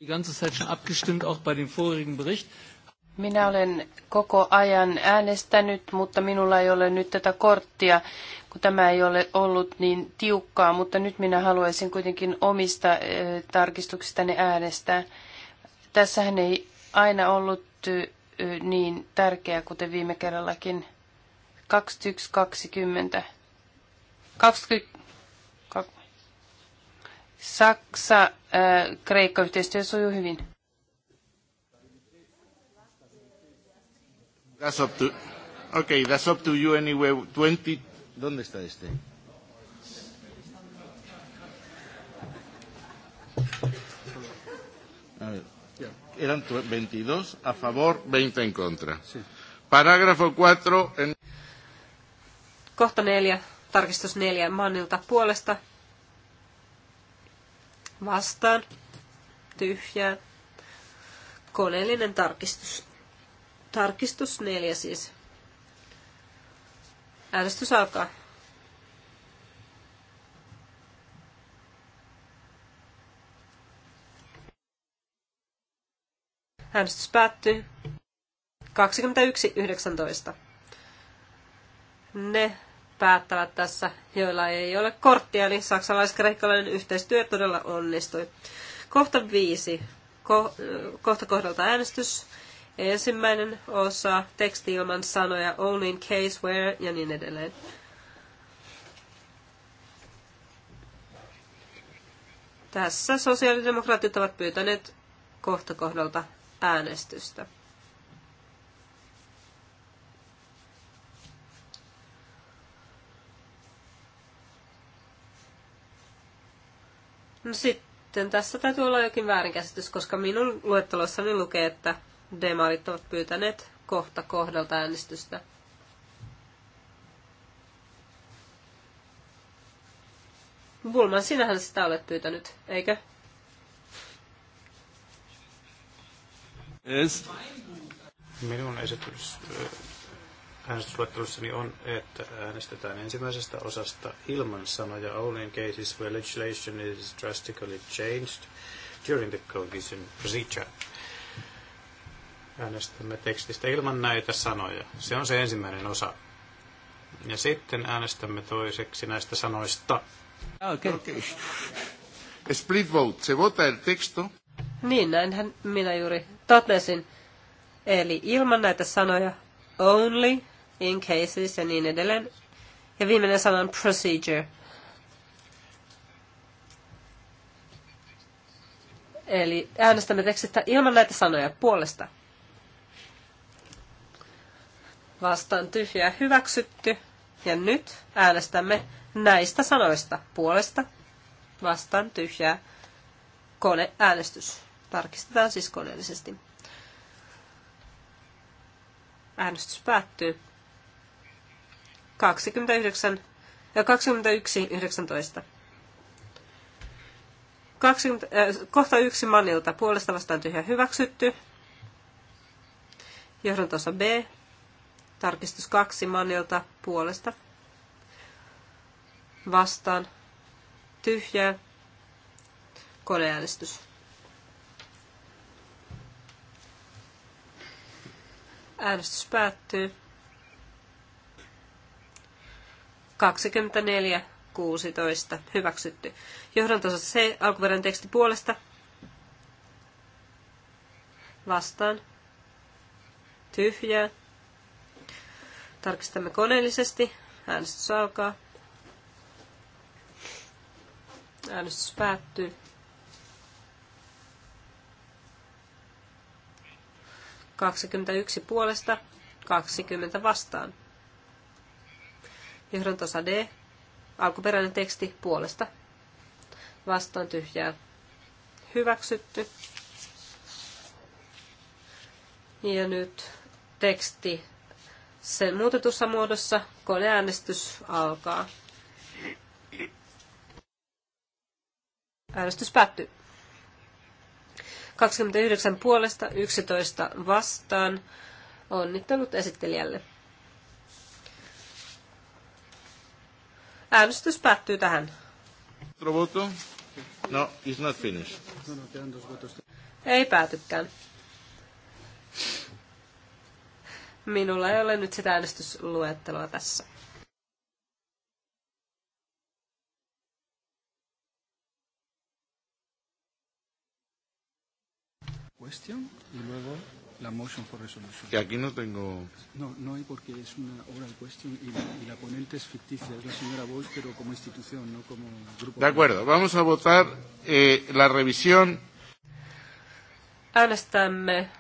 Die ganze Zeit schon abgestimmt, auch bei dem vorigen Bericht. Minä olen koko ajan äänestänyt, mutta minulla ei ole nyt tätä korttia, kun tämä ei ole ollut niin tiukkaa, mutta nyt minä haluaisin kuitenkin omista eh, tarkistuksistani äänestää. Tässähän ei aina ollut eh, niin tärkeää, kuten viime kerrallakin. 21.20. 20. Saksa-Kreikka-yhteistyö sujuu hyvin. That's up to... Okay, that's up to you anyway. 20... ¿Dónde está este? A ver. Eran 22 a favor, 20 en contra. Parágrafo 4. En... Kohta 4, tarkistus 4 Mannilta puolesta. Vastaan. Tyhjää. Koneellinen tarkistus. Tarkistus neljä siis. Äänestys alkaa. Äänestys päättyy. 21.19. Ne päättävät tässä, joilla ei ole korttia, eli saksalais-kreikkalainen yhteistyö todella onnistui. Kohta viisi. Ko- kohta kohdalta äänestys. Ensimmäinen osa, teksti ilman sanoja, only in case where ja niin edelleen. Tässä sosiaalidemokraatit ovat pyytäneet kohta kohdalta äänestystä. No sitten tässä täytyy olla jokin väärinkäsitys, koska minun luettelossani lukee, että demarit ovat pyytäneet kohta kohdalta äänestystä. Bulman, sinähän sitä olet pyytänyt, eikö? Yes. Minun esitys äänestysluettelussani on, että äänestetään ensimmäisestä osasta ilman sanoja Only in cases where legislation is drastically changed during the cohesion procedure. Äänestämme tekstistä ilman näitä sanoja. Se on se ensimmäinen osa. Ja sitten äänestämme toiseksi näistä sanoista. Ah, okei. Okay. Okay. Split vote. Se vota el texto. Niin, näinhän minä juuri totesin. Eli ilman näitä sanoja only, in cases ja niin edelleen. Ja viimeinen sana on procedure. Eli äänestämme tekstistä ilman näitä sanoja puolesta vastaan tyhjää hyväksytty. Ja nyt äänestämme näistä sanoista puolesta vastaan tyhjää koneäänestys. Tarkistetaan siis koneellisesti. Äänestys päättyy. 29 ja 21 19. 20, äh, kohta yksi manilta puolesta vastaan tyhjä hyväksytty. Johdantosa B Tarkistus kaksi Manilta puolesta. Vastaan. Tyhjää. Koneäänestys. Äänestys päättyy. 24.16. Hyväksytty. Johdantosa C. Alkuperäinen teksti puolesta. Vastaan. Tyhjää. Tarkistamme koneellisesti. Äänestys alkaa. Äänestys päättyy. Kaksikymmentäyksi puolesta, 20 vastaan. Johdantosa D, alkuperäinen teksti puolesta. Vastaan tyhjää. Hyväksytty. Ja nyt teksti sen muutetussa muodossa. Koneäänestys alkaa. Äänestys päättyy. 29 puolesta 11 vastaan. Onnittelut esittelijälle. Äänestys päättyy tähän. No, it's not finished. Ei päätykään. Minulla ei ole nyt sitä äänestysluetteloa tässä. Question y luego la motion for resolution. Que aquí no tengo. No, no hay porque es una oral question y la, y la ponente es ficticia, es la señora Bosch, pero como institución, no como grupo. De acuerdo, vamos a votar eh, la revisión. Äänestämme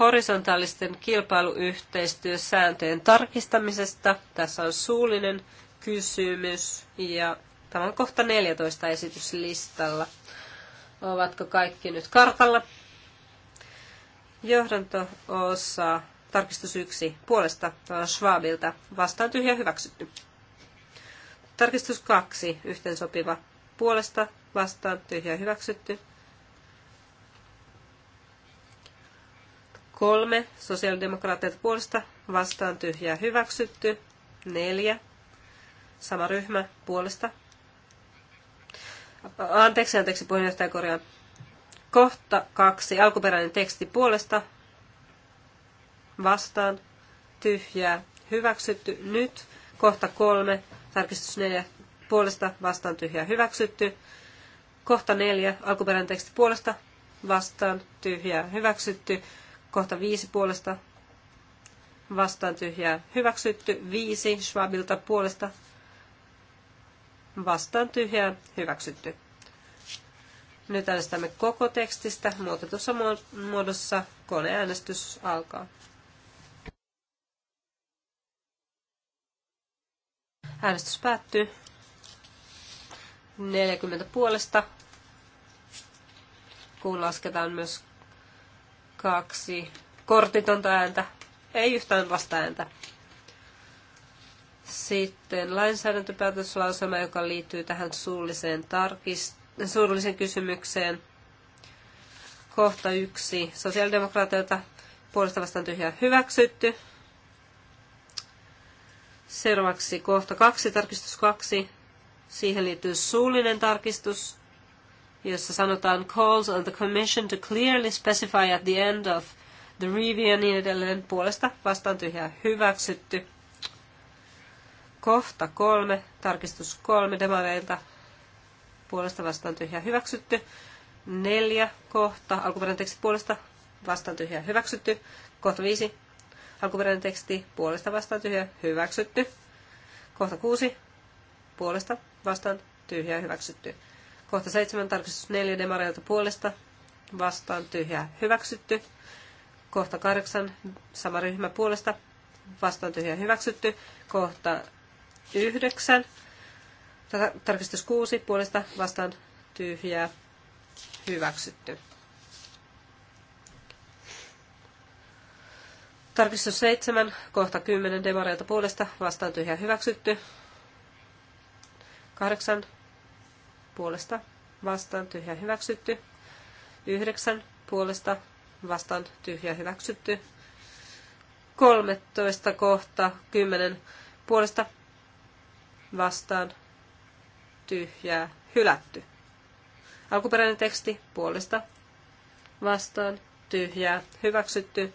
horisontaalisten kilpailuyhteistyösääntöjen tarkistamisesta. Tässä on suullinen kysymys ja tämä on kohta 14 esityslistalla. Ovatko kaikki nyt kartalla? Johdanto-osa, tarkistus 1, puolesta Schwabilta, vastaan tyhjä hyväksytty. Tarkistus 2, yhteensopiva, puolesta vastaan tyhjä hyväksytty. Kolme sosiaalidemokraatit puolesta vastaan tyhjää hyväksytty. Neljä. Sama ryhmä puolesta. Anteeksi, anteeksi, puheenjohtaja korjaan. Kohta kaksi. Alkuperäinen teksti puolesta. Vastaan. Tyhjää. Hyväksytty. Nyt. Kohta kolme. Tarkistus neljä. Puolesta. Vastaan. Tyhjää. Hyväksytty. Kohta neljä. Alkuperäinen teksti puolesta. Vastaan. Tyhjää. Hyväksytty Kohta viisi puolesta vastaan tyhjää hyväksytty. Viisi Schwabilta puolesta vastaan tyhjää hyväksytty. Nyt äänestämme koko tekstistä muutetussa muodossa. Koneäänestys alkaa. Äänestys päättyy. 40 puolesta. Kun lasketaan myös kaksi kortitonta ääntä, ei yhtään ääntä. Sitten lainsäädäntöpäätöslausema, joka liittyy tähän suulliseen, tarkist- suulliseen kysymykseen. Kohta yksi sosiaalidemokraateilta puolesta vastaan tyhjää hyväksytty. Seuraavaksi kohta kaksi, tarkistus kaksi. Siihen liittyy suullinen tarkistus jossa sanotaan calls on the commission to clearly specify at the end of the review ja niin edelleen puolesta vastaan tyhjää hyväksytty. Kohta kolme, tarkistus kolme demareilta puolesta vastaan tyhjää hyväksytty. Neljä kohta, alkuperäinen teksti puolesta vastaan tyhjää hyväksytty. Kohta viisi, alkuperäinen teksti puolesta vastaan tyhjää hyväksytty. Kohta kuusi, puolesta vastaan tyhjää hyväksytty. Kohta 7 tarkistus 4 demareilta puolesta vastaan tyhjä hyväksytty. Kohta 8 sama ryhmä puolesta vastaan tyhjä hyväksytty. Kohta 9 tarkistus 6 puolesta vastaan tyhjä hyväksytty. Tarkistus 7, kohta 10 demareilta puolesta vastaan tyhjä hyväksytty. 8 puolesta vastaan tyhjä hyväksytty. 9 puolesta vastaan tyhjä hyväksytty. 13 kohta 10 puolesta vastaan tyhjä hylätty. Alkuperäinen teksti puolesta vastaan tyhjä hyväksytty.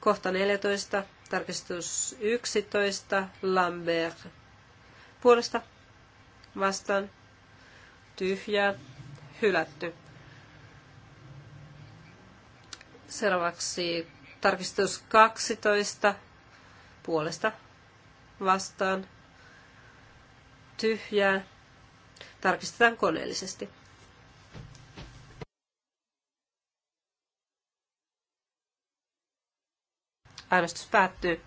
Kohta 14 tarkistus 11 Lambert puolesta vastaan tyhjää, hylätty. Seuraavaksi tarkistus 12 puolesta vastaan tyhjää. Tarkistetaan koneellisesti. Äänestys päättyy.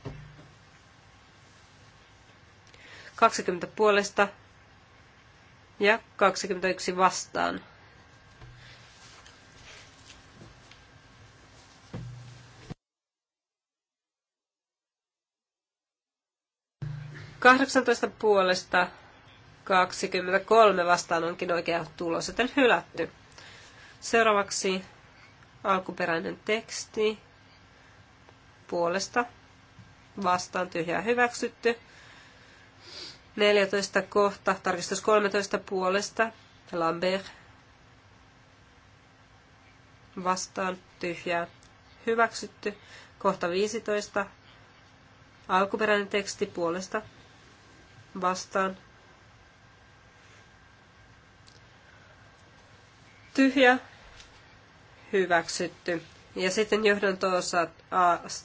20 puolesta, ja 21 vastaan. Kahdeksantoista puolesta 23 vastaan onkin oikea tulos, joten hylätty. Seuraavaksi alkuperäinen teksti puolesta vastaan tyhjää hyväksytty. 14 kohta, tarkistus 13 puolesta, Lambert vastaan, tyhjää, hyväksytty. Kohta 15, alkuperäinen teksti puolesta, vastaan, tyhjä, hyväksytty. Ja sitten johdon johdantoosa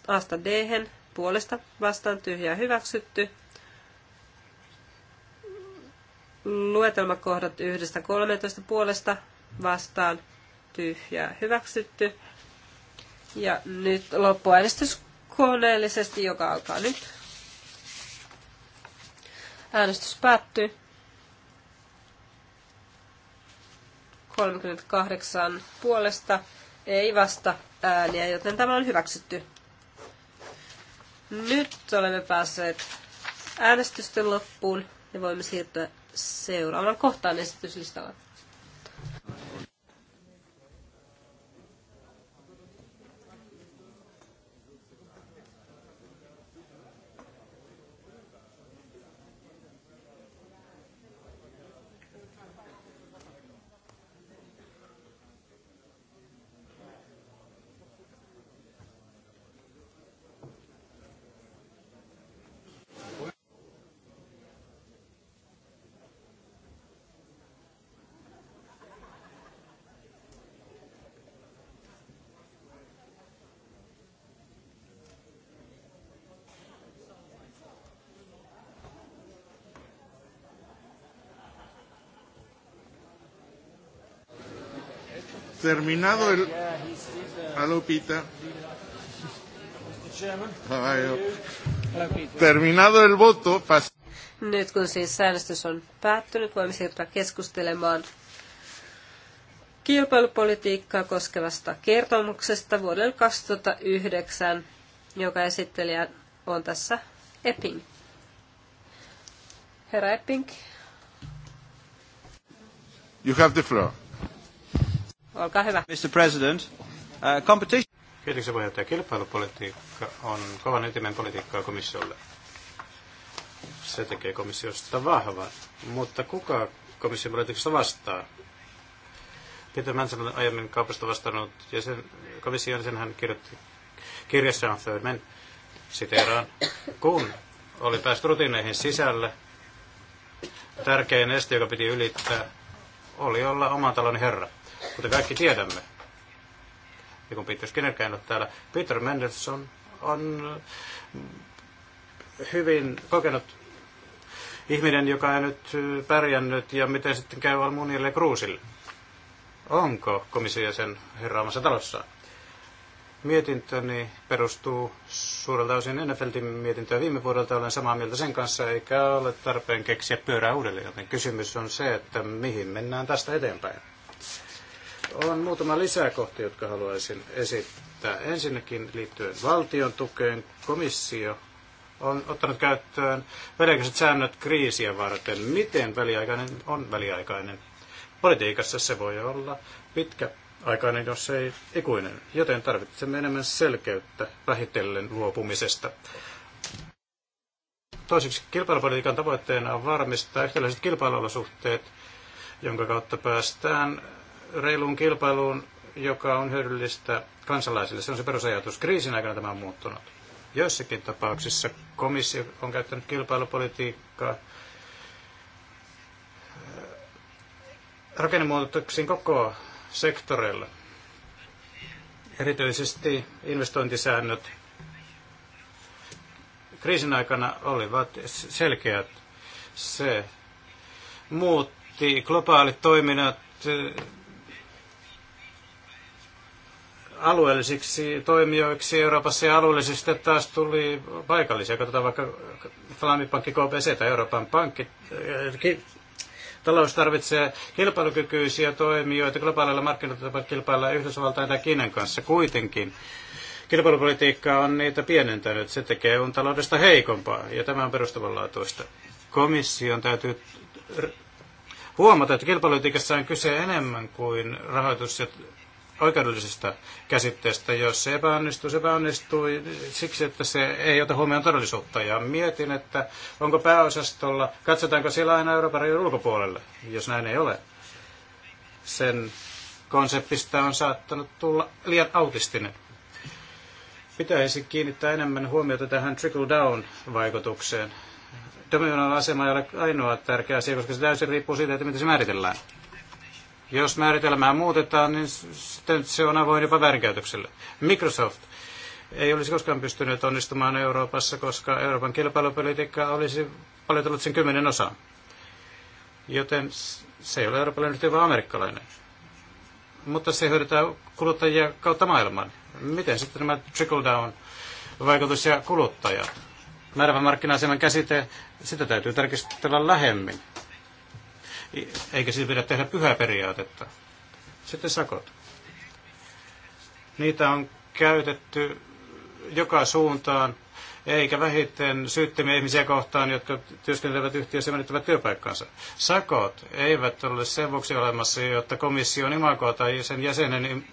Asta D puolesta vastaan tyhjä hyväksytty. Luetelmakohdat yhdestä 13 puolesta vastaan tyhjää hyväksytty. Ja nyt loppuäänestys koneellisesti, joka alkaa nyt. Äänestys päättyy. 38 puolesta ei vasta ääniä, joten tämä on hyväksytty. Nyt olemme päässeet äänestysten loppuun ja voimme siirtyä seuraavaan kohtaan esityslistalla. terminado el. Hello, Peter. Oh. Terminado el voto, pas... Nyt kun siis äänestys on päättynyt, voimme siirtyä keskustelemaan kilpailupolitiikkaa koskevasta kertomuksesta vuodelle 2009, joka esittelijä on tässä Epping. Herra Epping. You have the floor. Olkaa hyvä. Mr. President, uh, competition... puheenjohtaja. Kilpailupolitiikka on kovan ytimen politiikkaa komissiolle. Se tekee komissiosta vahvan. Mutta kuka komission politiikasta vastaa? Peter Manson on aiemmin kaupasta vastannut ja sen, komission sen hän kirjoitti kirjassaan Thurman. siteeraan, kun oli päästy rutiineihin sisälle, tärkein este, joka piti ylittää, oli olla oman talon herra kuten kaikki tiedämme, ja kun Peter Skinner käynyt täällä, Peter Mendelssohn on hyvin kokenut ihminen, joka ei nyt pärjännyt, ja miten sitten käy Almunille ja Kruusille. Onko komissio sen herraamassa talossa? Mietintöni perustuu suurelta osin Ennefeldin mietintöä viime vuodelta. Olen samaa mieltä sen kanssa, eikä ole tarpeen keksiä pyörää uudelleen, joten kysymys on se, että mihin mennään tästä eteenpäin. On muutama lisäkohta, jotka haluaisin esittää. Ensinnäkin liittyen valtion tukeen komissio on ottanut käyttöön väliaikaiset säännöt kriisiä varten. Miten väliaikainen on väliaikainen? Politiikassa se voi olla pitkä aikainen, jos ei ikuinen, joten tarvitsemme enemmän selkeyttä vähitellen luopumisesta. Toiseksi kilpailupolitiikan tavoitteena on varmistaa yhtäläiset kilpailuolosuhteet, jonka kautta päästään reiluun kilpailuun, joka on hyödyllistä kansalaisille. Se on se perusajatus. Kriisin aikana tämä on muuttunut. Joissakin tapauksissa komissio on käyttänyt kilpailupolitiikkaa äh, rakennemuutoksiin koko sektorilla. Erityisesti investointisäännöt kriisin aikana olivat selkeät. Se muutti globaalit toiminnat alueellisiksi toimijoiksi Euroopassa ja alueellisista taas tuli paikallisia. Katsotaan vaikka Flamipankki KBC tai Euroopan pankki. Talous tarvitsee kilpailukykyisiä toimijoita globaaleilla markkinoilla kilpailla Yhdysvaltain tai Kiinan kanssa kuitenkin. Kilpailupolitiikka on niitä pienentänyt. Se tekee on taloudesta heikompaa ja tämä on perustavanlaatuista. Komission täytyy huomata, että kilpailupolitiikassa on kyse enemmän kuin rahoitus- ja oikeudellisesta käsitteestä. Jos se epäonnistuu, se epäonnistui siksi, että se ei ota huomioon todellisuutta. Ja mietin, että onko pääosastolla, katsotaanko siellä aina Euroopan rajojen ulkopuolelle, jos näin ei ole. Sen konseptista on saattanut tulla liian autistinen. Pitäisi kiinnittää enemmän huomiota tähän trickle-down-vaikutukseen. Dominon asema ei ole ainoa tärkeä asia, koska se täysin riippuu siitä, että miten se määritellään. Jos määritelmää muutetaan, niin sitten se on avoin jopa väärinkäytökselle. Microsoft ei olisi koskaan pystynyt onnistumaan Euroopassa, koska Euroopan kilpailupolitiikka olisi paljotellut sen kymmenen osaan. Joten se ei ole eurooppalainen yhtiö, vaan amerikkalainen. Mutta se hyödytään kuluttajia kautta maailman. Miten sitten nämä trickle-down vaikutus ja kuluttajat? Määrävä markkina-aseman käsite, sitä täytyy tarkistella lähemmin eikä siitä pidä tehdä pyhää periaatetta. Sitten sakot. Niitä on käytetty joka suuntaan, eikä vähiten syyttämiä ihmisiä kohtaan, jotka työskentelevät yhtiössä ja menettävät työpaikkansa. Sakot eivät ole sen vuoksi olemassa, jotta komission imakoa tai sen jäsenen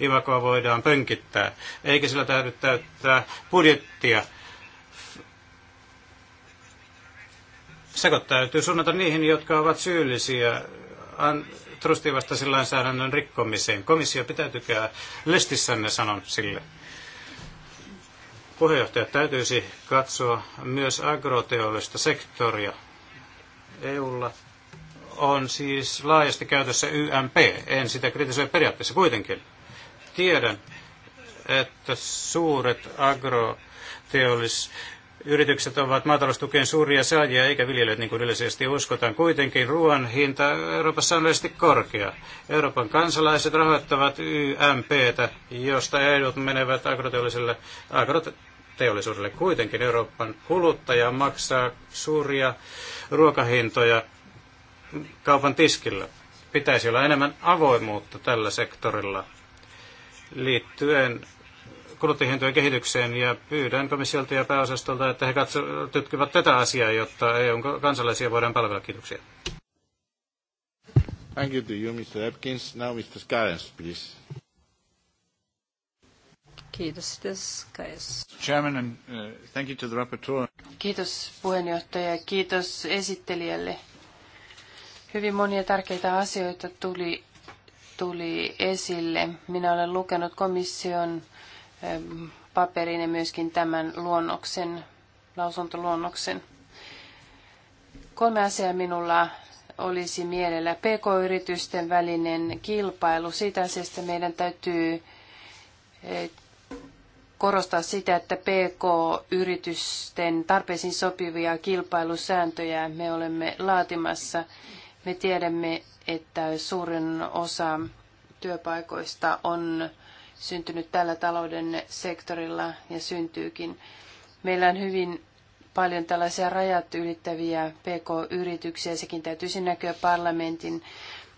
imakoa voidaan pönkittää, eikä sillä täytyy täyttää budjettia Sekot täytyy suunnata niihin, jotka ovat syyllisiä trustivastaisen lainsäädännön rikkomiseen. Komissio pitäytykää lestissänne, sanon sille. Puheenjohtaja täytyisi katsoa myös agroteollista sektoria. EUlla on siis laajasti käytössä YMP. En sitä kritisoi periaatteessa kuitenkin. Tiedän, että suuret agroteollis Yritykset ovat maataloustukien suuria saajia, eikä viljelijät, niin kuin yleisesti uskotaan. Kuitenkin ruoan hinta Euroopassa on yleisesti korkea. Euroopan kansalaiset rahoittavat YMPtä, josta edut menevät agroteolliselle, agroteollisuudelle. Kuitenkin Euroopan kuluttaja maksaa suuria ruokahintoja kaupan tiskillä. Pitäisi olla enemmän avoimuutta tällä sektorilla liittyen kuluttajahintojen kehitykseen ja pyydän komissiolta ja pääosastolta, että he katso, tutkivat tätä asiaa, jotta EUn kansalaisia voidaan palvella. Kiitoksia. Thank you to you, Mr. Epkins. Now Mr. Skyens, please. Kiitos, sitten Skyens. Chairman, and uh, thank you to the rapporteur. Kiitos puheenjohtaja ja kiitos esittelijälle. Hyvin monia tärkeitä asioita tuli tuli esille. Minä olen lukenut komission paperin ja myöskin tämän luonnoksen, lausuntoluonnoksen. Kolme asiaa minulla olisi mielellä. PK-yritysten välinen kilpailu. Siitä asiasta meidän täytyy e, korostaa sitä, että PK-yritysten tarpeisiin sopivia kilpailusääntöjä me olemme laatimassa. Me tiedämme, että suurin osa työpaikoista on syntynyt tällä talouden sektorilla ja syntyykin. Meillä on hyvin paljon tällaisia rajat ylittäviä PK-yrityksiä, sekin täytyisi näkyä parlamentin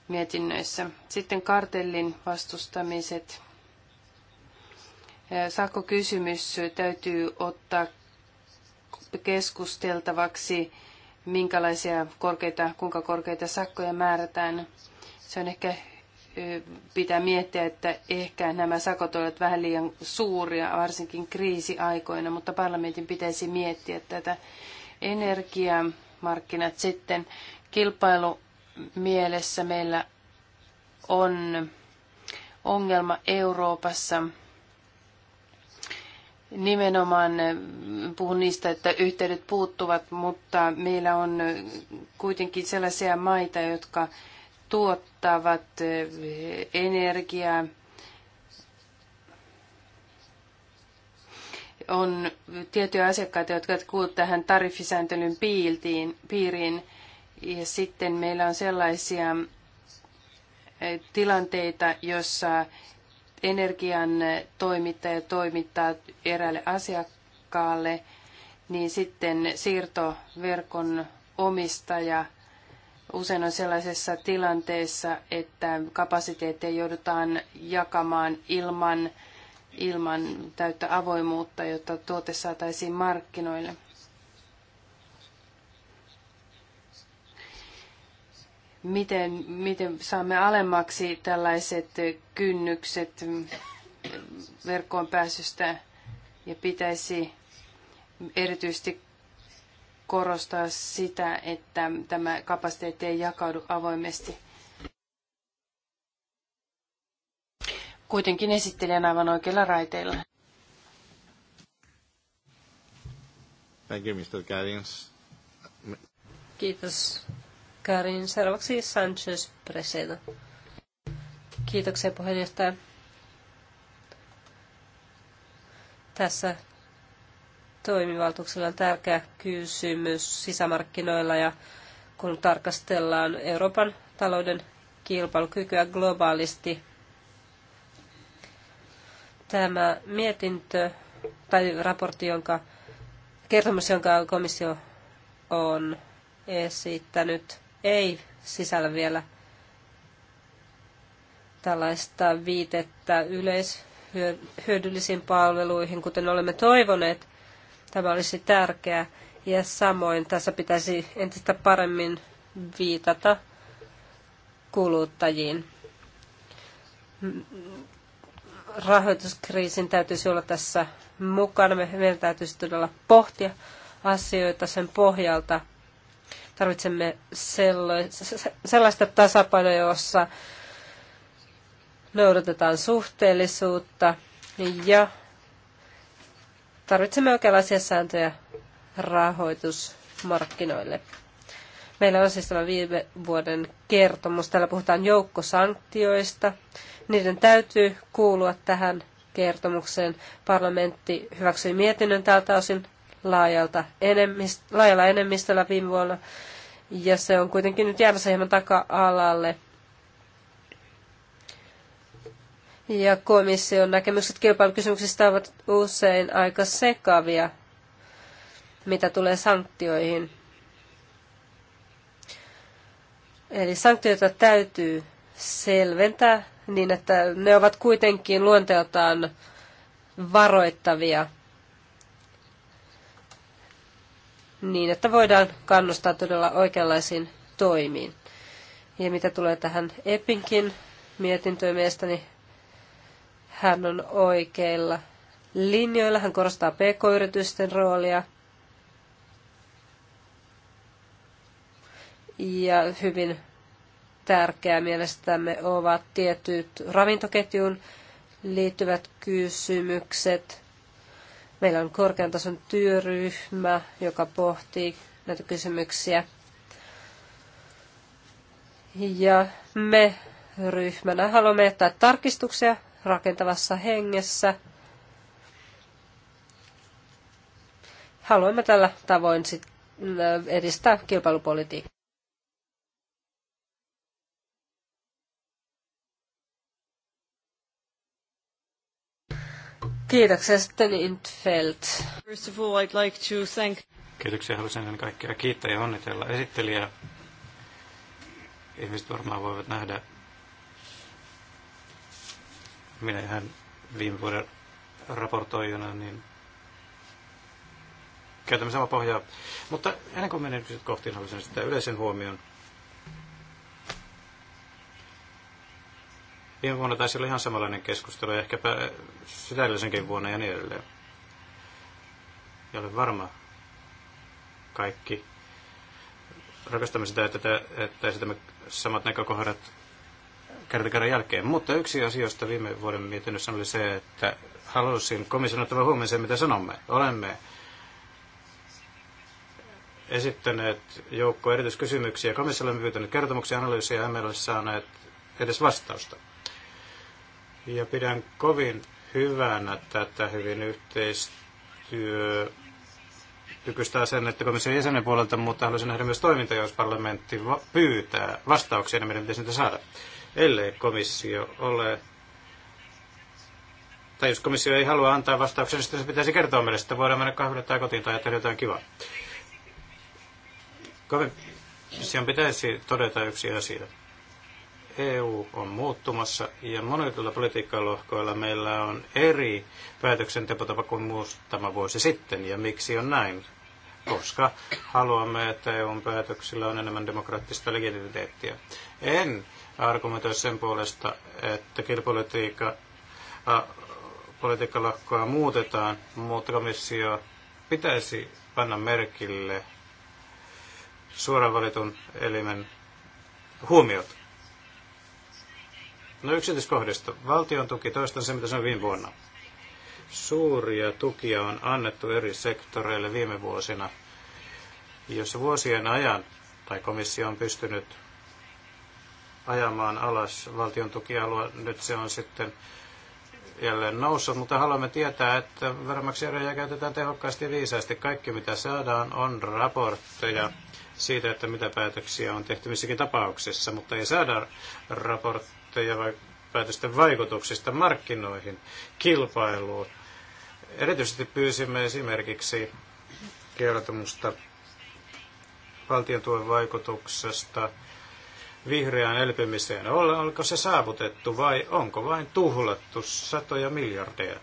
mietinnöissä. Sitten kartellin vastustamiset. kysymys täytyy ottaa keskusteltavaksi, minkälaisia korkeita, kuinka korkeita sakkoja määrätään. Se on ehkä pitää miettiä, että ehkä nämä sakot ovat vähän liian suuria, varsinkin kriisiaikoina, mutta parlamentin pitäisi miettiä tätä energiamarkkinat sitten. Kilpailumielessä meillä on ongelma Euroopassa. Nimenomaan puhun niistä, että yhteydet puuttuvat, mutta meillä on kuitenkin sellaisia maita, jotka tuottavat eh, energiaa. On tiettyjä asiakkaita, jotka kuuluvat tähän tariffisääntelyn piiriin. Ja sitten meillä on sellaisia eh, tilanteita, jossa energian toimittaja toimittaa eräälle asiakkaalle, niin sitten siirtoverkon omistaja – usein on sellaisessa tilanteessa, että kapasiteetteja joudutaan jakamaan ilman, ilman täyttä avoimuutta, jotta tuote saataisiin markkinoille. Miten, miten saamme alemmaksi tällaiset kynnykset verkkoon pääsystä ja pitäisi erityisesti korostaa sitä, että tämä kapasiteetti ei jakaudu avoimesti. Kuitenkin esittelijän aivan oikeilla raiteilla. Thank you, Mr. Karins. Kiitos, Karin. Seuraavaksi Sanchez Preseda. Kiitoksia puheenjohtaja. Tässä toimivaltuuksilla on tärkeä kysymys sisämarkkinoilla ja kun tarkastellaan Euroopan talouden kilpailukykyä globaalisti. Tämä mietintö tai raportti, jonka kertomus, jonka komissio on esittänyt, ei sisällä vielä tällaista viitettä yleishyödyllisiin palveluihin, kuten olemme toivoneet, Tämä olisi tärkeää. Ja samoin tässä pitäisi entistä paremmin viitata kuluttajiin. Rahoituskriisin täytyisi olla tässä mukana. Meidän täytyisi todella pohtia asioita sen pohjalta. Tarvitsemme sellaista tasapainoa, jossa noudatetaan suhteellisuutta ja Tarvitsemme oikeanlaisia sääntöjä rahoitusmarkkinoille. Meillä on siis tämä viime vuoden kertomus. Täällä puhutaan joukkosanktioista. Niiden täytyy kuulua tähän kertomukseen. Parlamentti hyväksyi mietinnön tältä osin laajalta enemmist, laajalla enemmistöllä viime vuonna. Ja se on kuitenkin nyt jäämässä hieman taka-alalle – ja komission näkemykset kilpailukysymyksistä ovat usein aika sekavia, mitä tulee sanktioihin. Eli sanktioita täytyy selventää niin, että ne ovat kuitenkin luonteeltaan varoittavia niin, että voidaan kannustaa todella oikeanlaisiin toimiin. Ja mitä tulee tähän EPinkin mietintöön mielestäni, niin hän on oikeilla linjoilla. Hän korostaa pk-yritysten roolia. Ja hyvin tärkeää mielestämme ovat tietyt ravintoketjun liittyvät kysymykset. Meillä on korkean tason työryhmä, joka pohtii näitä kysymyksiä. Ja me ryhmänä haluamme jättää tarkistuksia rakentavassa hengessä. Haluamme tällä tavoin sit edistää kilpailupolitiikkaa. Kiitoksia sitten Intfeld. First of all, I'd like to thank... Kiitoksia, haluaisin ennen kaikkea kiittää ja onnitella esittelijää. Ihmiset varmaan voivat nähdä minä ihan viime vuoden raportoijana, niin käytämme sama pohjaa. Mutta ennen kuin menen kohtiin, haluaisin sitä yleisen huomion. Viime vuonna taisi olla ihan samanlainen keskustelu, ja ehkäpä sitä edellisenkin vuonna ja niin edelleen. Ja olen varma kaikki rakastamme sitä, että, että esitämme samat näkökohdat kerran jälkeen. Mutta yksi asioista viime vuoden mietinnössä oli se, että halusin komission ottaa huomioon sen, mitä sanomme. Olemme esittäneet joukko erityiskysymyksiä. Komissio olemme pyytäneet kertomuksia, analyysiä ja emme ole saaneet edes vastausta. Ja pidän kovin hyvänä tätä hyvin yhteistyö kykyistä asennetta komission jäsenen puolelta, mutta haluaisin nähdä myös toiminta jos parlamentti pyytää vastauksia, niin meidän pitäisi niitä saada ellei komissio ole tai jos komissio ei halua antaa vastauksen, niin se pitäisi kertoa meille, että voidaan mennä kahville tai kotiin tai tehdä jotain kivaa. Komission pitäisi todeta yksi asia. EU on muuttumassa ja monilla politiikkalohkoilla meillä on eri päätöksentekotapa kuin muutama vuosi sitten. Ja miksi on näin? Koska haluamme, että EUn päätöksillä on enemmän demokraattista legitimiteettiä. En argumentoi sen puolesta, että kilpolitiikka politiikkalakkoa muutetaan, mutta komissio pitäisi panna merkille suoraan valitun elimen huomiot. No yksityiskohdista. Valtion tuki, toistan se mitä on viime vuonna. Suuria tukia on annettu eri sektoreille viime vuosina, jossa vuosien ajan tai komissio on pystynyt ajamaan alas valtion tukialue. Nyt se on sitten jälleen noussut, mutta haluamme tietää, että veronmaksajia käytetään tehokkaasti ja viisaasti. Kaikki mitä saadaan on raportteja siitä, että mitä päätöksiä on tehty missäkin tapauksessa, mutta ei saada raportteja vai päätösten vaikutuksista markkinoihin, kilpailuun. Erityisesti pyysimme esimerkiksi kertomusta valtion tuen vaikutuksesta vihreään elpymiseen. Onko se saavutettu vai onko vain tuhlattu satoja miljardeja?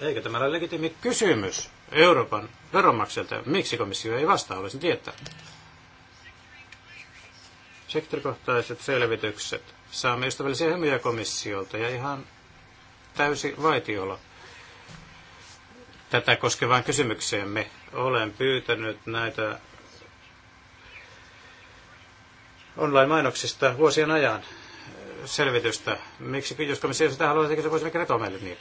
Eikä tämä ole legitiimi kysymys Euroopan veronmaksajalta. Miksi komissio ei vastaa, Olisin tietää. Sektorikohtaiset selvitykset. Saamme ystävällisiä hymyjä komissiolta ja ihan täysi vaitiolo tätä koskevaan kysymykseen me Olen pyytänyt näitä online-mainoksista vuosien ajan eh, selvitystä. Miksi, jos komissio sitä haluaa, se voisi kertoa meille niin.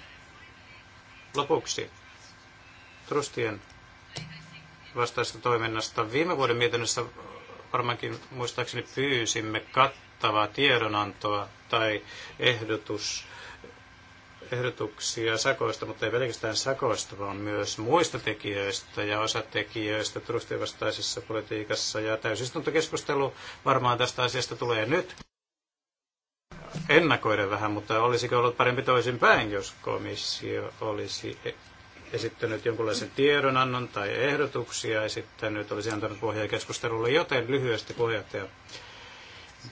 Lopuksi trustien vastaista toiminnasta. Viime vuoden mietinnössä varmaankin muistaakseni pyysimme kattavaa tiedonantoa tai ehdotus ehdotuksia sakoista, mutta ei pelkästään sakoista, vaan myös muista tekijöistä ja osatekijöistä trustivastaisessa politiikassa. Ja täysistuntokeskustelu varmaan tästä asiasta tulee nyt Ennakoiden vähän, mutta olisiko ollut parempi toisinpäin, jos komissio olisi esittänyt jonkinlaisen tiedonannon tai ehdotuksia esittänyt, olisi antanut pohjaa keskustelulle, joten lyhyesti puheenjohtaja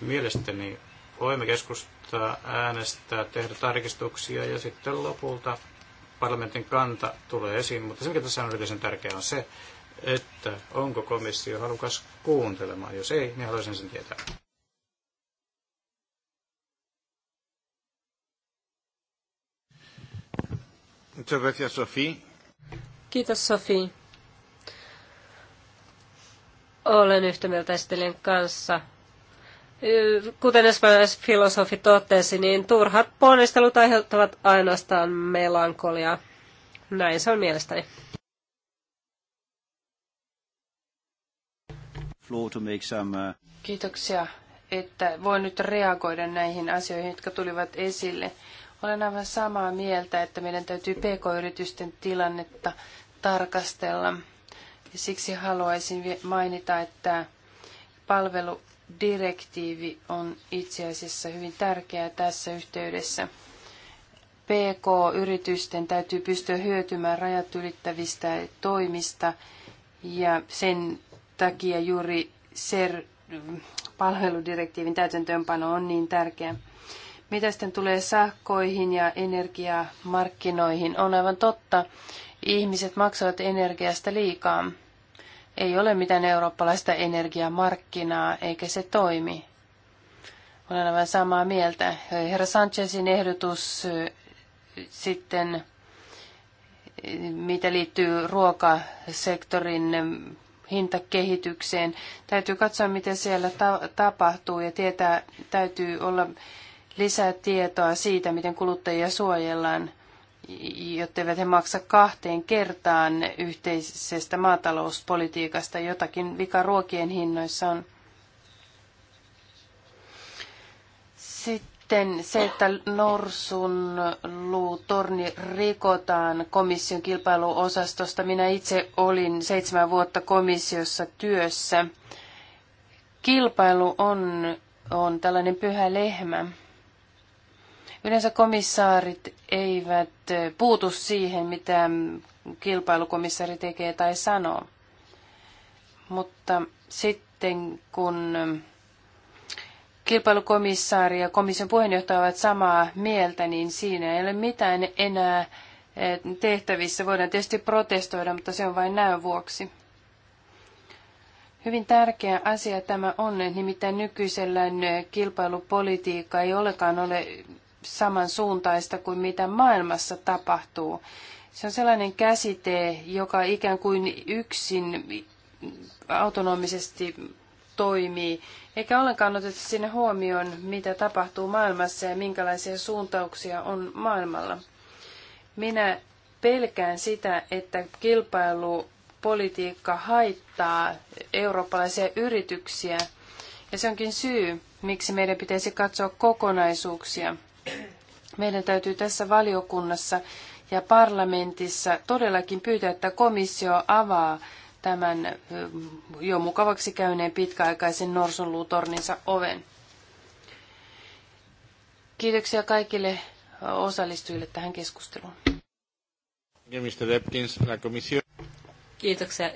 mielestäni voimme keskustaa, äänestää, tehdä tarkistuksia ja sitten lopulta parlamentin kanta tulee esiin. Mutta se, mikä tässä on erityisen tärkeää, on se, että onko komissio halukas kuuntelemaan. Jos ei, niin haluaisin sen tietää. Kiitos, Sofi. Olen yhtä mieltä kanssa kuten espanjalaiset filosofi totesi, niin turhat ponnistelut aiheuttavat ainoastaan melankoliaa. Näin se on mielestäni. Uh, Kiitoksia, että voin nyt reagoida näihin asioihin, jotka tulivat esille. Olen aivan samaa mieltä, että meidän täytyy pk-yritysten tilannetta tarkastella. Ja siksi haluaisin mainita, että palvelu direktiivi on itse asiassa hyvin tärkeä tässä yhteydessä. PK-yritysten täytyy pystyä hyötymään rajat ylittävistä toimista ja sen takia juuri SER palveludirektiivin täytäntöönpano on niin tärkeä. Mitä sitten tulee sähköihin ja energiamarkkinoihin? On aivan totta, ihmiset maksavat energiasta liikaa. Ei ole mitään eurooppalaista energiamarkkinaa, eikä se toimi. Olen aivan samaa mieltä. Herra Sanchezin ehdotus sitten, mitä liittyy ruokasektorin hintakehitykseen. Täytyy katsoa, mitä siellä ta- tapahtuu ja tietää, täytyy olla lisää tietoa siitä, miten kuluttajia suojellaan jotta eivät he maksa kahteen kertaan yhteisestä maatalouspolitiikasta. Jotakin vika ruokien hinnoissa on. Sitten se, että norsun luutorni rikotaan komission kilpailuosastosta. Minä itse olin seitsemän vuotta komissiossa työssä. Kilpailu on, on tällainen pyhä lehmä. Yleensä komissaarit eivät eh, puutu siihen, mitä kilpailukomissaari tekee tai sanoo. Mutta sitten kun eh, kilpailukomissaari ja komission puheenjohtaja ovat samaa mieltä, niin siinä ei ole mitään enää eh, tehtävissä. Voidaan tietysti protestoida, mutta se on vain näön vuoksi. Hyvin tärkeä asia tämä on, nimittäin nykyisellään kilpailupolitiikka ei olekaan ole samansuuntaista kuin mitä maailmassa tapahtuu. Se on sellainen käsite, joka ikään kuin yksin autonomisesti toimii, eikä ollenkaan oteta sinne huomioon, mitä tapahtuu maailmassa ja minkälaisia suuntauksia on maailmalla. Minä pelkään sitä, että kilpailupolitiikka haittaa eurooppalaisia yrityksiä, ja se onkin syy, miksi meidän pitäisi katsoa kokonaisuuksia – meidän täytyy tässä valiokunnassa ja parlamentissa todellakin pyytää, että komissio avaa tämän jo mukavaksi käyneen pitkäaikaisen norsunluutorninsa oven. Kiitoksia kaikille osallistujille tähän keskusteluun. Kiitoksia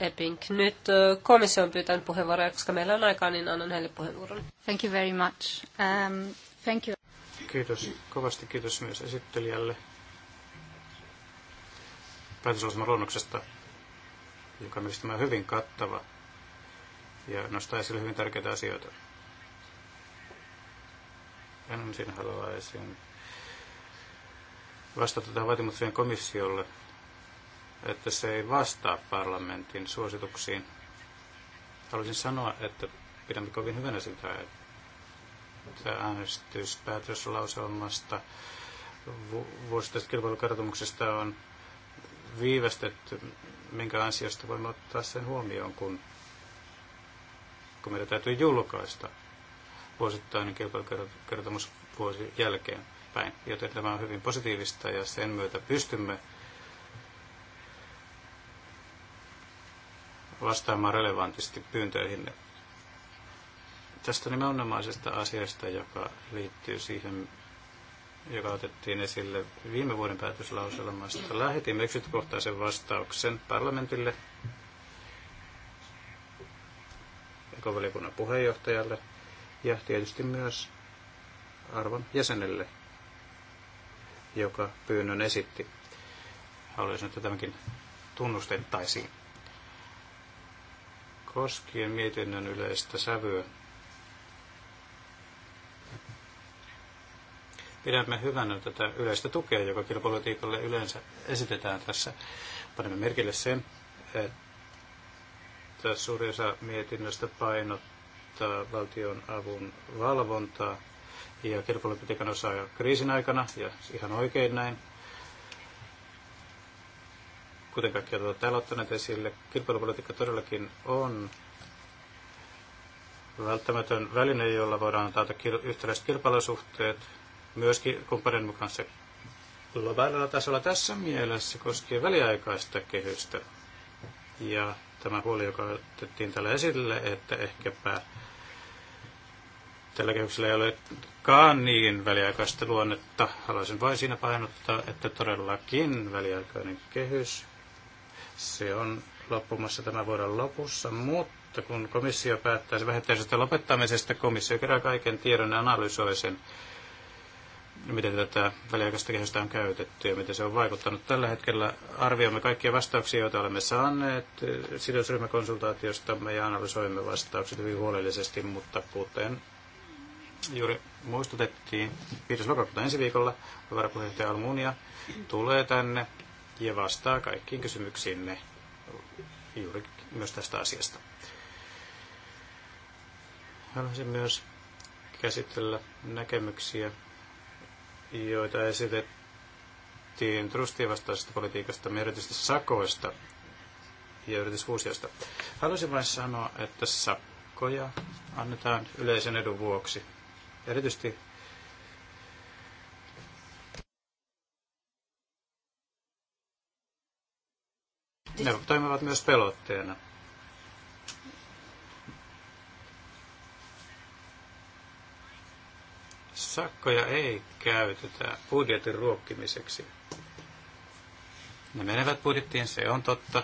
Epping. Nyt komissio on pyytänyt puheenvuoroja, koska meillä on aikaa, niin annan heille puheenvuoron. Thank you very much. Um, Thank you. Kiitos. Kovasti kiitos myös esittelijälle päätöslauselman luonnoksesta, joka mielestäni on hyvin kattava ja nostaa esille hyvin tärkeitä asioita. Ensin haluaisin vastata tähän vaatimukseen komissiolle, että se ei vastaa parlamentin suosituksiin. Haluaisin sanoa, että pidämme kovin hyvänä sitä, että äänestys päätöslauselmasta vuosittaisesta kilpailukertomuksesta on viivästetty, minkä ansiosta voimme ottaa sen huomioon, kun, kun meidän täytyy julkaista vuosittainen kilpailukertomus vuosi jälkeen päin. Joten tämä on hyvin positiivista ja sen myötä pystymme vastaamaan relevantisti pyyntöihinne tästä nimenomaisesta asiasta, joka liittyy siihen, joka otettiin esille viime vuoden päätöslauselmasta. Lähetimme yksityiskohtaisen vastauksen parlamentille, ekovaliokunnan puheenjohtajalle ja tietysti myös arvon jäsenelle, joka pyynnön esitti. Haluaisin, että tämäkin tunnustettaisiin. Koskien mietinnön yleistä sävyä, Pidämme hyvänä tätä yleistä tukea, joka kilpailupolitiikalle yleensä esitetään tässä. Panemme merkille sen, että suurin osa mietinnöstä painottaa valtion avun valvontaa ja kilpailupolitiikan osaa kriisin aikana, ja ihan oikein näin kuten kaikki ovat täällä ottaneet esille, kilpailupolitiikka todellakin on välttämätön väline, jolla voidaan taata yhtäläiset kilpailusuhteet myöskin kumppaneiden kanssa globaalilla tasolla tässä mielessä koskien väliaikaista kehystä. Ja tämä huoli, joka otettiin täällä esille, että ehkäpä tällä kehyksellä ei olekaan niin väliaikaista luonnetta. Haluaisin vain siinä painottaa, että todellakin väliaikainen kehys, se on loppumassa tämän vuoden lopussa, mutta kun komissio päättäisi vähettäisestä lopettamisesta, komissio kerää kaiken tiedon ja analysoi sen miten tätä väliaikaista kehystä on käytetty ja miten se on vaikuttanut. Tällä hetkellä arvioimme kaikkia vastauksia, joita olemme saaneet sidosryhmäkonsultaatiostamme ja analysoimme vastaukset hyvin huolellisesti, mutta kuten juuri muistutettiin, 5. lokakuuta ensi viikolla varapuheenjohtaja Almunia tulee tänne ja vastaa kaikkiin kysymyksiinne juuri myös tästä asiasta. Haluaisin myös käsitellä näkemyksiä joita esitettiin trustien vastaisesta politiikasta, erityisesti sakoista ja yritysfuusiosta. Haluaisin vain sanoa, että sakkoja annetaan yleisen edun vuoksi. Erityisesti ne toimivat myös pelotteena. Sakkoja ei käytetä budjetin ruokkimiseksi. Ne menevät budjettiin, se on totta,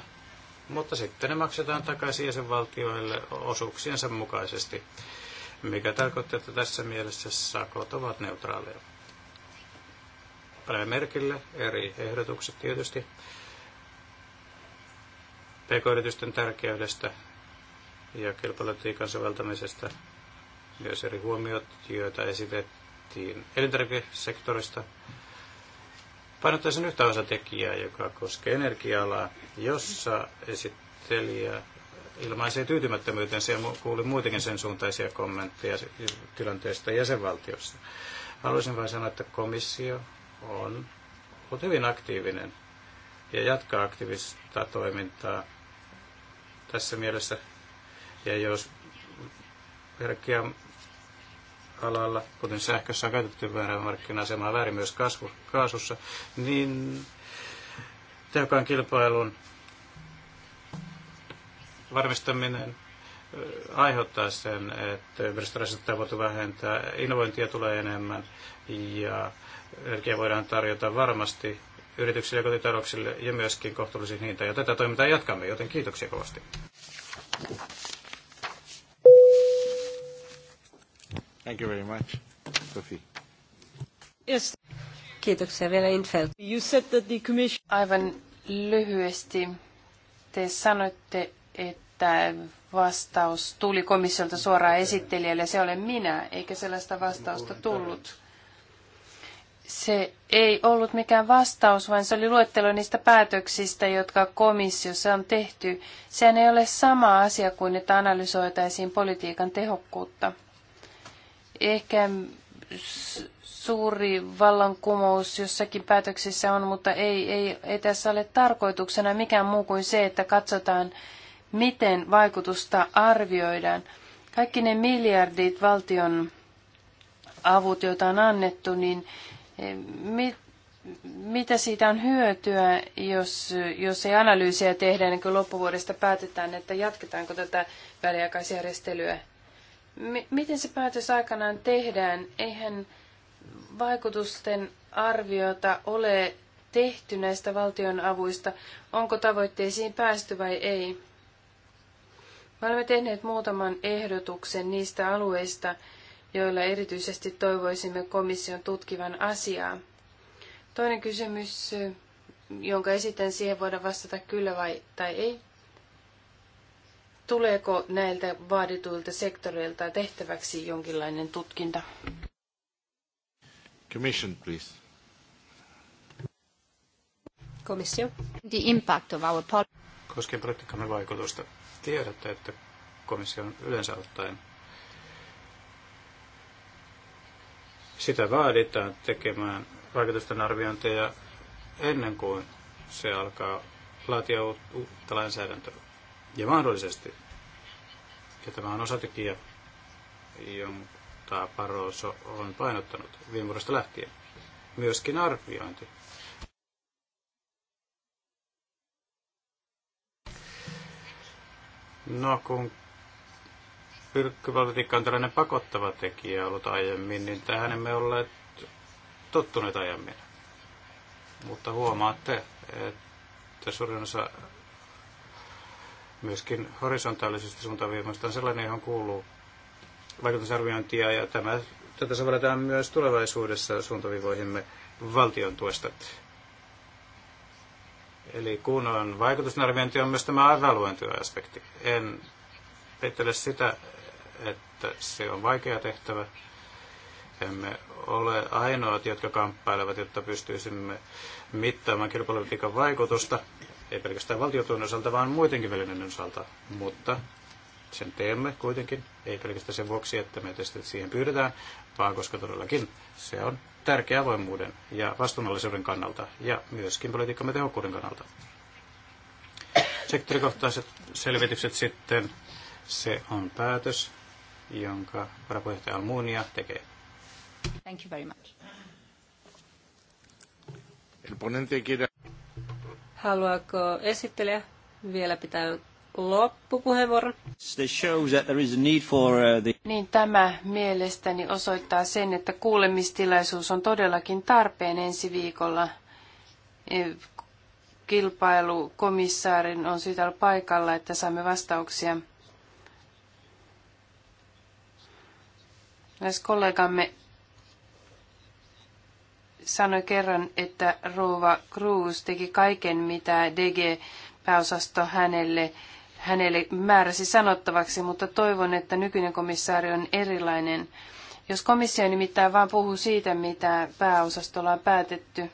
mutta sitten ne maksetaan takaisin jäsenvaltioille osuuksiensa mukaisesti, mikä tarkoittaa, että tässä mielessä sakot ovat neutraaleja. Panemme merkille eri ehdotukset tietysti pk-yritysten tärkeydestä ja kilpailutiikan soveltamisesta, myös eri huomiot, joita esitettiin tehtiin elintarvikesektorista. Painottaisin yhtä tekijää, joka koskee energia-alaa, jossa esittelijä ilmaisee tyytymättömyytensä ja kuulin muitakin sen suuntaisia kommentteja tilanteesta jäsenvaltiossa. Haluaisin vain sanoa, että komissio on ollut hyvin aktiivinen ja jatkaa aktiivista toimintaa tässä mielessä. Ja jos herkkiä alalla, kuten sähkössä on käytetty väärää markkina-asemaa väärin myös kasvu, kaasussa, niin tehokkaan kilpailun varmistaminen aiheuttaa sen, että ympäristöraiset tavoitu vähentää, innovointia tulee enemmän ja energiaa voidaan tarjota varmasti yrityksille ja kotitalouksille ja myöskin kohtuullisiin hintaan. Ja tätä toimintaa jatkamme, joten kiitoksia kovasti. Thank you very much. Sophie. Yes. Kiitoksia vielä Infeld. You said that the commission... Aivan lyhyesti te sanoitte, että vastaus tuli komissiolta suoraan esittelijälle. Se olen minä, eikä sellaista vastausta tullut. Se ei ollut mikään vastaus, vaan se oli luettelo niistä päätöksistä, jotka komissiossa on tehty. Sehän ei ole sama asia kuin, että analysoitaisiin politiikan tehokkuutta ehkä suuri vallankumous jossakin päätöksissä on, mutta ei, ei, ei tässä ole tarkoituksena mikään muu kuin se, että katsotaan, miten vaikutusta arvioidaan. Kaikki ne miljardit valtion avut, joita on annettu, niin eh, mit, mitä siitä on hyötyä, jos, jos ei analyysiä tehdä, niin kun loppuvuodesta päätetään, että jatketaanko tätä väliaikaisjärjestelyä miten se päätös aikanaan tehdään? Eihän vaikutusten arviota ole tehty näistä valtion avuista, onko tavoitteisiin päästy vai ei. Me olemme tehneet muutaman ehdotuksen niistä alueista, joilla erityisesti toivoisimme komission tutkivan asiaa. Toinen kysymys, jonka esitän, siihen voida vastata kyllä vai, tai ei. Tuleeko näiltä vaadituilta sektoreilta tehtäväksi jonkinlainen tutkinta? Commission, please. Komissio. The impact of our policy. Koskien politiikkamme vaikutusta. Tiedätte, että komission yleensä ottaen sitä vaaditaan tekemään vaikutusten arviointeja ennen kuin se alkaa laatia uutta lainsäädäntöä. Ja mahdollisesti, ja tämä on osatekijä, jonka Paroso on painottanut viime vuodesta lähtien, myöskin arviointi. No, kun pyrkkypolitiikka on tällainen pakottava tekijä ollut aiemmin, niin tähän emme olleet tottuneet aiemmin. Mutta huomaatte, että suurin osa Myöskin horisontaalisesti suuntaviivasta on sellainen, johon kuuluu vaikutusarviointia ja tämä, tätä sovelletaan myös tulevaisuudessa suuntaviivoihimme valtion tuesta. Eli kun on vaikutusarviointi, on myös tämä evaluointiaspekti. En peittele sitä, että se on vaikea tehtävä. Emme ole ainoat, jotka kamppailevat, jotta pystyisimme mittaamaan kilpailupolitiikan vaikutusta ei pelkästään valtiotuen osalta, vaan muidenkin välinen osalta, mutta sen teemme kuitenkin, ei pelkästään sen vuoksi, että me tästä siihen pyydetään, vaan koska todellakin se on tärkeä avoimuuden ja vastuunnollisuuden kannalta ja myöskin politiikkamme tehokkuuden kannalta. Sektorikohtaiset selvitykset sitten, se on päätös, jonka varapuheenjohtaja Almunia tekee. Thank you very much. Haluaako esittelijä vielä pitää loppupuheenvuoron? Uh, niin tämä mielestäni osoittaa sen, että kuulemistilaisuus on todellakin tarpeen ensi viikolla. E, kilpailukomissaarin on syytä olla paikalla, että saamme vastauksia. Näissä kollegamme sanoi kerran, että Rova Cruz teki kaiken, mitä DG-pääosasto hänelle, hänelle määräsi sanottavaksi, mutta toivon, että nykyinen komissaari on erilainen. Jos komissio nimittäin vain puhuu siitä, mitä pääosastolla on päätetty,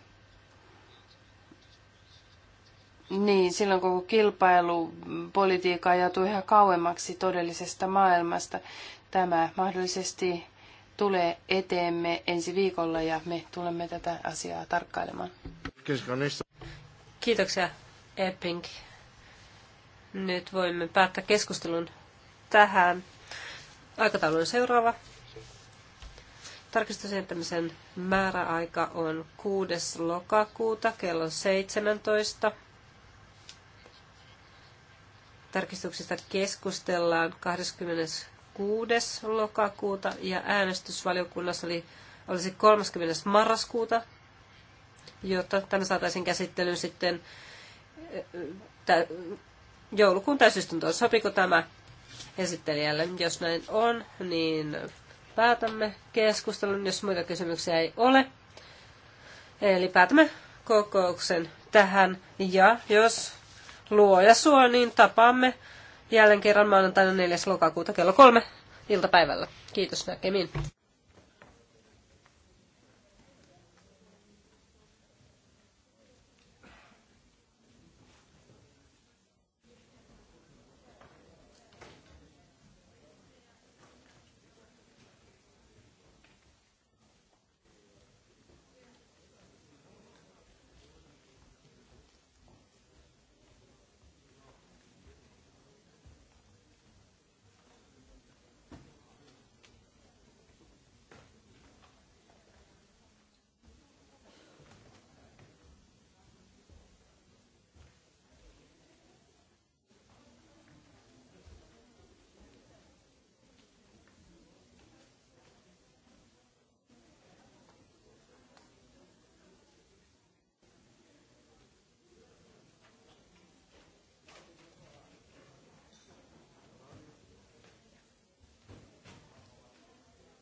niin silloin koko kilpailupolitiikka ajautuu yhä kauemmaksi todellisesta maailmasta. Tämä mahdollisesti tulee eteemme ensi viikolla ja me tulemme tätä asiaa tarkkailemaan. Kiitoksia, Epping. Nyt voimme päättää keskustelun tähän. Aikataulu on seuraava. Tarkistusjättämisen määräaika on 6. lokakuuta kello 17. Tarkistuksista keskustellaan 20. 6. lokakuuta ja äänestysvaliokunnassa oli, olisi 30. marraskuuta, jotta tämä saataisiin käsittelyyn sitten joulukuun täysistuntoon. Sopiko tämä esittelijälle? Jos näin on, niin päätämme keskustelun, jos muita kysymyksiä ei ole. Eli päätämme kokouksen tähän ja jos luoja suo, niin tapaamme jälleen kerran maanantaina 4. lokakuuta kello kolme iltapäivällä. Kiitos näkemiin.